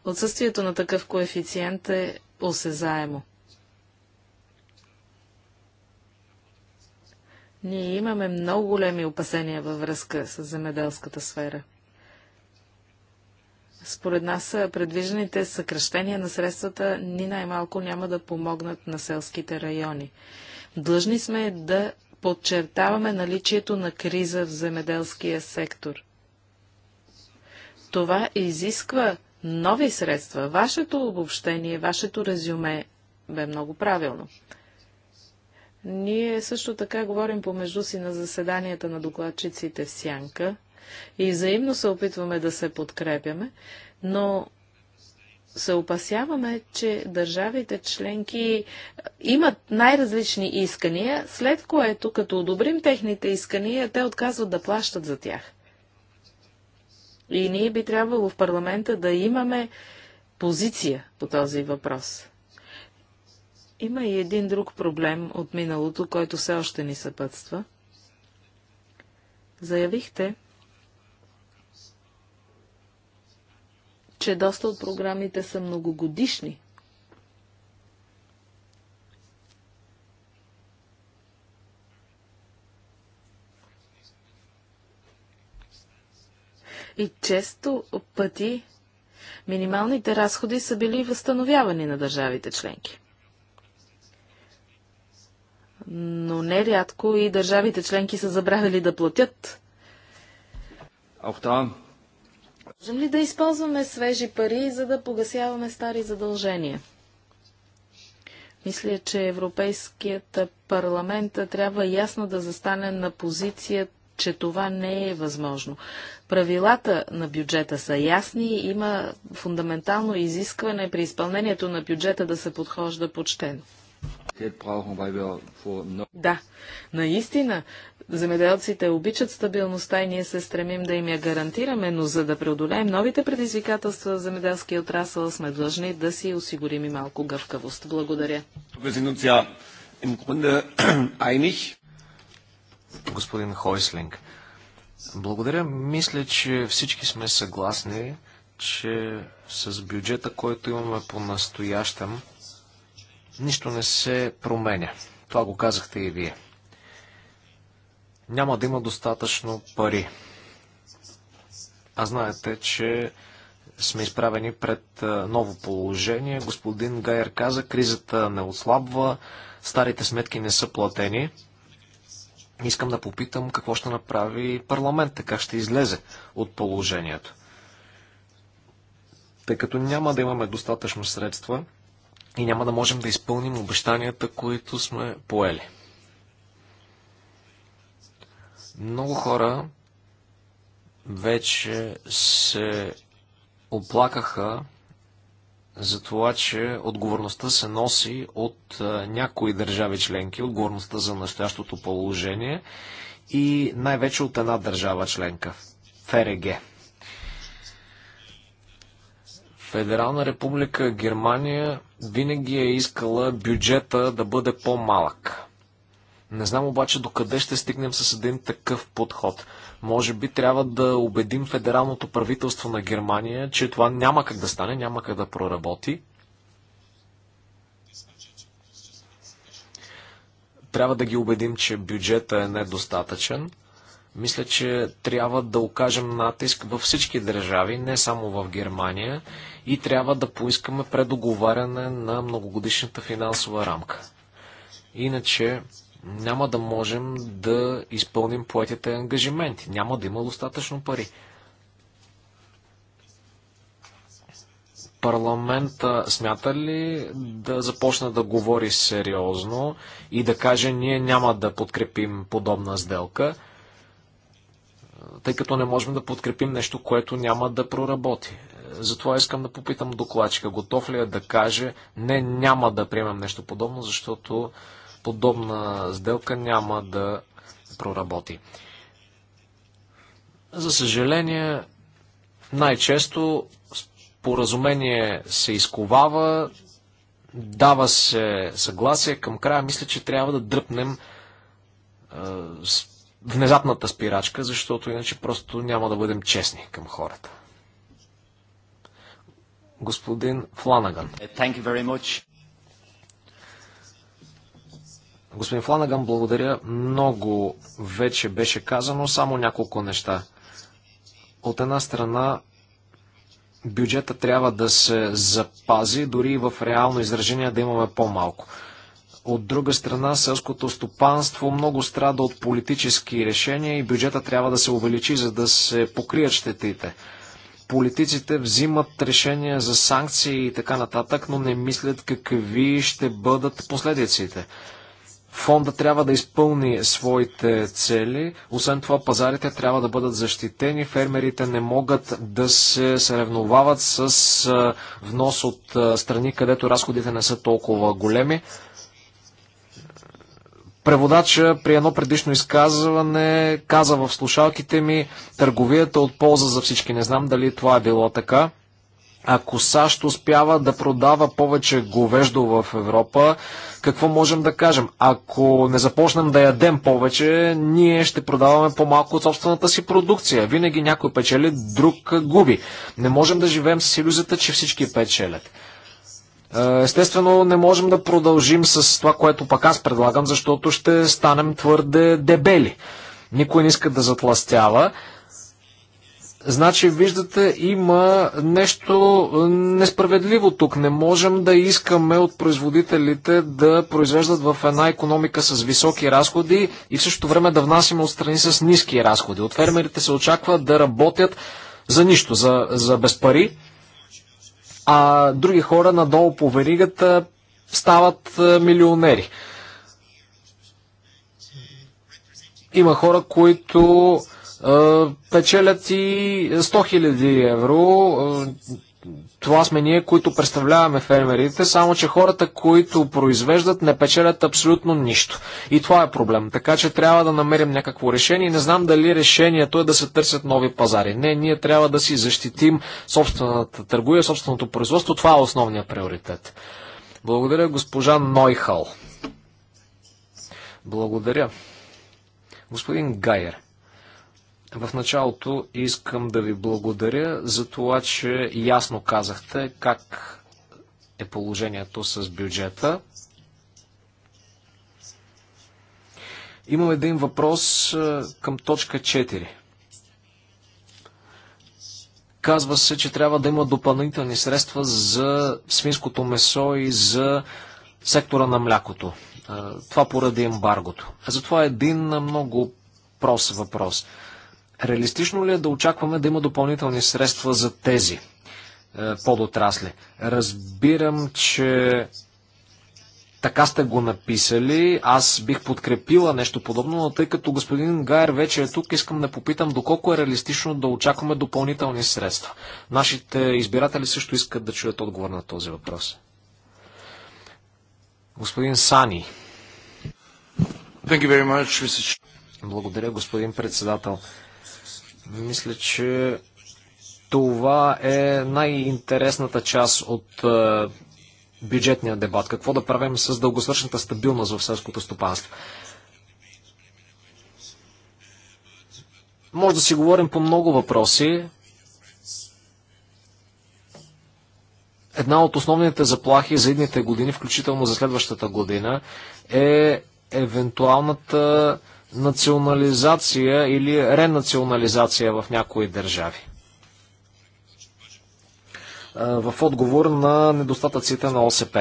отсъствието на такъв коефициент е осезаемо. Ние имаме много големи опасения във връзка с земеделската сфера. Според нас предвижданите съкръщения на средствата ни най-малко няма да помогнат на селските райони. Длъжни сме да подчертаваме наличието на криза в земеделския сектор. Това изисква нови средства. Вашето обобщение, вашето резюме бе много правилно. Ние също така говорим помежду си на заседанията на докладчиците в Сянка и взаимно се опитваме да се подкрепяме, но се опасяваме, че държавите членки имат най-различни искания, след което, като одобрим техните искания, те отказват да плащат за тях. И ние би трябвало в парламента да имаме позиция по този въпрос. Има и един друг проблем от миналото, който все още ни съпътства. Заявихте, че доста от програмите са многогодишни. И често пъти минималните разходи са били възстановявани на държавите членки но нерядко и държавите членки са забравили да платят. Можем ли да използваме свежи пари, за да погасяваме стари задължения? Мисля, че Европейският парламент трябва ясно да застане на позиция, че това не е възможно. Правилата на бюджета са ясни, има фундаментално изискване при изпълнението на бюджета да се подхожда почтено. Да, наистина, земеделците обичат стабилността и ние се стремим да им я гарантираме, но за да преодолеем новите предизвикателства в земеделския отрасъл, сме длъжни да си осигурим и малко гъвкавост. Благодаря. Господин Хойслинг, благодаря. Мисля, че всички сме съгласни, че с бюджета, който имаме по настоящем, Нищо не се променя. Това го казахте и вие. Няма да има достатъчно пари. А знаете, че сме изправени пред ново положение. Господин Гайер каза, кризата не отслабва, старите сметки не са платени. Искам да попитам какво ще направи парламент, как ще излезе от положението. Тъй като няма да имаме достатъчно средства, и няма да можем да изпълним обещанията, които сме поели. Много хора вече се оплакаха за това, че отговорността се носи от някои държави членки, отговорността за настоящото положение и най-вече от една държава членка – ФРГ. Федерална република Германия винаги е искала бюджета да бъде по-малък. Не знам обаче докъде ще стигнем с един такъв подход. Може би трябва да убедим федералното правителство на Германия, че това няма как да стане, няма как да проработи. Трябва да ги убедим, че бюджета е недостатъчен. Мисля, че трябва да окажем натиск във всички държави, не само в Германия, и трябва да поискаме предоговаряне на многогодишната финансова рамка. Иначе няма да можем да изпълним поетите ангажименти. Няма да има достатъчно пари. парламента смята ли да започне да говори сериозно и да каже ние няма да подкрепим подобна сделка? тъй като не можем да подкрепим нещо, което няма да проработи. Затова искам да попитам докладчика, готов ли е да каже, не, няма да приемем нещо подобно, защото подобна сделка няма да проработи. За съжаление, най-често споразумение се изковава, дава се съгласие към края. Мисля, че трябва да дръпнем внезапната спирачка, защото иначе просто няма да бъдем честни към хората. Господин Фланаган. Е, thank you very much. Господин Фланаган, благодаря. Много вече беше казано, само няколко неща. От една страна, бюджета трябва да се запази, дори и в реално изражение да имаме по-малко. От друга страна, селското стопанство много страда от политически решения и бюджета трябва да се увеличи, за да се покрият щетите. Политиците взимат решения за санкции и така нататък, но не мислят какви ще бъдат последиците. Фонда трябва да изпълни своите цели, освен това пазарите трябва да бъдат защитени, фермерите не могат да се съревновават с внос от страни, където разходите не са толкова големи. Преводача при едно предишно изказване каза в слушалките ми търговията от полза за всички. Не знам дали това е било така. Ако САЩ успява да продава повече говеждо в Европа, какво можем да кажем? Ако не започнем да ядем повече, ние ще продаваме по-малко от собствената си продукция. Винаги някой печели, друг губи. Не можем да живеем с иллюзията, че всички печелят. Е, естествено, не можем да продължим с това, което пък аз предлагам, защото ще станем твърде дебели. Никой не иска да затластява. Значи, виждате, има нещо несправедливо тук. Не можем да искаме от производителите да произвеждат в една економика с високи разходи и в същото време да внасим от страни с ниски разходи. От фермерите се очаква да работят за нищо, за, за без пари а други хора надолу по веригата стават е, милионери. Има хора, които е, печелят и 100 000 евро, е, това сме ние, които представляваме фермерите, само че хората, които произвеждат, не печелят абсолютно нищо. И това е проблем. Така че трябва да намерим някакво решение. Не знам дали решението е да се търсят нови пазари. Не, ние трябва да си защитим собствената търгуя, собственото производство. Това е основният приоритет. Благодаря, госпожа Нойхал. Благодаря. Господин Гайер. В началото искам да ви благодаря за това, че ясно казахте как е положението с бюджета. Имам един въпрос към точка 4. Казва се, че трябва да има допълнителни средства за свинското месо и за сектора на млякото. Това поради ембаргото. Затова е един много прост въпрос. Реалистично ли е да очакваме да има допълнителни средства за тези е, подотрасли? Разбирам, че така сте го написали. Аз бих подкрепила нещо подобно, но тъй като господин Гайер вече е тук, искам да попитам доколко е реалистично да очакваме допълнителни средства. Нашите избиратели също искат да чуят отговор на този въпрос. Господин Сани. Благодаря, господин председател. Мисля, че това е най-интересната част от е, бюджетния дебат. Какво да правим с дългосрочната стабилност в селското стопанство? Може да си говорим по много въпроси. Една от основните заплахи за едните години, включително за следващата година, е евентуалната национализация или ренационализация в някои държави. В отговор на недостатъците на ОСП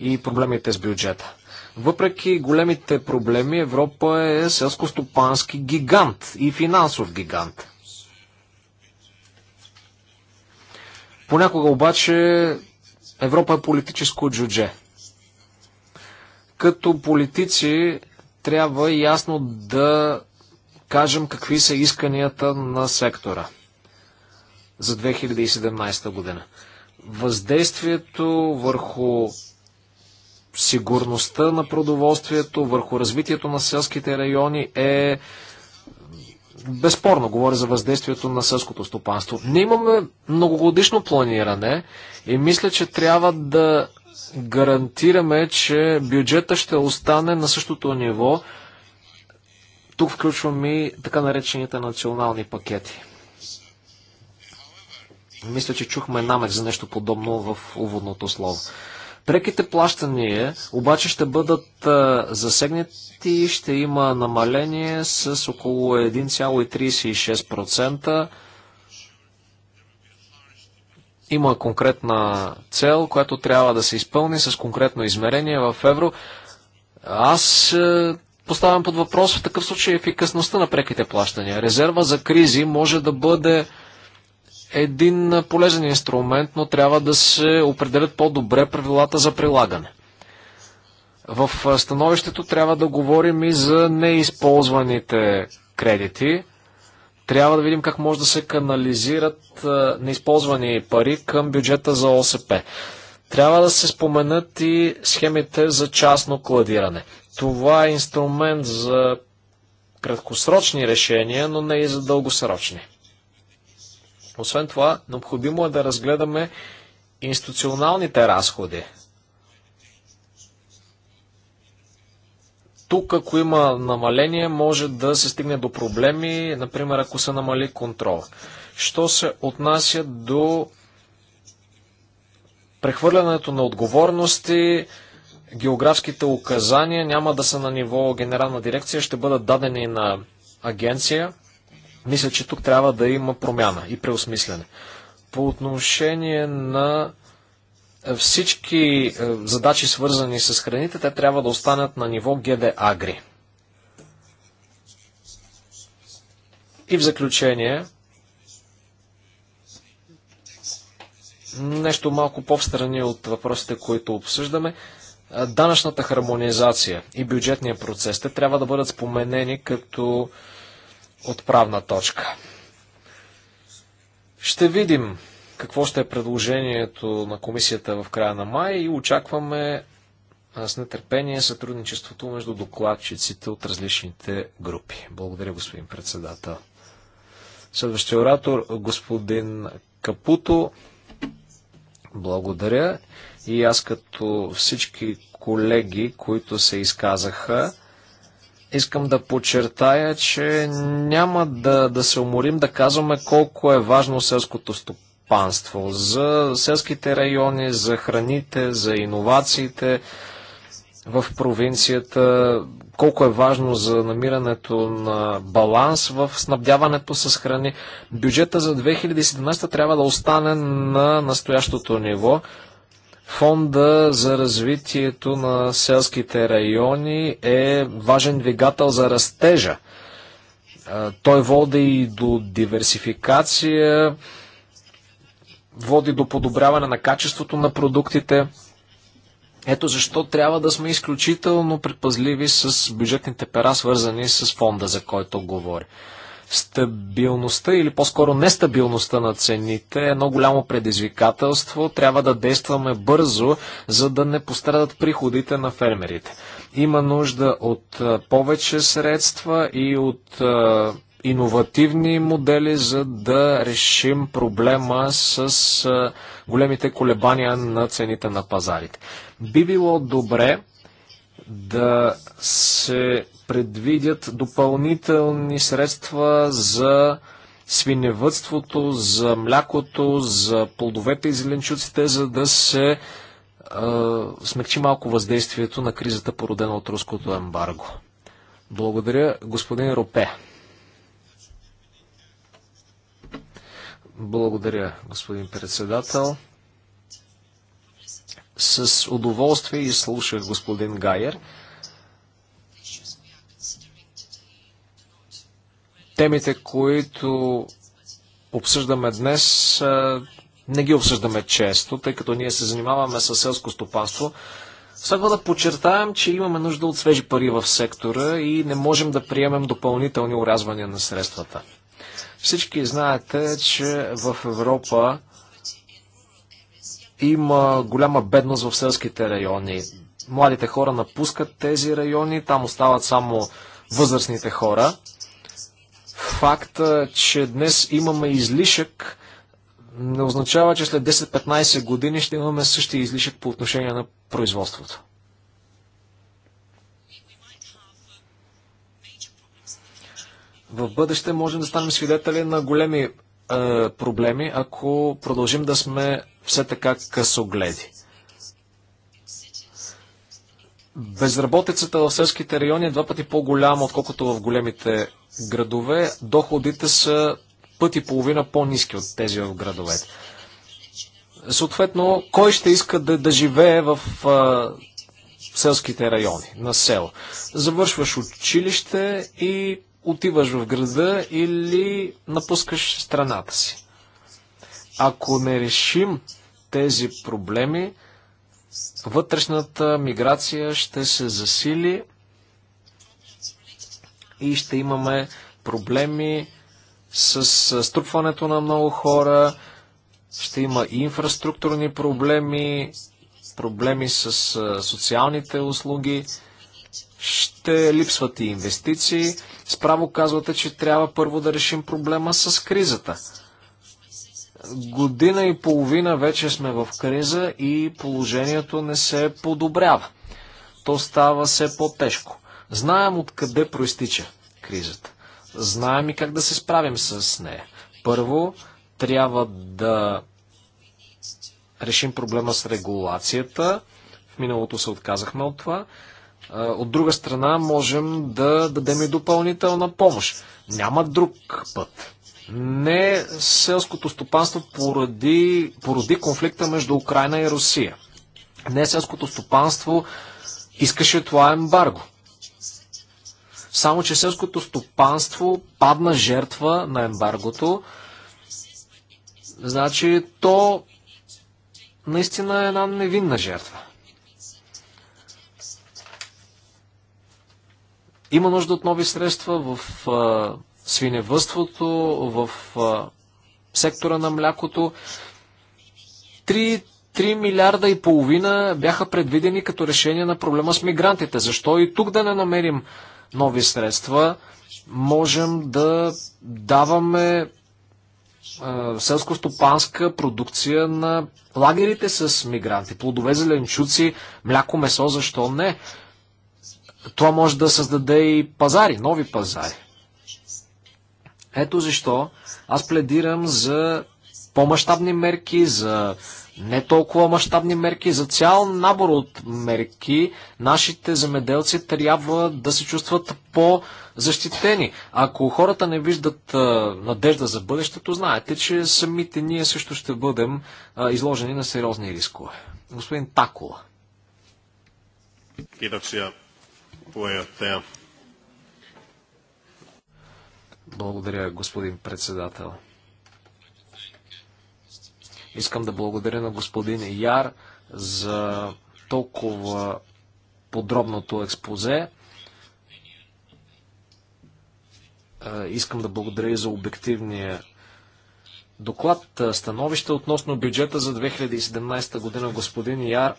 и проблемите с бюджета. Въпреки големите проблеми, Европа е селско-стопански гигант и финансов гигант. Понякога обаче Европа е политическо джудже. Като политици трябва ясно да кажем какви са исканията на сектора за 2017 година. Въздействието върху сигурността на продоволствието, върху развитието на селските райони е безспорно говоря за въздействието на сълското стопанство. Не имаме многогодишно планиране и мисля, че трябва да гарантираме, че бюджета ще остане на същото ниво. Тук включвам и така наречените национални пакети. Мисля, че чухме намек за нещо подобно в уводното слово. Преките плащания обаче ще бъдат засегнати и ще има намаление с около 1,36%. Има конкретна цел, която трябва да се изпълни с конкретно измерение в евро. Аз е, поставям под въпрос в такъв случай ефикасността на преките плащания. Резерва за кризи може да бъде един полезен инструмент, но трябва да се определят по-добре правилата за прилагане. В е, становището трябва да говорим и за неизползваните кредити. Трябва да видим как може да се канализират неизползвани пари към бюджета за ОСП. Трябва да се споменат и схемите за частно кладиране. Това е инструмент за краткосрочни решения, но не и за дългосрочни. Освен това, необходимо е да разгледаме институционалните разходи Тук, ако има намаление, може да се стигне до проблеми, например, ако се намали контрол. Що се отнася до прехвърлянето на отговорности, географските указания няма да са на ниво генерална дирекция, ще бъдат дадени на агенция. Мисля, че тук трябва да има промяна и преосмислене. По отношение на всички е, задачи свързани с храните, те трябва да останат на ниво ГД Агри. И в заключение, нещо малко по-встрани от въпросите, които обсъждаме, е, данъчната хармонизация и бюджетния процес, те трябва да бъдат споменени като отправна точка. Ще видим какво ще е предложението на комисията в края на май и очакваме с нетърпение сътрудничеството между докладчиците от различните групи. Благодаря, господин председател. Следващия оратор, господин Капуто. Благодаря. И аз като всички колеги, които се изказаха, искам да подчертая, че няма да, да се уморим да казваме колко е важно селското стоп стопанство, за селските райони, за храните, за иновациите в провинцията, колко е важно за намирането на баланс в снабдяването с храни. Бюджета за 2017 трябва да остане на настоящото ниво. Фонда за развитието на селските райони е важен двигател за растежа. Той води и до диверсификация, води до подобряване на качеството на продуктите. Ето защо трябва да сме изключително предпазливи с бюджетните пера, свързани с фонда, за който говори. Стабилността или по-скоро нестабилността на цените е едно голямо предизвикателство. Трябва да действаме бързо, за да не пострадат приходите на фермерите. Има нужда от повече средства и от иновативни модели, за да решим проблема с големите колебания на цените на пазарите. Би било добре да се предвидят допълнителни средства за свиневътството, за млякото, за плодовете и зеленчуците, за да се е, смекчи малко въздействието на кризата, породена от руското ембарго. Благодаря, господин Ропе. Благодаря, господин председател. С удоволствие изслушах господин Гайер. Темите, които обсъждаме днес, не ги обсъждаме често, тъй като ние се занимаваме с селско стопанство. Следва да подчертаем, че имаме нужда от свежи пари в сектора и не можем да приемем допълнителни урязвания на средствата. Всички знаете, че в Европа има голяма бедност в селските райони. Младите хора напускат тези райони, там остават само възрастните хора. Факта, че днес имаме излишък, не означава, че след 10-15 години ще имаме същия излишък по отношение на производството. В бъдеще можем да станем свидетели на големи е, проблеми, ако продължим да сме все така късогледи. Безработицата в селските райони е два пъти по-голяма, отколкото в големите градове. Доходите са пъти половина по-низки от тези в градовете. Съответно, кой ще иска да, да живее в а, селските райони, на село? Завършваш училище и отиваш в града или напускаш страната си. Ако не решим тези проблеми, вътрешната миграция ще се засили и ще имаме проблеми с струпването на много хора, ще има и инфраструктурни проблеми, проблеми с социалните услуги ще липсват и инвестиции. Справо казвате, че трябва първо да решим проблема с кризата. Година и половина вече сме в криза и положението не се подобрява. То става все по-тежко. Знаем откъде проистича кризата. Знаем и как да се справим с нея. Първо, трябва да решим проблема с регулацията. В миналото се отказахме от това. От друга страна, можем да дадем и допълнителна помощ. Няма друг път. Не селското стопанство поради, породи конфликта между Украина и Русия. Не селското стопанство искаше това ембарго. Само, че селското стопанство падна жертва на ембаргото. Значи, то наистина е една невинна жертва. Има нужда от нови средства в а, свиневъдството, в а, сектора на млякото. 3, 3 милиарда и половина бяха предвидени като решение на проблема с мигрантите. Защо и тук да не намерим нови средства? Можем да даваме селско-стопанска продукция на лагерите с мигранти. Плодове, зеленчуци, мляко, месо, защо не? това може да създаде и пазари, нови пазари. Ето защо аз пледирам за по-масштабни мерки, за не толкова мащабни мерки, за цял набор от мерки нашите земеделци трябва да се чувстват по-защитени. Ако хората не виждат надежда за бъдещето, знаете, че самите ние също ще бъдем изложени на сериозни рискове. Господин Такола. Kiitoksia puheenjohtaja. Благодаря, господин председател. Искам да благодаря на господин Яр за толкова подробното експозе. Е, искам да благодаря и за обективния доклад. Е, становище относно бюджета за 2017 година, господин Яр,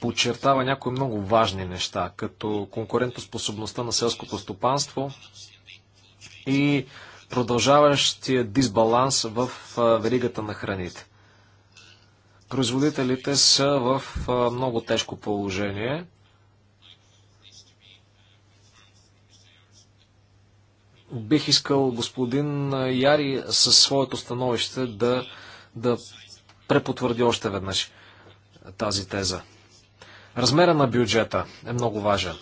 подчертава някои много важни неща, като конкурентоспособността на селското стопанство и продължаващия дисбаланс в веригата на храните. Производителите са в много тежко положение. Бих искал господин Яри със своето становище да, да препотвърди още веднъж тази теза. Размера на бюджета е много важен.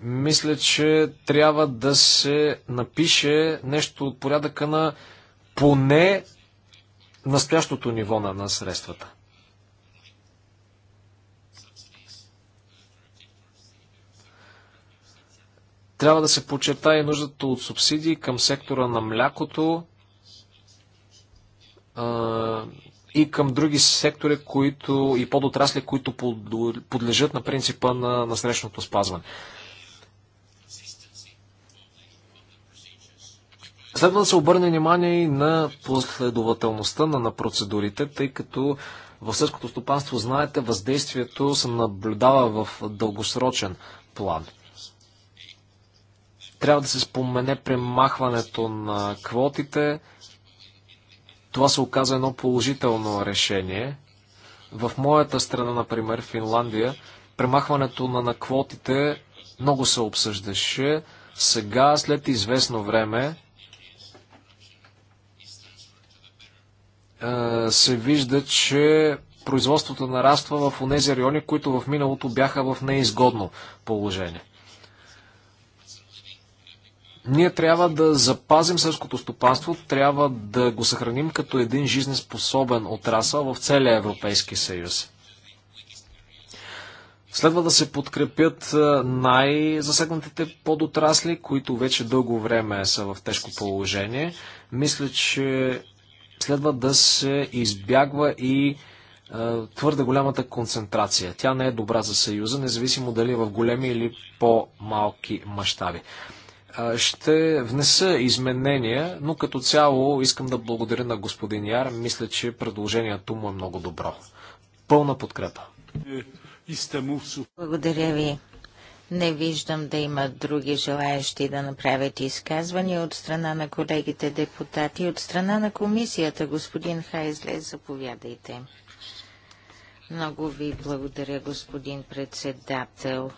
Мисля, че трябва да се напише нещо от порядъка на поне настоящото ниво на, на средствата. Трябва да се и нуждата от субсидии към сектора на млякото, и към други сектори които, и подотрасли, които подлежат на принципа на насрещното спазване. Следва да се обърне внимание и на последователността на, на процедурите, тъй като в сърското стопанство, знаете, въздействието се наблюдава в дългосрочен план. Трябва да се спомене премахването на квотите, това се оказа едно положително решение. В моята страна, например, Финландия, премахването на, наквотите квотите много се обсъждаше. Сега, след известно време, е, се вижда, че производството нараства в тези райони, които в миналото бяха в неизгодно положение. Ние трябва да запазим сърското стопанство, трябва да го съхраним като един жизнеспособен отрасъл в целия Европейски съюз. Следва да се подкрепят е, най-засегнатите подотрасли, които вече дълго време са в тежко положение. Мисля, че следва да се избягва и е, твърде голямата концентрация. Тя не е добра за Съюза, независимо дали е в големи или по-малки мащаби. Ще внеса изменения, но като цяло искам да благодаря на господин Яр. Мисля, че предложението му е много добро. Пълна подкрепа. Благодаря ви. Не виждам да има други желаящи да направят изказвания от страна на колегите депутати. От страна на комисията, господин Хайзле, заповядайте. Много ви благодаря, господин председател.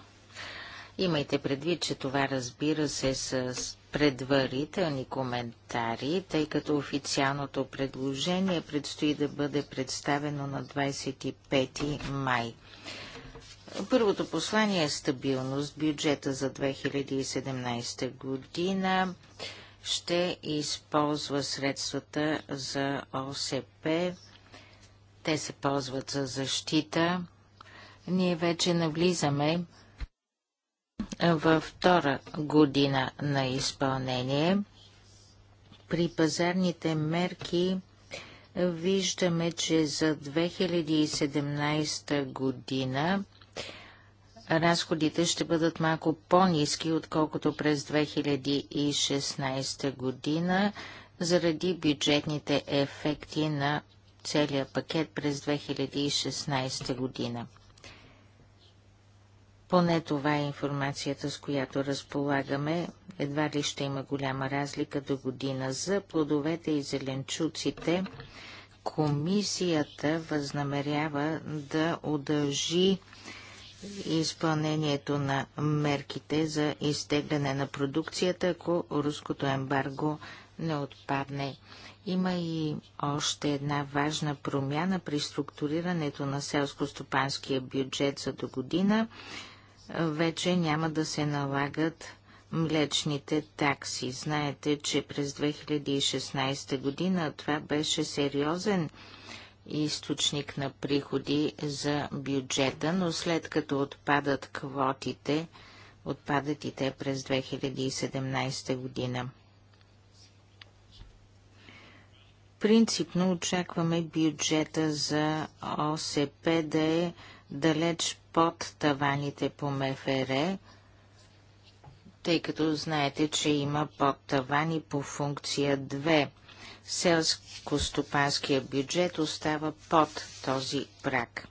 Имайте предвид, че това разбира се с предварителни коментари, тъй като официалното предложение предстои да бъде представено на 25 май. Първото послание е стабилност. Бюджета за 2017 година ще използва средствата за ОСП. Те се ползват за защита. Ние вече навлизаме във втора година на изпълнение. При пазарните мерки виждаме, че за 2017 година разходите ще бъдат малко по-низки, отколкото през 2016 година, заради бюджетните ефекти на целия пакет през 2016 година. Поне това е информацията, с която разполагаме. Едва ли ще има голяма разлика до година. За плодовете и зеленчуците комисията възнамерява да удължи изпълнението на мерките за изтегляне на продукцията, ако руското ембарго не отпадне. Има и още една важна промяна при структурирането на селско-стопанския бюджет за до година вече няма да се налагат млечните такси. Знаете, че през 2016 година това беше сериозен източник на приходи за бюджета, но след като отпадат квотите, отпадат и те през 2017 година. Принципно очакваме бюджета за ОСП да е далеч под таваните по МФР, тъй като знаете, че има подтавани по функция 2. Селско-стопанския бюджет остава под този прак.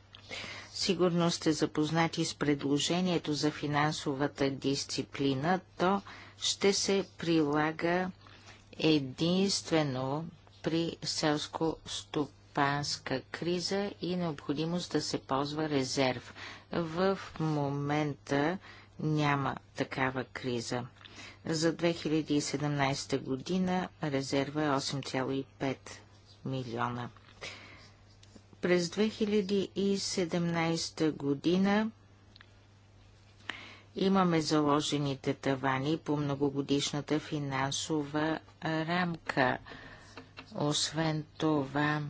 Сигурно сте запознати с предложението за финансовата дисциплина, то ще се прилага единствено при селско-стопанския испанска криза и необходимост да се ползва резерв. В момента няма такава криза. За 2017 година резерва е 8,5 милиона. През 2017 година имаме заложените тавани по многогодишната финансова рамка. Освен това,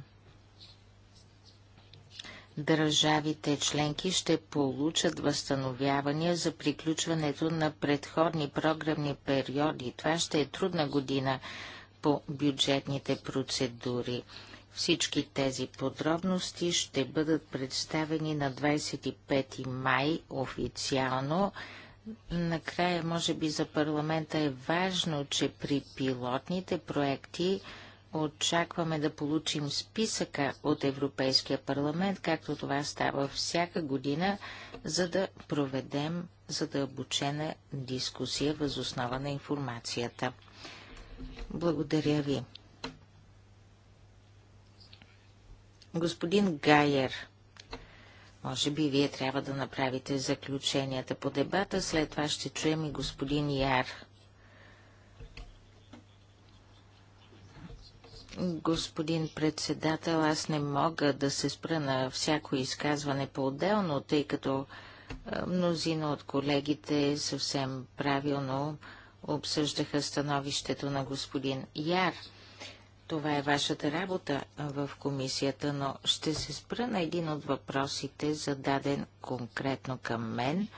държавите членки ще получат възстановявания за приключването на предходни програмни периоди. Това ще е трудна година по бюджетните процедури. Всички тези подробности ще бъдат представени на 25 май официално. Накрая, може би за парламента е важно, че при пилотните проекти очакваме да получим списъка от Европейския парламент, както това става всяка година, за да проведем задълбочена да е дискусия възоснова на информацията. Благодаря ви. Господин Гайер, може би вие трябва да направите заключенията по дебата, след това ще чуем и господин Яр. Господин председател, аз не мога да се спра на всяко изказване по-отделно, тъй като мнозина от колегите съвсем правилно обсъждаха становището на господин Яр. Това е вашата работа в комисията, но ще се спра на един от въпросите, зададен конкретно към мен –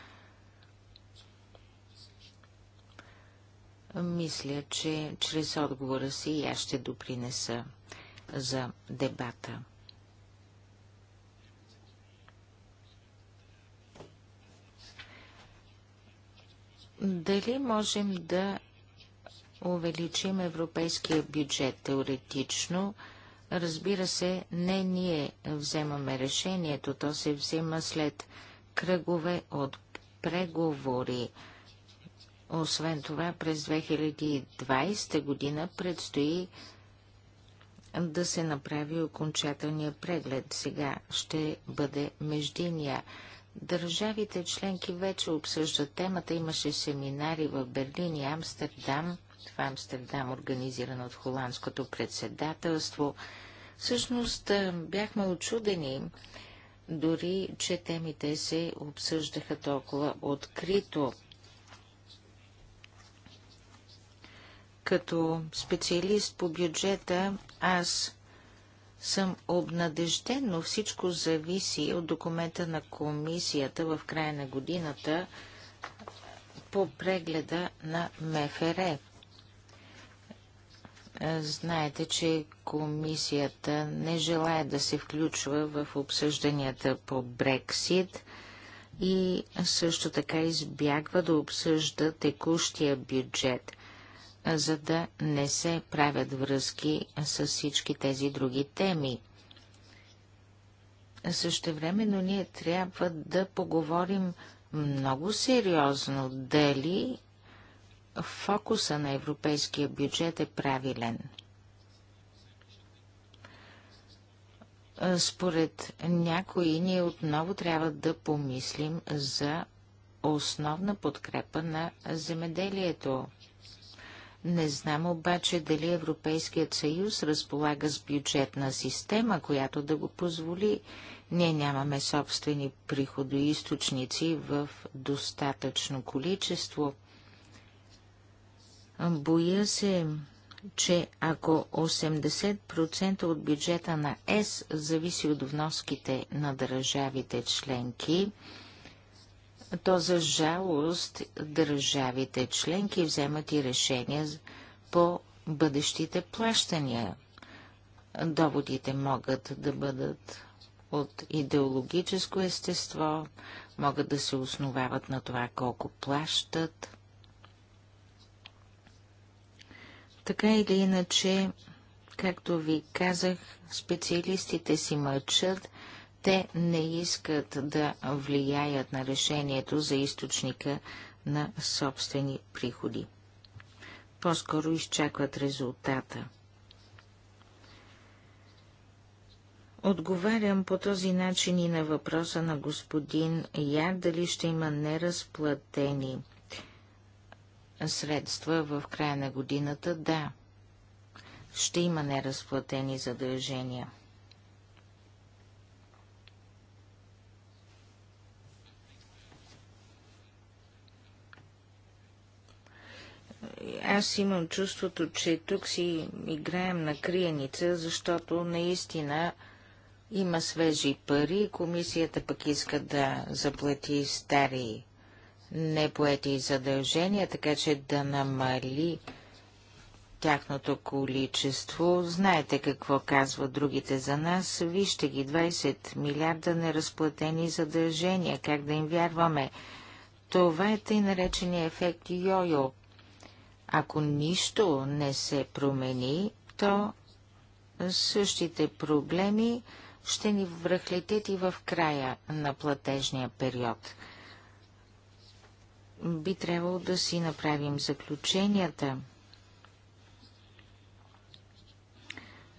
Мисля, че чрез отговора си и аз ще допринеса за дебата. Дали можем да увеличим европейския бюджет теоретично? Разбира се, не ние вземаме решението, то се взима след кръгове от преговори. Освен това, през 2020 година предстои да се направи окончателния преглед. Сега ще бъде междиния. Държавите членки вече обсъждат темата. Имаше семинари в Берлин и Амстердам. В Амстердам, организиран от холандското председателство. Всъщност бяхме очудени, дори че темите се обсъждаха толкова открито. Като специалист по бюджета, аз съм обнадежден, но всичко зависи от документа на комисията в края на годината по прегледа на МФР. Знаете, че комисията не желая да се включва в обсъжданията по Брексит и също така избягва да обсъжда текущия бюджет за да не се правят връзки с всички тези други теми. Същевременно ние трябва да поговорим много сериозно дали фокуса на европейския бюджет е правилен. Според някои ние отново трябва да помислим за основна подкрепа на земеделието. Не знам обаче дали Европейският съюз разполага с бюджетна система, която да го позволи. Ние нямаме собствени приходоисточници в достатъчно количество. Боя се, че ако 80% от бюджета на ЕС зависи от вноските на държавите членки, то за жалост държавите членки вземат и решения по бъдещите плащания. Доводите могат да бъдат от идеологическо естество, могат да се основават на това колко плащат. Така или иначе, както ви казах, специалистите си мълчат, те не искат да влияят на решението за източника на собствени приходи. По-скоро изчакват резултата. Отговарям по този начин и на въпроса на господин Я, дали ще има неразплатени средства в края на годината. Да, ще има неразплатени задължения. Аз имам чувството, че тук си играем на криеница, защото наистина има свежи пари, комисията пък иска да заплати стари непоети задължения, така че да намали тяхното количество. Знаете какво казват другите за нас. Вижте ги, 20 милиарда неразплатени задължения. Как да им вярваме? Това е тъй наречения ефект йо-йо. Ако нищо не се промени, то същите проблеми ще ни връхлетят и в края на платежния период. Би трябвало да си направим заключенията.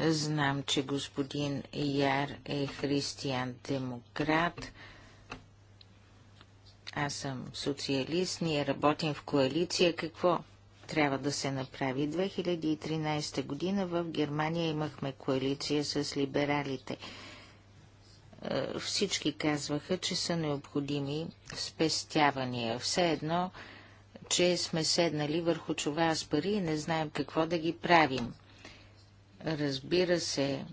Знам, че господин Яр е християн-демократ. Аз съм социалист, ние работим в коалиция. Какво трябва да се направи. 2013 година в Германия имахме коалиция с либералите. Е, всички казваха, че са необходими спестявания. Все едно, че сме седнали върху чова с пари и не знаем какво да ги правим. Разбира се,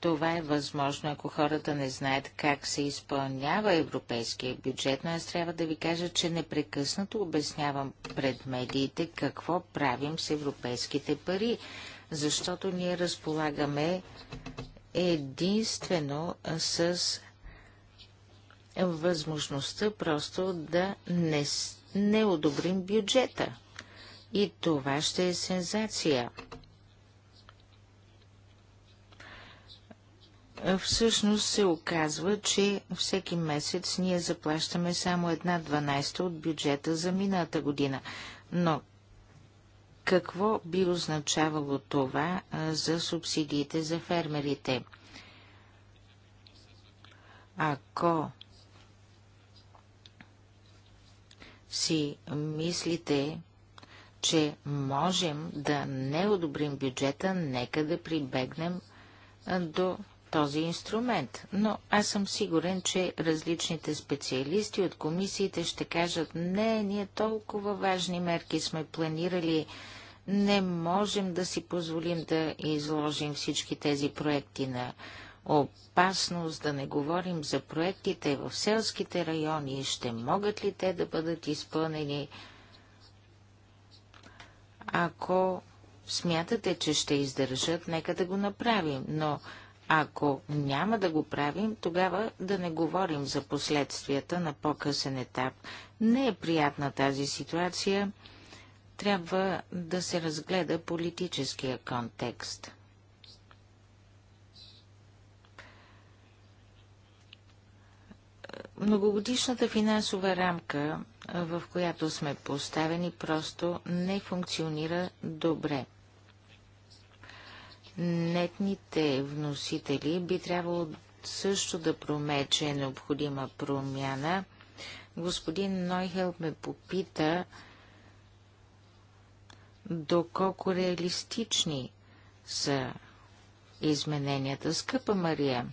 това е възможно, ако хората не знаят как се изпълнява европейския бюджет, но аз трябва да ви кажа, че непрекъснато обяснявам пред медиите какво правим с европейските пари, защото ние разполагаме единствено с възможността просто да не, не одобрим бюджета. И това ще е сензация. всъщност се оказва, че всеки месец ние заплащаме само една дванайста от бюджета за миналата година. Но какво би означавало това за субсидиите за фермерите? Ако си мислите, че можем да не одобрим бюджета, нека да прибегнем до този инструмент. Но аз съм сигурен, че различните специалисти от комисиите ще кажат, не, ние толкова важни мерки сме планирали, не можем да си позволим да изложим всички тези проекти на опасност, да не говорим за проектите в селските райони, ще могат ли те да бъдат изпълнени, ако смятате, че ще издържат, нека да го направим, но ако няма да го правим, тогава да не говорим за последствията на по-късен етап. Не е приятна тази ситуация. Трябва да се разгледа политическия контекст. Многогодишната финансова рамка, в която сме поставени, просто не функционира добре. Нетните вносители би трябвало също да промече необходима промяна. Господин Нойхел ме попита доколко реалистични са измененията. Скъпа Мария,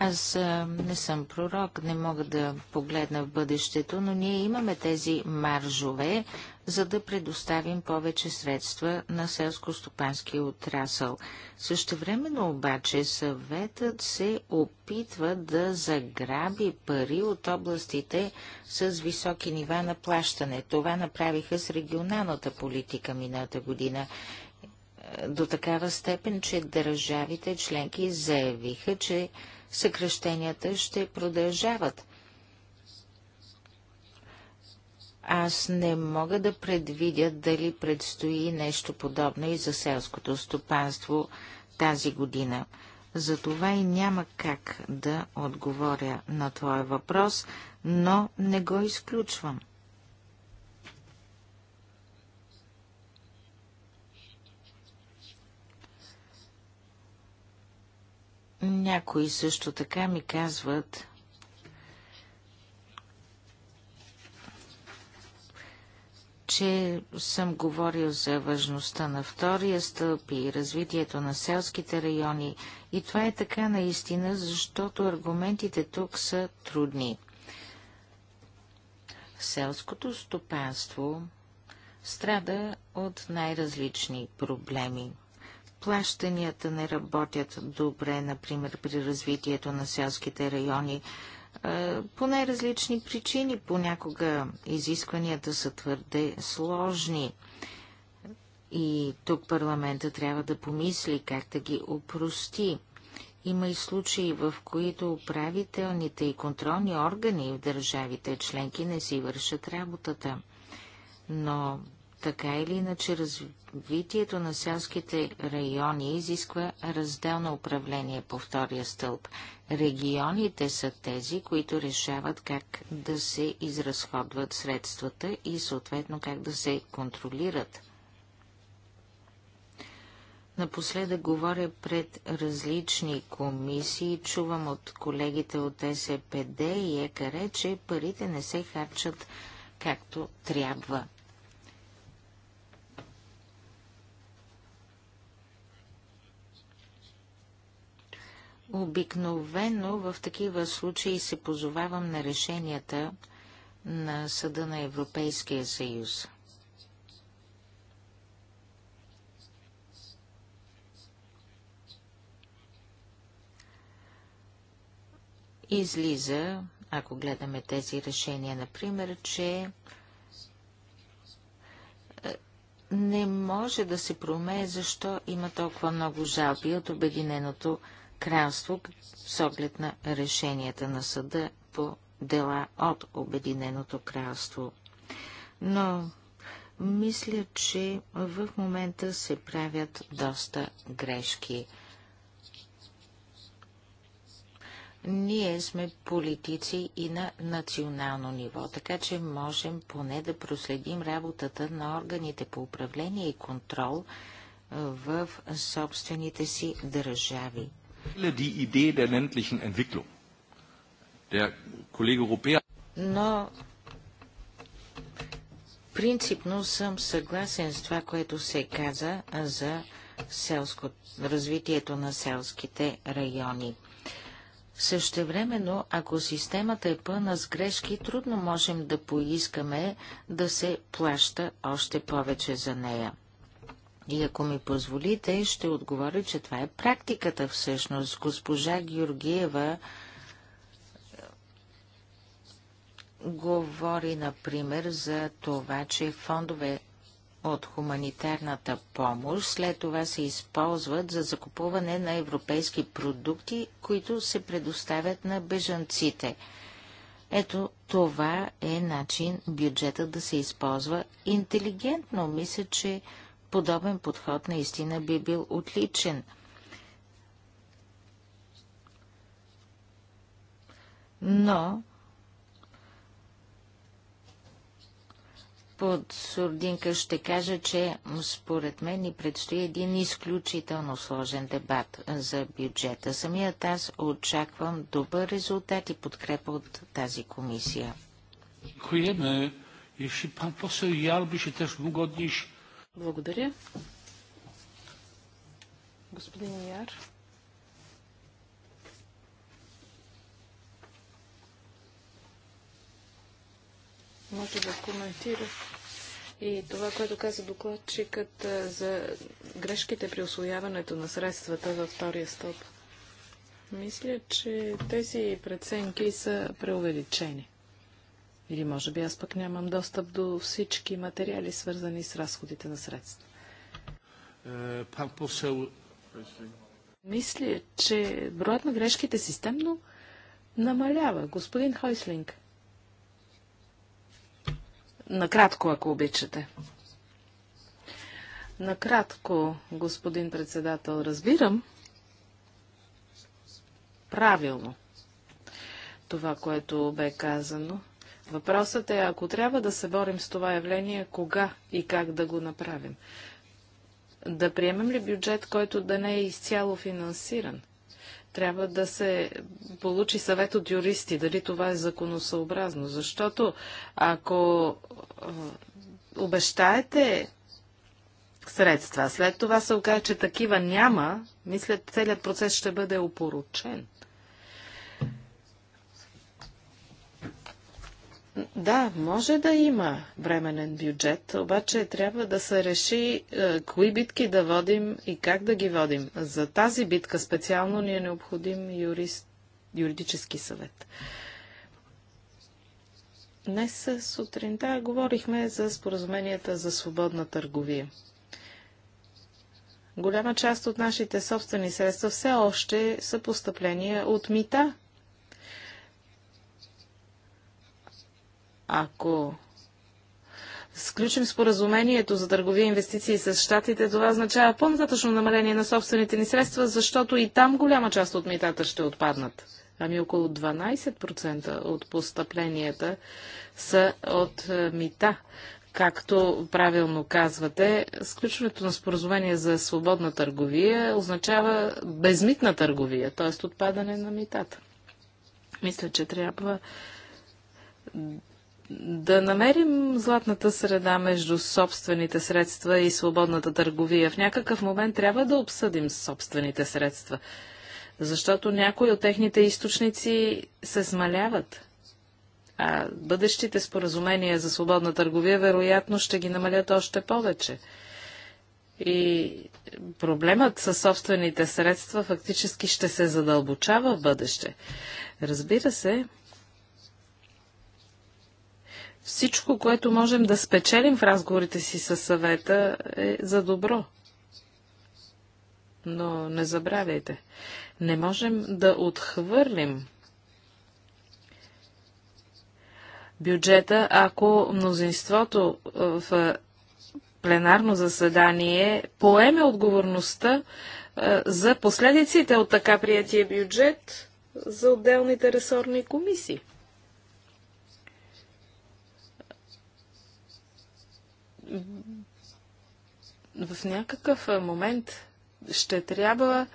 Аз не съм пророк, не мога да погледна в бъдещето, но ние имаме тези маржове, за да предоставим повече средства на селско стопански отрасъл. Същевременно обаче съветът се опитва да заграби пари от областите с високи нива на плащане. Това направиха с регионалната политика мината година до такава степен, че държавите членки заявиха, че съкръщенията ще продължават. Аз не мога да предвидя дали предстои нещо подобно и за селското стопанство тази година. Затова и няма как да отговоря на твоя въпрос, но не го изключвам. Някои също така ми казват, че съм говорил за важността на втория стълб и развитието на селските райони. И това е така наистина, защото аргументите тук са трудни. Селското стопанство страда от най-различни проблеми. Плащанията не работят добре, например, при развитието на селските райони по най-различни причини. Понякога изискванията са твърде сложни. И тук парламента трябва да помисли как да ги опрости. Има и случаи, в които управителните и контролни органи в държавите членки не си вършат работата. Но така или иначе развитието на селските райони изисква разделно управление по втория стълб. Регионите са тези, които решават как да се изразходват средствата и съответно как да се контролират. Напоследък говоря пред различни комисии, чувам от колегите от СПД и ЕКР, че парите не се харчат както трябва. Обикновено в такива случаи се позовавам на решенията на Съда на Европейския съюз. Излиза, ако гледаме тези решения, например, че е, не може да се промее защо има толкова много жалби от Обединеното кралство с оглед на решенията на съда по дела от Обединеното кралство. Но мисля, че в момента се правят доста грешки. Ние сме политици и на национално ниво, така че можем поне да проследим работата на органите по управление и контрол в собствените си държави. Die Idee der ländlichen Entwicklung. Der Kollege Rupea. Но принципно съм съгласен с това, което се каза за селско, развитието на селските райони. Същевременно, ако системата е пълна с грешки, трудно можем да поискаме да се плаща още повече за нея. И ако ми позволите, ще отговоря, че това е практиката всъщност. Госпожа Георгиева е, говори, например, за това, че фондове от хуманитарната помощ след това се използват за закупуване на европейски продукти, които се предоставят на бежанците. Ето това е начин бюджета да се използва интелигентно. Мисля, че Подобен подход наистина би бил отличен. Но под сурдинка ще кажа, че според мен ни предстои един изключително сложен дебат за бюджета. Самият аз очаквам добър резултат и подкрепа от тази комисия. Dziękujemy. Jeśli pan poseł Jar by się też mógł odnieść благодаря. Господин Яр. Може да коментира и това, което каза докладчикът за грешките при освояването на средствата във втория стоп. Мисля, че тези преценки са преувеличени. Или може би аз пък нямам достъп до всички материали, свързани с разходите на средства. Е, пан посел... Мисля, че броят на грешките системно намалява. Господин Хойслинг. Накратко, ако обичате. Накратко, господин председател, разбирам правилно това, което бе казано. Въпросът е, ако трябва да се борим с това явление, кога и как да го направим? Да приемем ли бюджет, който да не е изцяло финансиран? Трябва да се получи съвет от юристи, дали това е законосъобразно. Защото ако обещаете средства, след това се окаже, че такива няма, мисля, целият процес ще бъде опоручен. Да, може да има временен бюджет, обаче трябва да се реши е, кои битки да водим и как да ги водим. За тази битка специално ни е необходим юрист, юридически съвет. Днес сутринта говорихме за споразуменията за свободна търговия. Голяма част от нашите собствени средства все още са постъпления от мита Ако сключим споразумението за търговия и инвестиции с щатите, това означава по-нататъчно намаление на собствените ни средства, защото и там голяма част от митата ще отпаднат. Ами около 12% от постъпленията са от е, мита. Както правилно казвате, сключването на споразумение за свободна търговия означава безмитна търговия, т.е. отпадане на митата. Мисля, че трябва да намерим златната среда между собствените средства и свободната търговия. В някакъв момент трябва да обсъдим собствените средства, защото някои от техните източници се смаляват. А бъдещите споразумения за свободна търговия вероятно ще ги намалят още повече. И проблемът със собствените средства фактически ще се задълбочава в бъдеще. Разбира се, всичко, което можем да спечелим в разговорите си със съвета е за добро. Но не забравяйте, не можем да отхвърлим бюджета, ако мнозинството е, в пленарно заседание поеме отговорността е, за последиците от така приятия бюджет за отделните ресорни комисии. в някакъв момент ще трябва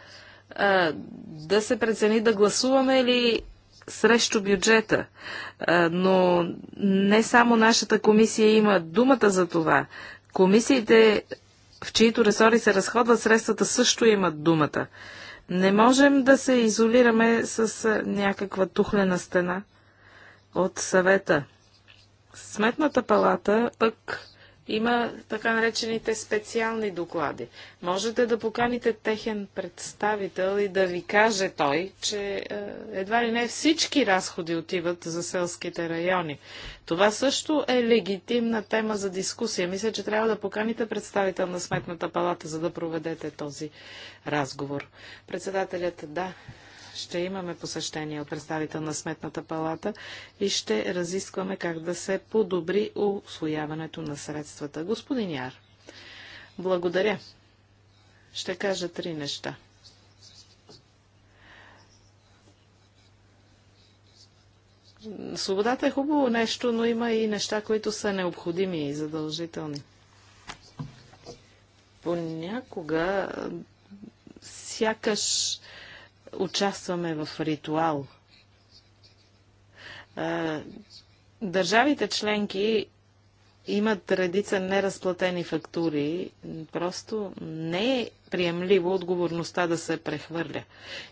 а, да се прецени да гласуваме или срещу бюджета. А, но не само нашата комисия има думата за това. Комисиите, в чието ресори се разходват средствата, също имат думата. Не можем да се изолираме с някаква тухлена стена от съвета. Сметната палата пък има така наречените специални доклади. Можете да поканите техен представител и да ви каже той, че е, едва ли не всички разходи отиват за селските райони. Това също е легитимна тема за дискусия. Мисля, че трябва да поканите представител на Сметната палата, за да проведете този разговор. Председателят, да, ще имаме посещение от представител на Сметната палата и ще разискваме как да се подобри освояването на средствата. Господин Яр, благодаря. Ще кажа три неща. Свободата е хубаво нещо, но има и неща, които са необходими и задължителни. Понякога сякаш участваме в ритуал. Държавите членки имат редица неразплатени фактури. Просто не е приемливо отговорността да се прехвърля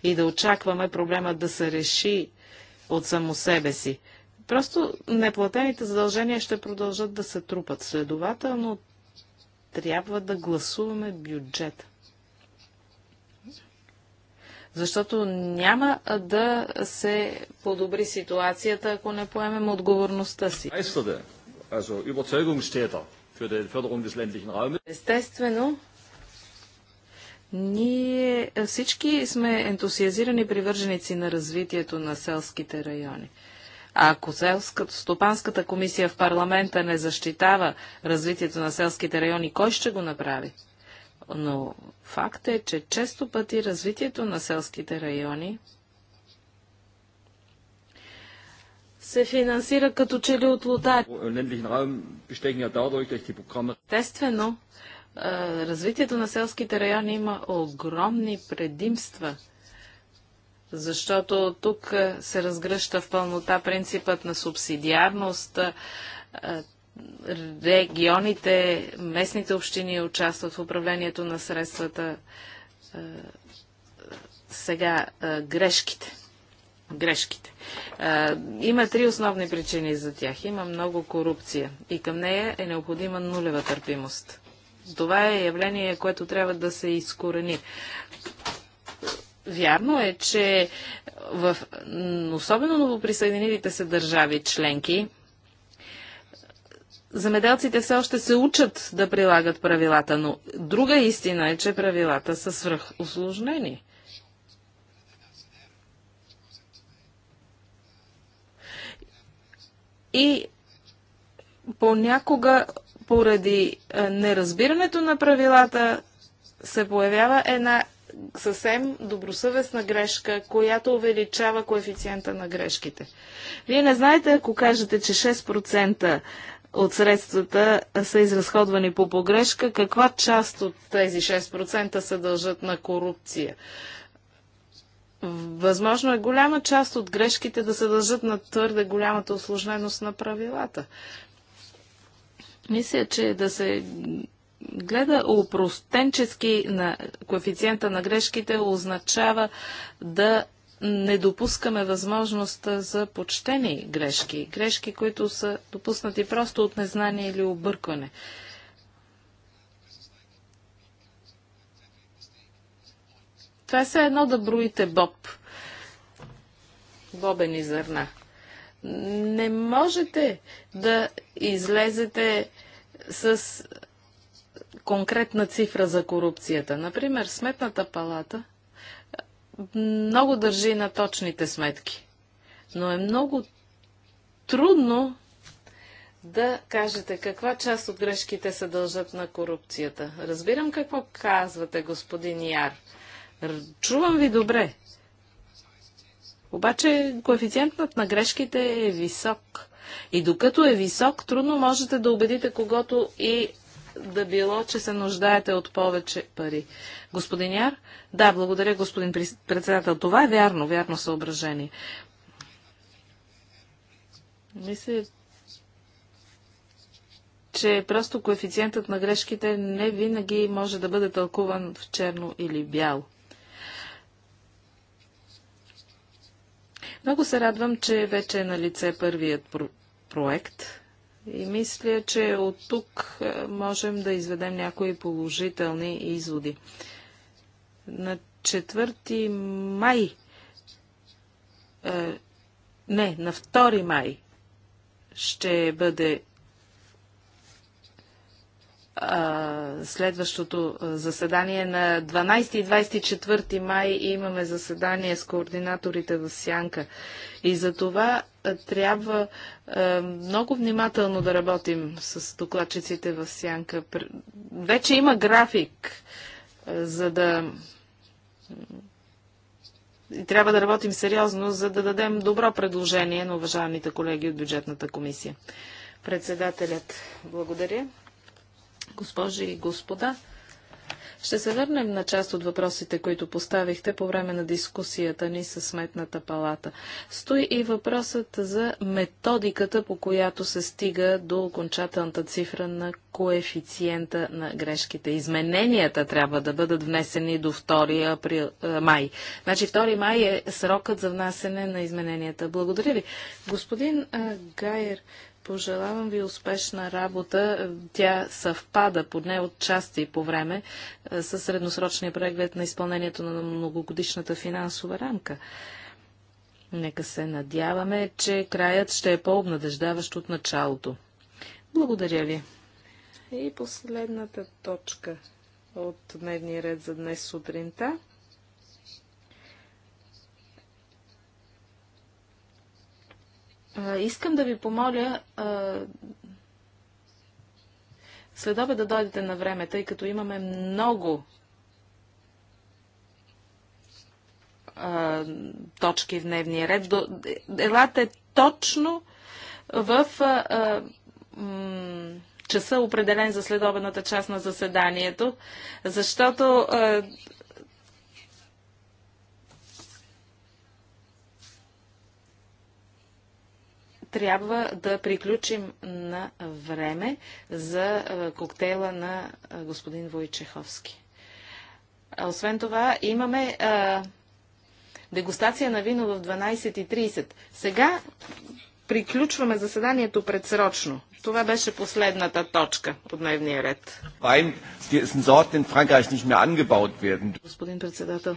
и да очакваме проблема да се реши от само себе си. Просто неплатените задължения ще продължат да се трупат. Следователно, трябва да гласуваме бюджета. Защото няма да се подобри ситуацията, ако не поемем отговорността си. Естествено, ние всички сме ентусиазирани привърженици на развитието на селските райони. А ако селската, стопанската комисия в парламента не защитава развитието на селските райони, кой ще го направи? но факт е, че често пъти развитието на селските райони се финансира като че ли от лотари. Естествено, развитието на селските райони има огромни предимства, защото тук се разгръща в пълнота принципът на субсидиарност, регионите, местните общини участват в управлението на средствата. Е, сега е, грешките. Грешките. Е, има три основни причини за тях. Има много корупция и към нея е необходима нулева търпимост. Това е явление, което трябва да се изкорени. Вярно е, че в особено новоприсъединилите се държави членки, Замедалците все още се учат да прилагат правилата, но друга истина е, че правилата са свръхосложнени. И понякога, поради е, неразбирането на правилата, се появява една съвсем добросъвестна грешка, която увеличава коефициента на грешките. Вие не знаете, ако кажете, че 6% от средствата са изразходвани по погрешка, каква част от тези 6% се дължат на корупция? Възможно е голяма част от грешките да се дължат на твърде голямата осложненост на правилата. Мисля, че да се гледа упростенчески на коефициента на грешките означава да не допускаме възможността за почтени грешки, грешки, които са допуснати просто от незнание или объркване. Това е все едно да броите боб, бобени зърна. Не можете да излезете с конкретна цифра за корупцията. Например, Сметната палата много държи на точните сметки. Но е много трудно да кажете каква част от грешките се дължат на корупцията. Разбирам какво казвате, господин Яр. Чувам ви добре. Обаче коефициентът на грешките е висок. И докато е висок, трудно можете да убедите когото и да било, че се нуждаете от повече пари. Господин Яр? Да, благодаря, господин председател. Това е вярно, вярно съображение. Мисля, че просто коефициентът на грешките не винаги може да бъде тълкуван в черно или бяло. Много се радвам, че вече е на лице първият проект – и мисля, че от тук е, можем да изведем някои положителни изводи. На 4 май, е, не, на 2 май ще бъде е, следващото е, заседание на 12 и 24 май имаме заседание с координаторите в Сянка. И за това трябва е, много внимателно да работим с докладчиците в сянка. Вече има график, е, за да. И трябва да работим сериозно, за да дадем добро предложение на уважаемите колеги от бюджетната комисия. Председателят, благодаря. Госпожи и господа, ще се върнем на част от въпросите, които поставихте по време на дискусията ни с Сметната палата. Стои и въпросът за методиката, по която се стига до окончателната цифра на коефициента на грешките. Измененията трябва да бъдат внесени до 2 април, е, май. Значи 2 май е срокът за внасене на измененията. Благодаря ви. Господин а, Гайер, Пожелавам ви успешна работа. Тя съвпада поне от части по време е, с средносрочния преглед на изпълнението на многогодишната финансова рамка. Нека се надяваме, че краят ще е по-обнадеждаващ от началото. Благодаря ви. И последната точка от дневния ред за днес сутринта. Искам да ви помоля след обе да дойдете на време, тъй като имаме много а, точки в дневния ред. До, елате точно в а, а, м, часа, определен за следобедната част на заседанието, защото а, трябва да приключим на време за коктейла на господин Войчеховски. Освен това, имаме а, дегустация на вино в 12.30. Сега приключваме заседанието предсрочно. Това беше последната точка от дневния ред. Господин председател,